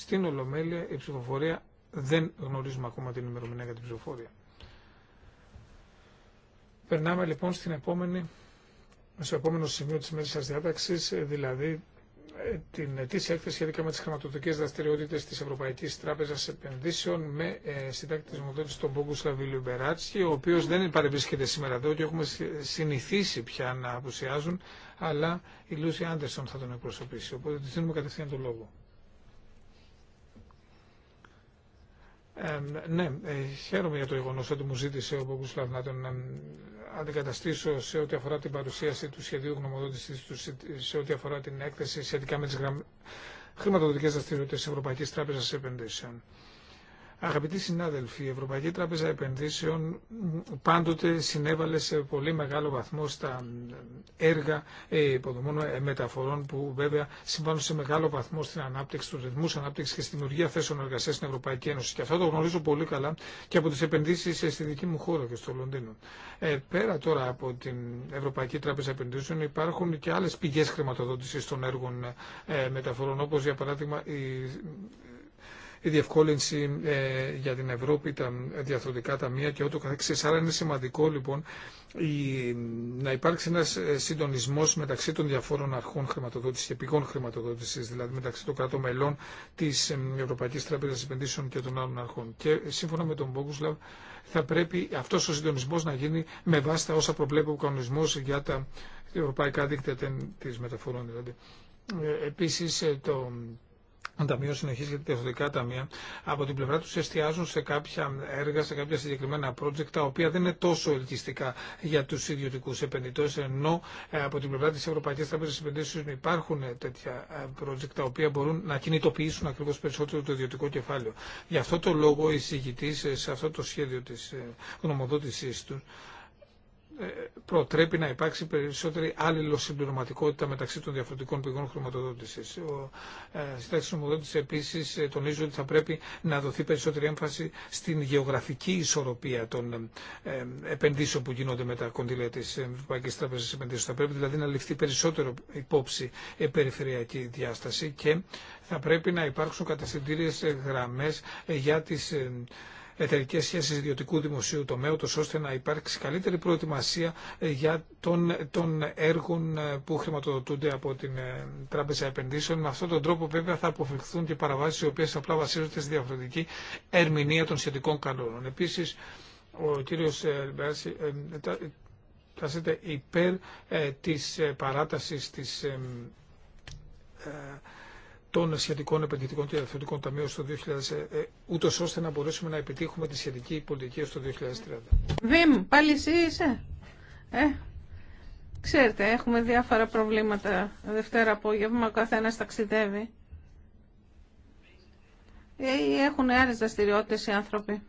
στην Ολομέλεια η ψηφοφορία δεν γνωρίζουμε ακόμα την ημερομηνία για την ψηφοφορία. Περνάμε λοιπόν στην επόμενη, στο επόμενο σημείο της μέσης σας διάταξης, δηλαδή ε, την ετήσια έκθεση σχετικά με τις χρηματοδοτικές δραστηριότητες της Ευρωπαϊκής Τράπεζας Επενδύσεων με ε, συντάκτη της Μοδότης τον Σλαβίλου Μπεράτσι, ο οποίος δεν παρευρίσκεται σήμερα εδώ και έχουμε συνηθίσει πια να απουσιάζουν, αλλά η Λούση Άντερσον θα τον εκπροσωπήσει, οπότε της δίνουμε κατευθείαν τον λόγο. ναι, ε, χαίρομαι για το γεγονό ότι μου ζήτησε ο Μπογκούσλαβ να τον αντικαταστήσω σε ό,τι αφορά την παρουσίαση του σχεδίου γνωμοδότηση του, σε ό,τι αφορά την έκθεση σχετικά με τι γραμ... χρηματοδοτικέ δραστηριότητε τη Ευρωπαϊκή Τράπεζα Επενδύσεων. Αγαπητοί συνάδελφοι, η Ευρωπαϊκή Τράπεζα Επενδύσεων πάντοτε συνέβαλε σε πολύ μεγάλο βαθμό στα έργα ε, υποδομών ε, μεταφορών που βέβαια συμβάνουν σε μεγάλο βαθμό στην ανάπτυξη, του ρυθμού ανάπτυξη και στη δημιουργία θέσεων εργασία στην Ευρωπαϊκή Ένωση. Και αυτό το γνωρίζω πολύ καλά και από τι επενδύσει ε, στη δική μου χώρα και στο Λονδίνο. Ε, πέρα τώρα από την Ευρωπαϊκή Τράπεζα Επενδύσεων υπάρχουν και άλλε πηγέ χρηματοδότηση των έργων μεταφορών, όπω για παράδειγμα η η διευκόλυνση ε, για την Ευρώπη, τα διαθροτικά ταμεία και ό,τι καθεξής. Άρα είναι σημαντικό λοιπόν να υπάρξει ένας ε, συντονισμός μεταξύ των διαφόρων αρχών χρηματοδότησης και πηγών χρηματοδότησης, δηλαδή μεταξύ των κρατών μελών της ε, Ευρωπαϊκής Τράπεζας Επενδύσεων και των άλλων αρχών. Και σύμφωνα με τον Μπόγκουσλαβ θα πρέπει αυτός ο συντονισμός να γίνει με βάση τα όσα προβλέπει ο κανονισμός για τα ευρωπαϊκά δίκτυα της μεταφορών. Δηλαδή. Επίσης το Ταμείο για τα Διευθυντικά Ταμεία, από την πλευρά του εστιάζουν σε κάποια έργα, σε κάποια συγκεκριμένα project, τα οποία δεν είναι τόσο ελκυστικά για του ιδιωτικού επενδυτέ, ενώ ε, από την πλευρά τη Ευρωπαϊκή Τράπεζα Επενδύσεων υπάρχουν ε, τέτοια ε, project, τα οποία μπορούν να κινητοποιήσουν ακριβώ περισσότερο το ιδιωτικό κεφάλαιο. Γι' αυτό το λόγο, η συγκητή σε αυτό το σχέδιο τη γνωμοδότησή του ε, προτρέπει να υπάρξει περισσότερη αλληλοσυμπληρωματικότητα μεταξύ των διαφορετικών πηγών χρηματοδότηση. Ο ε, συντάξει νομοδότη επίση ε, τονίζει ότι θα πρέπει να δοθεί περισσότερη έμφαση στην γεωγραφική ισορροπία των επενδύσεων που γίνονται με τα κονδύλια τη Ευρωπαϊκή Τράπεζα Επενδύσεων. Θα πρέπει δηλαδή να ληφθεί περισσότερο υπόψη περιφερειακή διάσταση και θα πρέπει να υπάρξουν κατευθυντήριε γραμμέ για τι εταιρικέ σχέσει ιδιωτικού δημοσίου τομέα, ώστε να υπάρξει καλύτερη προετοιμασία ε, για τον τον έργων ε, που χρηματοδοτούνται από την ε, Τράπεζα Επενδύσεων. Με αυτόν τον τρόπο, βέβαια, θα αποφευχθούν και παραβάσει οι οποίε απλά βασίζονται στη διαφορετική ερμηνεία των σχετικών κανόνων. Επίση, ο κύριος Λιμπεράση τάσεται υπέρ της παράτασης της των σχετικών επενδυτικών και ελευθερικών ταμείων στο 2000, ε, ε, ούτως ώστε να μπορέσουμε να επιτύχουμε τη σχετική πολιτική στο 2030. Βιμ, πάλι εσύ είσαι. Ε, ξέρετε, έχουμε διάφορα προβλήματα. Δευτέρα απόγευμα, ο καθένας ταξιδεύει. Ε, έχουν άλλες δραστηριότητε οι άνθρωποι.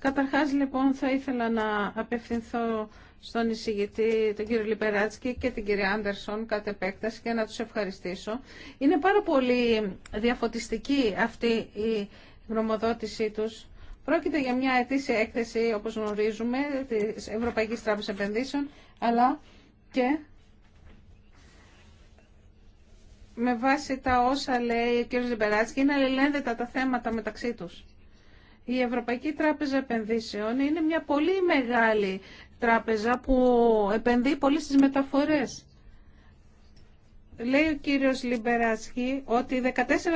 Καταρχάς, λοιπόν, θα ήθελα να απευθυνθώ στον εισηγητή τον κύριο Λιπεράτσκι και την κυρία Άντερσον κατ' επέκταση και να τους ευχαριστήσω. Είναι πάρα πολύ διαφωτιστική αυτή η γνωμοδότησή τους. Πρόκειται για μια ετήσια έκθεση, όπως γνωρίζουμε, της Ευρωπαϊκής Τράπεζας Επενδύσεων, αλλά και με βάση τα όσα λέει ο κύριος Λιμπεράτσκι, είναι αλληλένδετα τα θέματα μεταξύ τους. Η Ευρωπαϊκή Τράπεζα Επενδύσεων είναι μια πολύ μεγάλη τράπεζα που επενδύει πολύ στις μεταφορές. Λέει ο κύριος Λιμπεράσχη ότι 14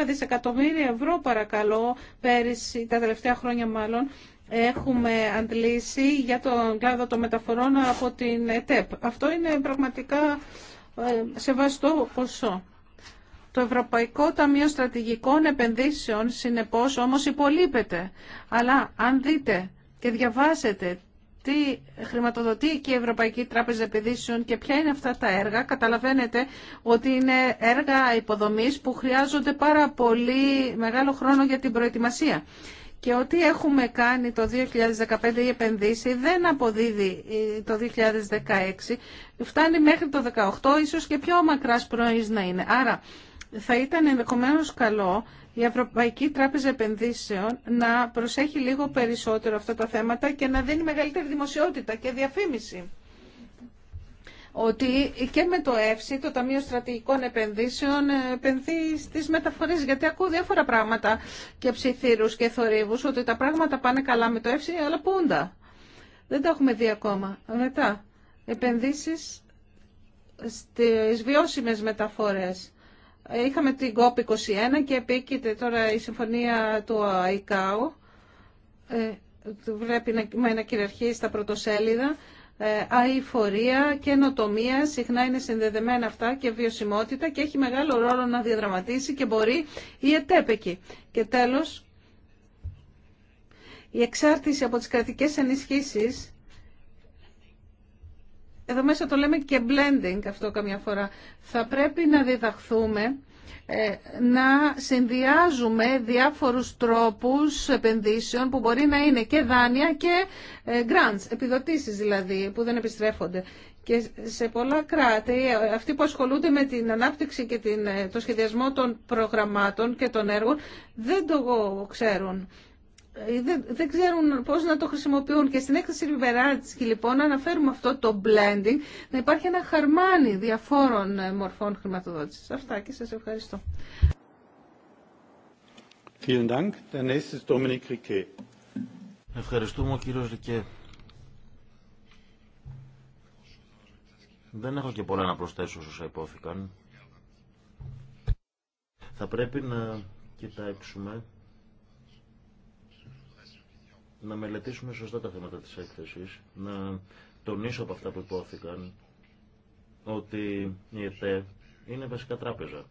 δισεκατομμύρια ευρώ παρακαλώ πέρυσι, τα τελευταία χρόνια μάλλον, έχουμε αντλήσει για τον κλάδο των μεταφορών από την ΕΤΕΠ. Αυτό είναι πραγματικά ε, σεβαστό ποσό. Το Ευρωπαϊκό Ταμείο Στρατηγικών Επενδύσεων, συνεπώς, όμως υπολείπεται. Αλλά αν δείτε και διαβάσετε τι χρηματοδοτεί και η Ευρωπαϊκή Τράπεζα Επιδήσεων και ποια είναι αυτά τα έργα. Καταλαβαίνετε ότι είναι έργα υποδομής που χρειάζονται πάρα πολύ μεγάλο χρόνο για την προετοιμασία. Και ό,τι έχουμε κάνει το 2015 η επενδύση δεν αποδίδει ε, το 2016, φτάνει μέχρι το 2018, ίσως και πιο μακράς πρωίς να είναι. Άρα θα ήταν ενδεχομένω καλό η Ευρωπαϊκή Τράπεζα Επενδύσεων να προσέχει λίγο περισσότερο αυτά τα θέματα και να δίνει μεγαλύτερη δημοσιότητα και διαφήμιση. Ότι και με το ΕΦΣΙ, το Ταμείο Στρατηγικών Επενδύσεων, επενδύει στις μεταφορές, γιατί ακούω διάφορα πράγματα και ψιθύρους και θορύβους, ότι τα πράγματα πάνε καλά με το ΕΦΣΙ, αλλά πούντα. Δεν τα έχουμε δει ακόμα. Μετά, επενδύσεις στις βιώσιμε μεταφορές Είχαμε την COP21 και επίκειται τώρα η συμφωνία του ΑΙΚΑΟ. Ε, βλέπει να κυριαρχεί στα πρωτοσέλιδα. Ε, αηφορία, καινοτομία, συχνά είναι συνδεδεμένα αυτά και βιωσιμότητα και έχει μεγάλο ρόλο να διαδραματίσει και μπορεί η ετέπεκη. Και τέλος, η εξάρτηση από τις κρατικές ενισχύσεις εδώ μέσα το λέμε και blending αυτό καμιά φορά, θα πρέπει να διδαχθούμε ε, να συνδυάζουμε διάφορους τρόπους επενδύσεων που μπορεί να είναι και δάνεια και ε, grants, επιδοτήσεις δηλαδή που δεν επιστρέφονται. Και σε πολλά κράτη, ε, αυτοί που ασχολούνται με την ανάπτυξη και την, το σχεδιασμό των προγραμμάτων και των έργων, δεν το ξέρουν. Ε, δεν, δεν ξέρουν πώς να το χρησιμοποιούν. Και στην έκθεση Λιβεράτσικη λοιπόν αναφέρουμε αυτό το blending, να υπάρχει ένα χαρμάνι διαφόρων ε, μορφών χρηματοδότησης. Αυτά και σας ευχαριστώ. Ευχαριστούμε ο κύριος Ρικέ. Δεν έχω και πολλά να προσθέσω όσα υπόθηκαν. Θα πρέπει να κοιτάξουμε να μελετήσουμε σωστά τα θέματα της έκθεσης, να τονίσω από αυτά που υπόθηκαν ότι η ΕΤΕ είναι βασικά τράπεζα.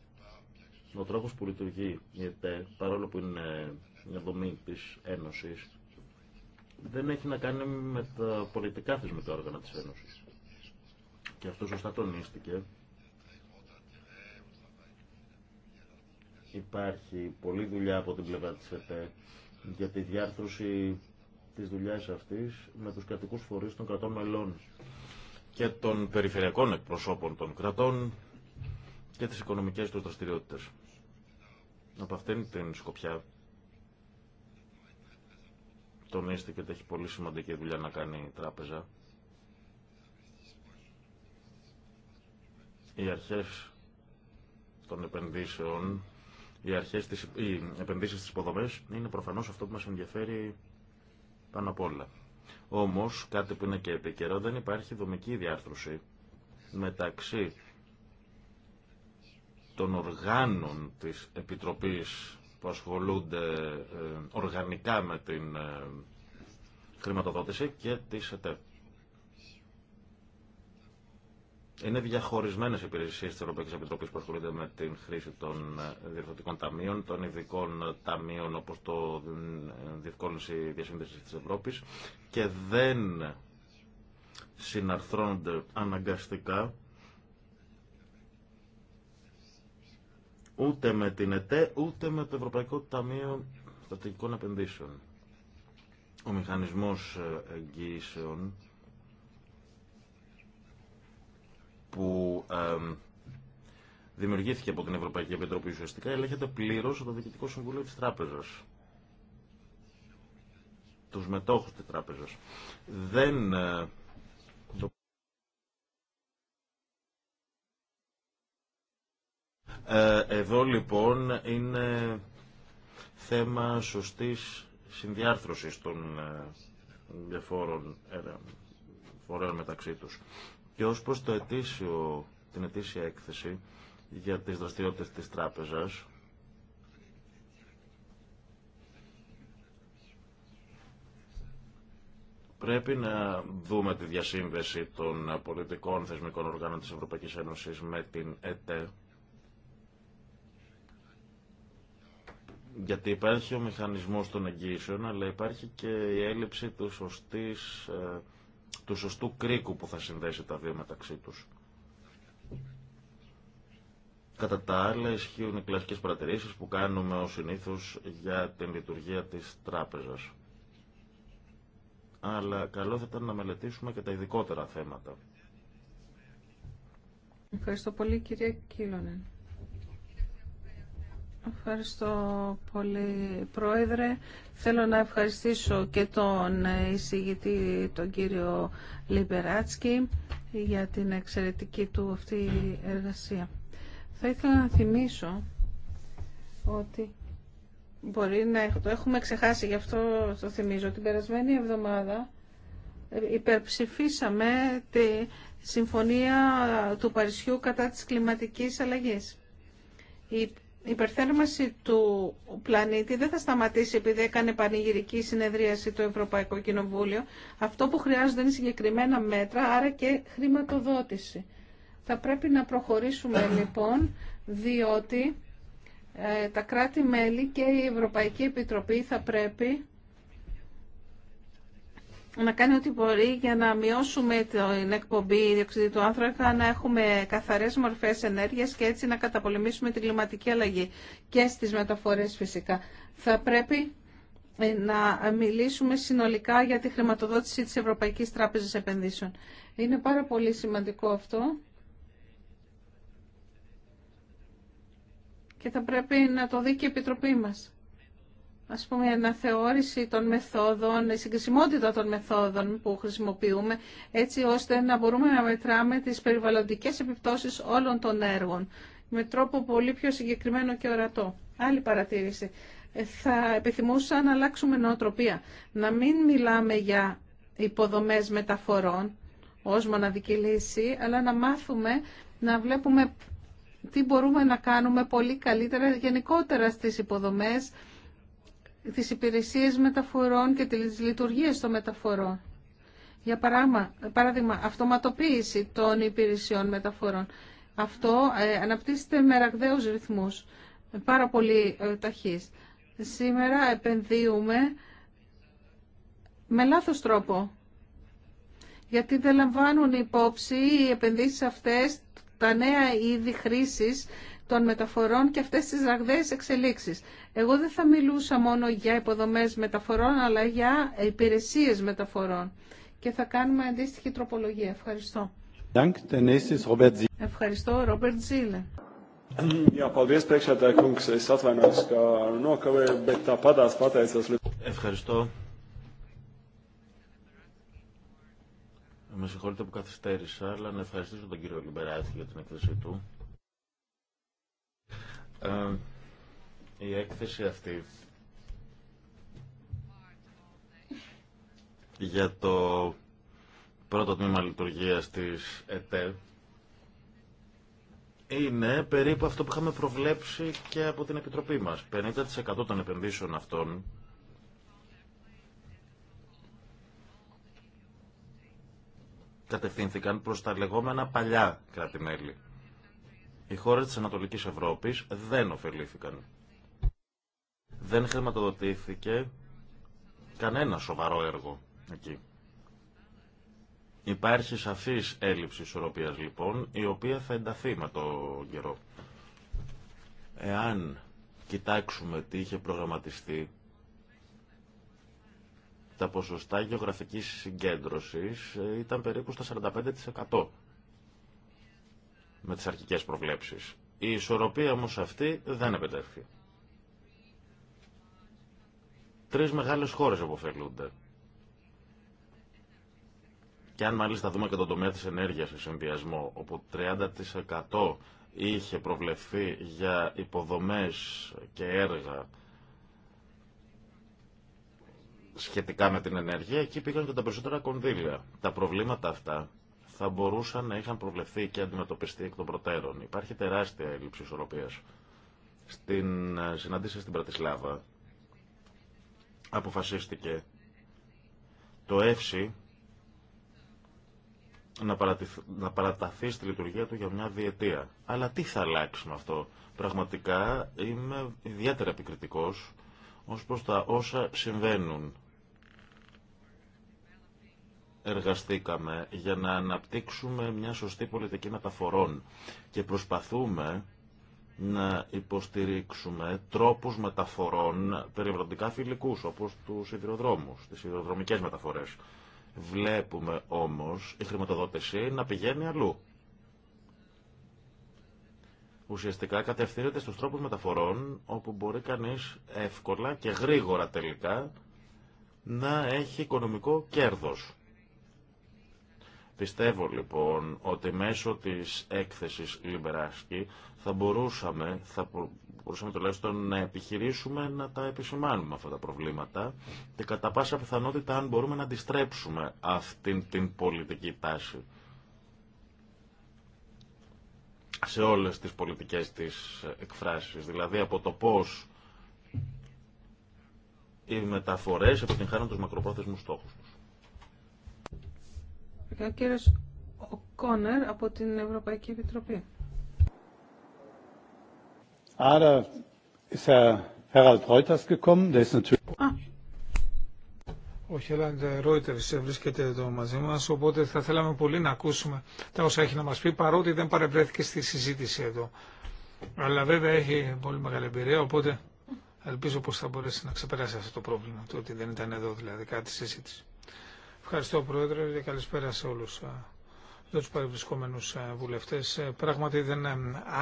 Ο τρόπος που λειτουργεί η ΕΤΕ, παρόλο που είναι μια δομή της Ένωσης, δεν έχει να κάνει με τα πολιτικά θεσμικά όργανα της Ένωσης. Και αυτό σωστά τονίστηκε. Υπάρχει πολλή δουλειά από την πλευρά της ΕΤΕ για τη διάρθρωση Τη δουλειά αυτή με του κρατικούς φορεί των κρατών μελών και των περιφερειακών εκπροσώπων των κρατών και τι οικονομικέ του δραστηριότητε. Από αυτήν την σκοπιά τονίστηκε ότι έχει πολύ σημαντική δουλειά να κάνει η τράπεζα. Οι αρχές των επενδύσεων, οι, αρχές της, οι επενδύσεις στις υποδομές είναι προφανώς αυτό που μας ενδιαφέρει πάνω απ' όλα. Όμως, κάτι που είναι και επικαιρό, δεν υπάρχει δομική διάρθρωση μεταξύ των οργάνων της Επιτροπής που ασχολούνται ε, οργανικά με την ε, χρηματοδότηση και της ΕΤΕΠ. Είναι διαχωρισμένε οι υπηρεσίε τη Ευρωπαϊκή Επιτροπή που ασχολούνται με την χρήση των ε, διευθυντικών ταμείων, των ειδικών ε, ταμείων όπω το ε, Διευκόλυνση Διασύνδεση τη Ευρώπη και δεν συναρθρώνονται αναγκαστικά ούτε με την ΕΤΕ ούτε με το Ευρωπαϊκό Ταμείο Στρατηγικών Επενδύσεων. Ο μηχανισμός εγγύησεων που δημιουργήθηκε από την Ευρωπαϊκή Επιτροπή ουσιαστικά ελέγχεται πλήρω από το Διοικητικό Συμβούλιο τη Τράπεζα. Του μετόχου τη Τράπεζα. Δεν. Ε, ε, εδώ λοιπόν είναι θέμα σωστής συνδιάρθρωσης των ε, διαφόρων φορέων μεταξύ τους. Και ως προς το ετήσιο, την ετήσια έκθεση για τις δραστηριότητες της τράπεζας, Πρέπει να δούμε τη διασύνδεση των πολιτικών θεσμικών οργάνων της Ευρωπαϊκής Ένωσης με την ΕΤΕ. Γιατί υπάρχει ο μηχανισμός των εγγύσεων, αλλά υπάρχει και η έλλειψη του σωστής ε, του σωστού κρίκου που θα συνδέσει τα δύο μεταξύ τους. Κατά τα άλλα ισχύουν οι κλασικές παρατηρήσεις που κάνουμε ως συνήθως για την λειτουργία της τράπεζας. Αλλά καλό θα ήταν να μελετήσουμε και τα ειδικότερα θέματα. Ευχαριστώ πολύ κυρία Κίλωνεν. Ευχαριστώ πολύ, Πρόεδρε. Θέλω να ευχαριστήσω και τον εισηγητή, τον κύριο Λιμπεράτσκι, για την εξαιρετική του αυτή εργασία. Θα ήθελα να θυμίσω ότι μπορεί να το έχουμε ξεχάσει, γι' αυτό το θυμίζω. Την περασμένη εβδομάδα ε, υπερψηφίσαμε τη Συμφωνία του Παρισιού κατά της κλιματικής αλλαγής η υπερθέρμανση του πλανήτη δεν θα σταματήσει επειδή έκανε πανηγυρική συνεδρίαση το Ευρωπαϊκό Κοινοβούλιο. Αυτό που χρειάζονται είναι συγκεκριμένα μέτρα, άρα και χρηματοδότηση. Θα πρέπει να προχωρήσουμε λοιπόν, διότι ε, τα κράτη-μέλη και η Ευρωπαϊκή Επιτροπή θα πρέπει να κάνει ό,τι μπορεί για να μειώσουμε την εκπομπή διοξιδίου του άνθρακα, να έχουμε καθαρές μορφές ενέργειας και έτσι να καταπολεμήσουμε την κλιματική αλλαγή και στις μεταφορές φυσικά. Θα πρέπει ε, να μιλήσουμε συνολικά για τη χρηματοδότηση της Ευρωπαϊκής Τράπεζας Επενδύσεων. Είναι πάρα πολύ σημαντικό αυτό. Και θα πρέπει να το δει και η Επιτροπή μας ας πούμε, η αναθεώρηση των μεθόδων, η συγκρισιμότητα των μεθόδων που χρησιμοποιούμε, έτσι ώστε να μπορούμε να μετράμε τις περιβαλλοντικές επιπτώσεις όλων των έργων, με τρόπο πολύ πιο συγκεκριμένο και ορατό. Άλλη παρατήρηση. Ε, θα επιθυμούσα να αλλάξουμε νοοτροπία. Να μην μιλάμε για υποδομές μεταφορών ως μοναδική λύση, αλλά να μάθουμε να βλέπουμε τι μπορούμε να κάνουμε πολύ καλύτερα γενικότερα στις υποδομές, τις υπηρεσίες μεταφορών και τις λειτουργίες των μεταφορών. Για παράδειγμα, παράδειγμα αυτοματοποίηση των υπηρεσιών μεταφορών. Αυτό ε, αναπτύσσεται με ραγδαίους ρυθμούς, πάρα πολύ ε, ταχύς. Σήμερα επενδύουμε με λάθος τρόπο, γιατί δεν λαμβάνουν υπόψη οι επενδύσεις αυτές τα νέα είδη χρήσης των μεταφορών και αυτές τις ραγδαίες εξελίξεις. Εγώ δεν θα μιλούσα μόνο για υποδομές μεταφορών, αλλά για υπηρεσίες μεταφορών. Και θα κάνουμε αντίστοιχη τροπολογία. Ευχαριστώ. Ευχαριστώ, Ρόμπερτ Ζήλε. Ευχαριστώ. Με συγχωρείτε που καθυστέρησα, αλλά να ευχαριστήσω τον κύριο Λιμπεράτη για την έκθεσή του. Ε, η έκθεση αυτή για το πρώτο τμήμα λειτουργίας της ΕΤΕ είναι περίπου αυτό που είχαμε προβλέψει και από την Επιτροπή μας. 50% των επενδύσεων αυτών κατευθύνθηκαν προς τα λεγόμενα παλιά κράτη-μέλη. Οι χώρες της Ανατολικής Ευρώπης δεν ωφελήθηκαν. Δεν χρηματοδοτήθηκε κανένα σοβαρό έργο εκεί. Υπάρχει σαφής έλλειψη ισορροπίας λοιπόν, η οποία θα ενταθεί με το καιρό. Εάν κοιτάξουμε τι είχε προγραμματιστεί, τα ποσοστά γεωγραφικής συγκέντρωσης ε, ήταν περίπου στα 45% με τις αρχικές προβλέψεις. Η ισορροπία όμως αυτή δεν επετεύχθη. Τρεις μεγάλες χώρες αποφελούνται. Και αν μάλιστα δούμε και τον τομέα της ενέργειας σε συνδυασμό, όπου 30% είχε προβλεφθεί για υποδομές και έργα σχετικά με την ενέργεια, εκεί πήγαν και τα περισσότερα κονδύλια. Τα προβλήματα αυτά θα μπορούσαν να είχαν προβλεφθεί και αντιμετωπιστεί εκ των προτέρων. Υπάρχει τεράστια έλλειψη ισορροπία. Στην ε, συνάντηση στην Πρατισλάβα αποφασίστηκε το ΕΦΣΥ να, να παραταθεί στη λειτουργία του για μια διετία. Αλλά τι θα αλλάξει με αυτό. Πραγματικά είμαι ιδιαίτερα επικριτικός ως προς τα όσα συμβαίνουν εργαστήκαμε για να αναπτύξουμε μια σωστή πολιτική μεταφορών και προσπαθούμε να υποστηρίξουμε τρόπους μεταφορών περιβαλλοντικά φιλικούς, όπως του σιδηροδρόμους, τις σιδηροδρομικές μεταφορές. Βλέπουμε όμως η χρηματοδότηση να πηγαίνει αλλού. Ουσιαστικά κατευθύνεται στους τρόπους μεταφορών, όπου μπορεί κανείς εύκολα και γρήγορα τελικά να έχει οικονομικό κέρδος. Πιστεύω λοιπόν ότι μέσω της έκθεσης Λιμπεράσκη θα μπορούσαμε, θα μπορούσαμε τουλάχιστον να επιχειρήσουμε να τα επισημάνουμε αυτά τα προβλήματα και κατά πάσα πιθανότητα αν μπορούμε να αντιστρέψουμε αυτήν την πολιτική τάση σε όλες τις πολιτικές της εκφράσεις. Δηλαδή από το πώς οι μεταφορές επιτυγχάνουν τους μακροπρόθεσμους στόχους και ο κύριος Κόνερ από την Ευρωπαϊκή Επιτροπή. Άρα, ο Χέλαντ Ρόιτερ βρίσκεται εδώ μαζί μα, οπότε θα θέλαμε πολύ να ακούσουμε τα όσα έχει να μα πει, παρότι δεν παρεμπρέθηκε στη συζήτηση εδώ. Αλλά βέβαια έχει πολύ μεγάλη εμπειρία, οπότε ελπίζω πω θα μπορέσει να ξεπεράσει αυτό το πρόβλημα, το ότι δεν ήταν εδώ δηλαδή κάτι στη συζήτηση. Ευχαριστώ Πρόεδρε και καλησπέρα σε όλους τους παρευρισκόμενους ε, βουλευτές. Ε, πράγματι δεν ε,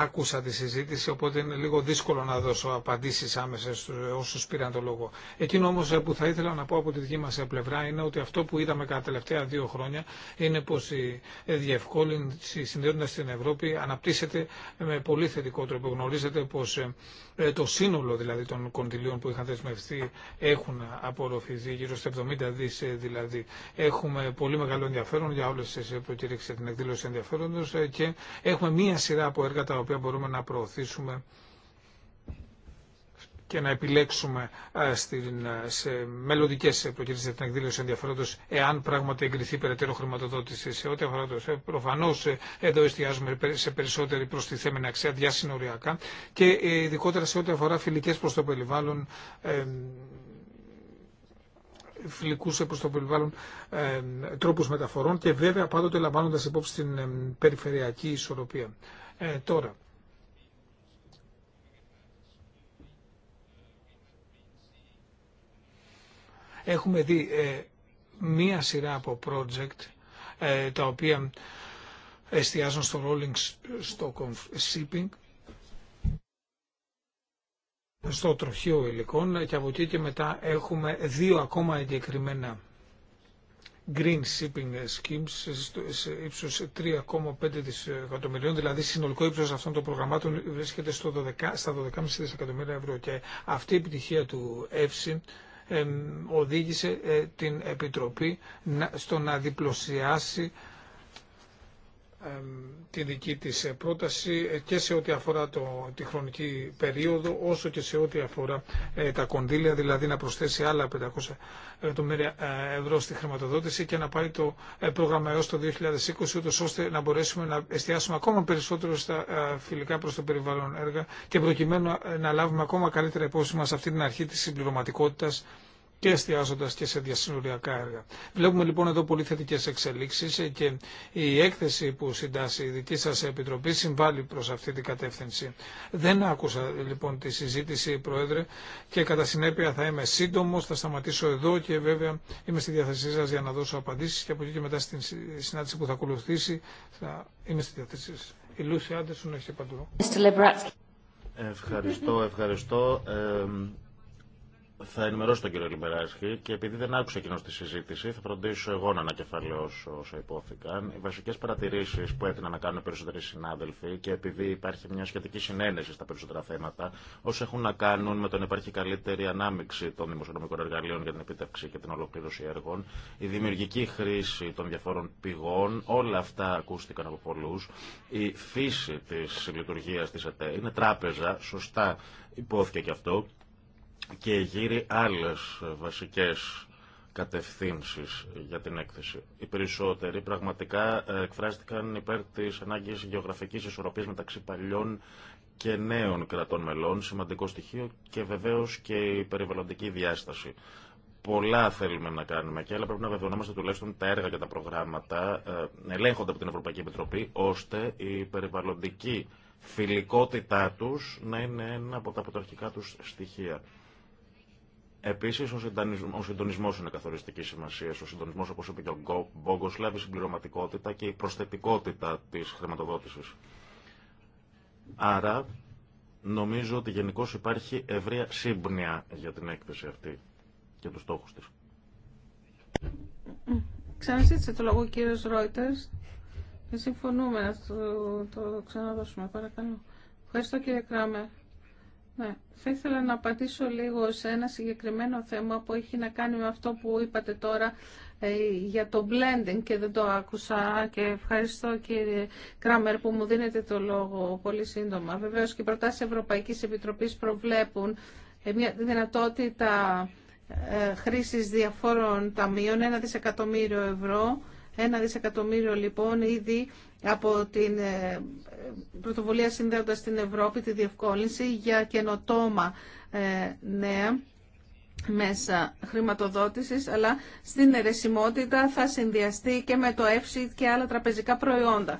άκουσα τη συζήτηση, οπότε είναι λίγο δύσκολο να δώσω απαντήσεις άμεσα όσους πήραν το λόγο. Εκείνο όμως που θα ήθελα να πω από τη δική μας πλευρά είναι ότι αυτό που είδαμε κατά τελευταία δύο χρόνια είναι πως η διευκόλυνση συνδέοντας στην Ευρώπη αναπτύσσεται με πολύ θετικό τρόπο. Γνωρίζετε πως το σύνολο δηλαδή των κοντιλίων που είχαν δεσμευτεί έχουν απορροφηθεί γύρω στα 70 δις δηλαδή. Έχουμε πολύ μεγάλο ενδιαφέρον για όλες τις την εκδήλωση ενδιαφέροντος ε, και έχουμε μία σειρά από έργα τα οποία μπορούμε να προωθήσουμε και να επιλέξουμε ε, στην, ε, σε μελλοντικέ προκήρυξει για την εκδήλωση ενδιαφέροντο, εάν πράγματι εγκριθεί περαιτέρω χρηματοδότηση. Σε ό,τι αφορά το ΣΕΠ, προφανώ εδώ εστιάζουμε σε περισσότερη προστιθέμενη αξία διασυνοριακά και ειδικότερα σε ό,τι αφορά φιλικέ προ το περιβάλλον φιλικού προ το περιβάλλον ε, τρόπου μεταφορών και βέβαια πάντοτε λαμβάνοντας υπόψη την ε, περιφερειακή ισορροπία. Ε, τώρα, έχουμε δει ε, μία σειρά από project τα οποία εστιάζουν στο rolling stock of shipping στο τροχείο υλικών και από εκεί και μετά έχουμε δύο ακόμα εγκεκριμένα green shipping schemes σε ύψος 3,5 δισεκατομμυρίων, δηλαδή συνολικό ύψος αυτών των προγραμμάτων βρίσκεται στο 12, στα 12,5 δισεκατομμύρια ευρώ και αυτή η επιτυχία του ΕΦΣΙ οδήγησε ε, την Επιτροπή στο να διπλωσιάσει τη δική της ε, πρόταση ε, και σε ό,τι αφορά το, τη χρονική περίοδο όσο και σε ό,τι αφορά ε, τα κονδύλια, δηλαδή να προσθέσει άλλα 500 εκατομμύρια ευρώ στη χρηματοδότηση και να πάει το πρόγραμμα έως το 2020 ώστε να μπορέσουμε να εστιάσουμε ακόμα περισσότερο στα φιλικά προς το περιβάλλον έργα και προκειμένου να λάβουμε ακόμα καλύτερα υπόψη μας αυτή την αρχή της συμπληρωματικότητας και εστιάζοντας και σε διασυνοριακά έργα. Βλέπουμε λοιπόν εδώ πολύ θετικές εξελίξεις και η έκθεση που συντάσσει η δική σας Επιτροπή συμβάλλει προς αυτή την κατεύθυνση. Δεν άκουσα λοιπόν τη συζήτηση, Πρόεδρε, και κατά συνέπεια θα είμαι σύντομος, θα σταματήσω εδώ και βέβαια είμαι στη διάθεσή σας για να δώσω απαντήσεις και από εκεί και μετά στην συνάντηση που θα ακολουθήσει θα είμαι στη διάθεσή σας. Η Λούση Άντερσον έχει παντού. Ευχαριστώ, ευχαριστώ. Θα ενημερώσω τον κύριο Λιμπεράσχη και επειδή δεν άκουσα εκείνο τη συζήτηση, θα φροντίσω εγώ να ανακεφαλαιώσω όσα υπόθηκαν. Οι βασικέ παρατηρήσει που έτειναν να κάνουν οι περισσότεροι συνάδελφοι και επειδή υπάρχει μια σχετική συνένεση στα περισσότερα θέματα, όσα έχουν να κάνουν με τον υπάρχει καλύτερη ανάμειξη των δημοσιονομικών εργαλείων για την επίτευξη και την ολοκλήρωση έργων, η δημιουργική χρήση των διαφόρων πηγών, όλα αυτά ακούστηκαν από πολλού. Η φύση τη λειτουργία τη ΕΤΕ είναι τράπεζα, σωστά υπόθηκε και αυτό και γύρει άλλες βασικές κατευθύνσεις για την έκθεση. Οι περισσότεροι πραγματικά ε, εκφράστηκαν υπέρ της ανάγκης γεωγραφικής ισορροπίας μεταξύ παλιών και νέων κρατών μελών, σημαντικό στοιχείο και βεβαίως και η περιβαλλοντική διάσταση. Πολλά θέλουμε να κάνουμε και άλλα πρέπει να βεβαιωνόμαστε τουλάχιστον τα έργα και τα προγράμματα ε, ελέγχονται από την Ευρωπαϊκή Επιτροπή ώστε η περιβαλλοντική φιλικότητά τους να είναι ένα από τα πρωταρχικά τους στοιχεία. Επίση, ο συντονισμό είναι καθοριστική σημασία. Ο συντονισμό, όπω είπε και ο Μπόγκο, λάβει συμπληρωματικότητα και η προσθετικότητα τη χρηματοδότηση. Άρα, νομίζω ότι γενικώ υπάρχει ευρεία σύμπνοια για την έκθεση αυτή και του στόχου τη. Ξαναζήτησε το λόγο ο κύριο Ρόιτερ. Συμφωνούμε να το, το ξαναδώσουμε, παρακαλώ. Ευχαριστώ κύριε Κράμερ. Ναι, θα ήθελα να απαντήσω λίγο σε ένα συγκεκριμένο θέμα που έχει να κάνει με αυτό που είπατε τώρα ε, για το blending και δεν το άκουσα και ευχαριστώ κύριε Κράμερ που μου δίνετε το λόγο πολύ σύντομα. Βεβαίως και οι προτάσεις Ευρωπαϊκής Επιτροπής προβλέπουν ε, μια δυνατότητα ε, χρήσης διαφόρων ταμείων, ένα δισεκατομμύριο ευρώ, ένα δισεκατομμύριο λοιπόν ήδη από την ε, πρωτοβουλία συνδέοντας την Ευρώπη τη διευκόλυνση για καινοτόμα ε, νέα μέσα χρηματοδότησης, αλλά στην ερεσιμότητα θα συνδυαστεί και με το ΕΦΣΙ και άλλα τραπεζικά προϊόντα.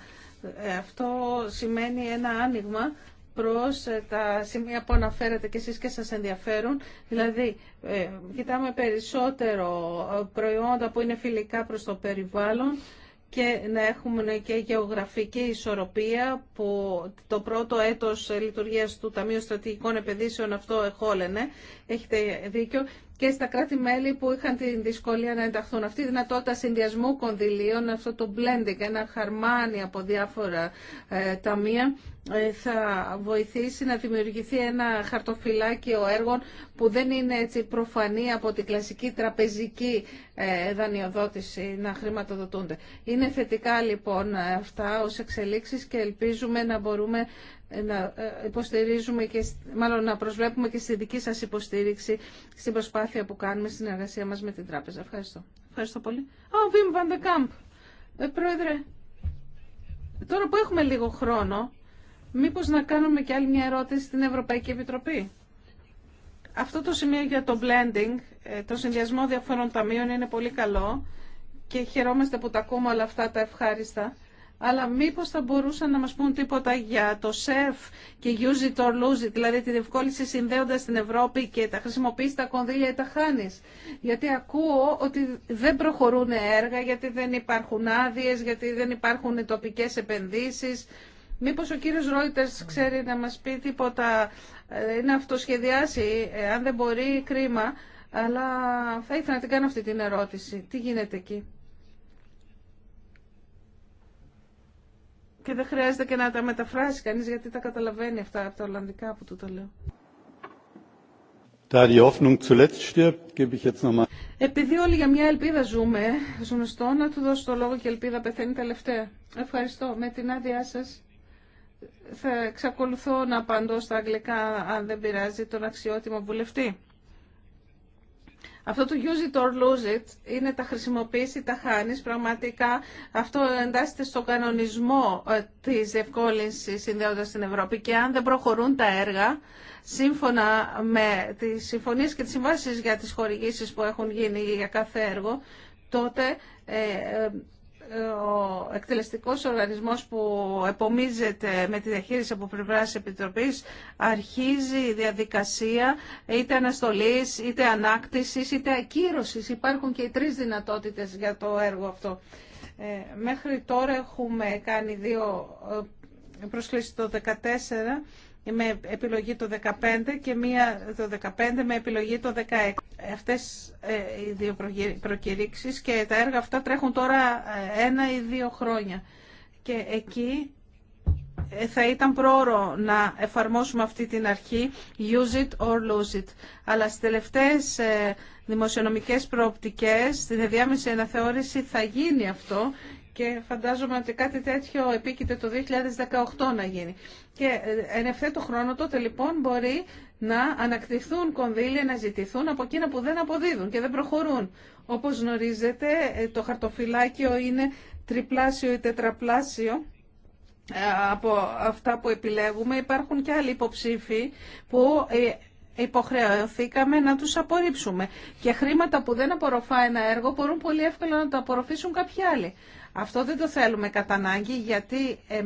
Ε, αυτό σημαίνει ένα άνοιγμα προς τα σημεία που αναφέρατε και εσείς και σας ενδιαφέρουν. Δηλαδή, κοιτάμε περισσότερο προϊόντα που είναι φιλικά προς το περιβάλλον, και να έχουμε και γεωγραφική ισορροπία που το πρώτο έτος λειτουργίας του Ταμείου Στρατηγικών Επενδύσεων αυτό εχόλαινε, έχετε δίκιο, και στα κράτη-μέλη που είχαν την δυσκολία να ενταχθούν. Αυτή η δυνατότητα συνδυασμού κονδυλίων, αυτό το blending, ένα χαρμάνι από διάφορα ε, ταμεία, ε, θα βοηθήσει να δημιουργηθεί ένα χαρτοφυλάκιο έργων που δεν είναι έτσι προφανή από την κλασική τραπεζική ε, δανειοδότηση να χρηματοδοτούνται. Είναι θετικά λοιπόν αυτά ως εξελίξεις και ελπίζουμε να μπορούμε ε, να υποστηρίζουμε και μάλλον να προσβλέπουμε και στη δική σας υποστήριξη στην προσπάθεια που κάνουμε στην εργασία μας με την τράπεζα. Ευχαριστώ. Ευχαριστώ πολύ. πρόεδρε, τώρα που έχουμε λίγο χρόνο, Μήπως να κάνουμε και άλλη μια ερώτηση στην Ευρωπαϊκή Επιτροπή. Αυτό το σημείο για το blending, ε, το συνδυασμό διαφορών ταμείων είναι πολύ καλό και χαιρόμαστε που τα ακούμε όλα αυτά τα ευχάριστα. Αλλά μήπως θα μπορούσαν να μας πούν τίποτα για το SEF και use it or lose it, δηλαδή την διευκόλυνση συνδέοντας την Ευρώπη και τα χρησιμοποιείς τα κονδύλια ή τα χάνεις. Γιατί ακούω ότι δεν προχωρούν έργα, γιατί δεν υπάρχουν άδειες, γιατί δεν υπάρχουν τοπικές επενδύσεις. Μήπως ο κύριος Ρόιτερς ξέρει να μας πει τίποτα, ε, να αυτοσχεδιάσει, ε, αν δεν μπορεί, κρίμα. Αλλά θα ήθελα να την κάνω αυτή την ερώτηση. Τι γίνεται εκεί. Και δεν χρειάζεται και να τα μεταφράσει κανείς γιατί τα καταλαβαίνει αυτά τα Ολλανδικά που του το λέω. Επειδή όλοι για μια ελπίδα ζούμε, γνωστό να του δώσω το λόγο και ελπίδα πεθαίνει τελευταία. Ευχαριστώ. Με την άδειά σας θα εξακολουθώ να απαντώ στα αγγλικά αν δεν πειράζει τον αξιότιμο βουλευτή. Αυτό το use it or lose it είναι τα χρησιμοποιήσει, τα χάνεις. Πραγματικά αυτό εντάσσεται στον κανονισμό ε, της ευκόλυνσης συνδέοντας την Ευρώπη και αν δεν προχωρούν τα έργα, σύμφωνα με τις συμφωνίες και τις συμβάσεις για τις χορηγήσεις που έχουν γίνει για κάθε έργο, τότε ε, ε, ο εκτελεστικός οργανισμός που επομίζεται με τη διαχείριση από πλευρά Επιτροπής αρχίζει η διαδικασία είτε αναστολής, είτε ανάκτησης, είτε ακύρωσης. Υπάρχουν και οι τρεις δυνατότητες για το έργο αυτό. Ε, μέχρι τώρα έχουμε κάνει δύο ε, προσκλήσεις το 2014 με επιλογή το 15 και μία το 15 με επιλογή το 16. Αυτές ε, οι δύο προκηρύξεις και τα έργα αυτά τρέχουν τώρα ε, ένα ή δύο χρόνια. Και εκεί ε, θα ήταν πρόωρο να εφαρμόσουμε αυτή την αρχή use it or lose it. Αλλά στις τελευταίες δημοσιονομικές προοπτικές, στην διάμεση αναθεώρηση θα γίνει αυτό και φαντάζομαι ότι κάτι τέτοιο επίκειται το 2018 να γίνει. Και ε, εν ευθέτω χρόνο τότε λοιπόν μπορεί να ανακτηθούν κονδύλια, να ζητηθούν από εκείνα που δεν αποδίδουν και δεν προχωρούν. Όπως γνωρίζετε ε, το χαρτοφυλάκιο είναι τριπλάσιο ή τετραπλάσιο ε, από αυτά που επιλέγουμε. Υπάρχουν και άλλοι υποψήφοι που υποχρεωθήκαμε να τους απορρίψουμε. Και χρήματα που δεν απορροφά ένα έργο μπορούν πολύ εύκολα να τα απορροφήσουν κάποιοι άλλοι. Αυτό δεν το θέλουμε κατά ανάγκη γιατί ε,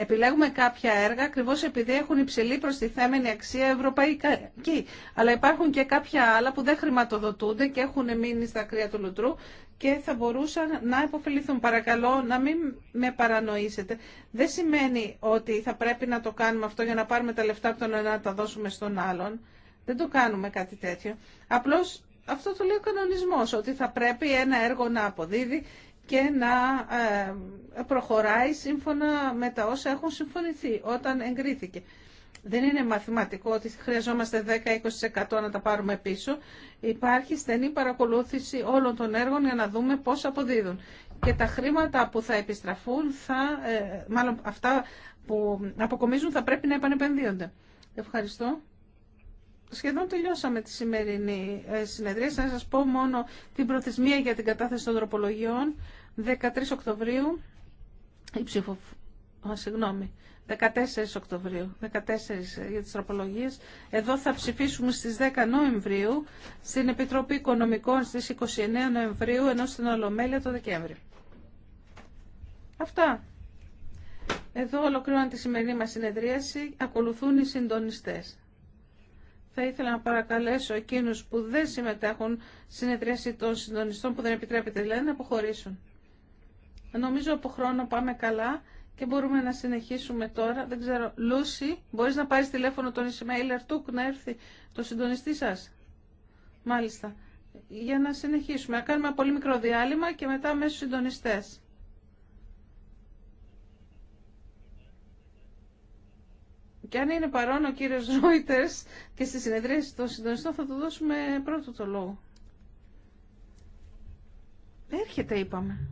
επιλέγουμε κάποια έργα ακριβώ επειδή έχουν υψηλή προστιθέμενη αξία ευρωπαϊκή. Αλλά υπάρχουν και κάποια άλλα που δεν χρηματοδοτούνται και έχουν μείνει στα κρύα του λουτρού και θα μπορούσαν να υποφεληθούν. Παρακαλώ να μην με παρανοήσετε. Δεν σημαίνει ότι θα πρέπει να το κάνουμε αυτό για να πάρουμε τα λεφτά από τον ένα να τα δώσουμε στον άλλον. Δεν το κάνουμε κάτι τέτοιο. Απλώς αυτό το λέει ο κανονισμός, ότι θα πρέπει ένα έργο να αποδίδει και να ε, προχωράει σύμφωνα με τα όσα έχουν συμφωνηθεί όταν εγκρίθηκε. Δεν είναι μαθηματικό ότι χρειαζόμαστε 10-20% να τα πάρουμε πίσω. Υπάρχει στενή παρακολούθηση όλων των έργων για να δούμε πώς αποδίδουν. Και τα χρήματα που θα επιστραφούν, θα, ε, μάλλον αυτά που αποκομίζουν θα πρέπει να επανεπενδύονται. Ευχαριστώ σχεδόν τελειώσαμε τη σημερινή ε, συνεδρία. Να σας πω μόνο την προθεσμία για την κατάθεση των τροπολογιών. 13 Οκτωβρίου, η ψηφο... 14 Οκτωβρίου, 14 ε, για τις τροπολογίες. Εδώ θα ψηφίσουμε στις 10 Νοεμβρίου, στην Επιτροπή Οικονομικών στις 29 Νοεμβρίου, ενώ στην Ολομέλεια το Δεκέμβριο. Αυτά. Εδώ ολοκληρώνεται τη σημερινή μας συνεδρίαση. Ακολουθούν οι συντονιστές θα ήθελα να παρακαλέσω εκείνους που δεν συμμετέχουν συνεδρίαση των συντονιστών που δεν επιτρέπεται δηλαδή να αποχωρήσουν. Νομίζω από χρόνο πάμε καλά και μπορούμε να συνεχίσουμε τώρα. Δεν ξέρω, Λούση, μπορείς να πάρεις τηλέφωνο τον Ισμαήλ Αρτούκ να έρθει το συντονιστή σας. Μάλιστα. Για να συνεχίσουμε. Να κάνουμε ένα πολύ μικρό διάλειμμα και μετά μέσω συντονιστές. Και αν είναι παρόν ο κύριο Ρόιτερ και στη συνεδρίαση των συντονιστών θα του δώσουμε πρώτο το λόγο. Έρχεται είπαμε.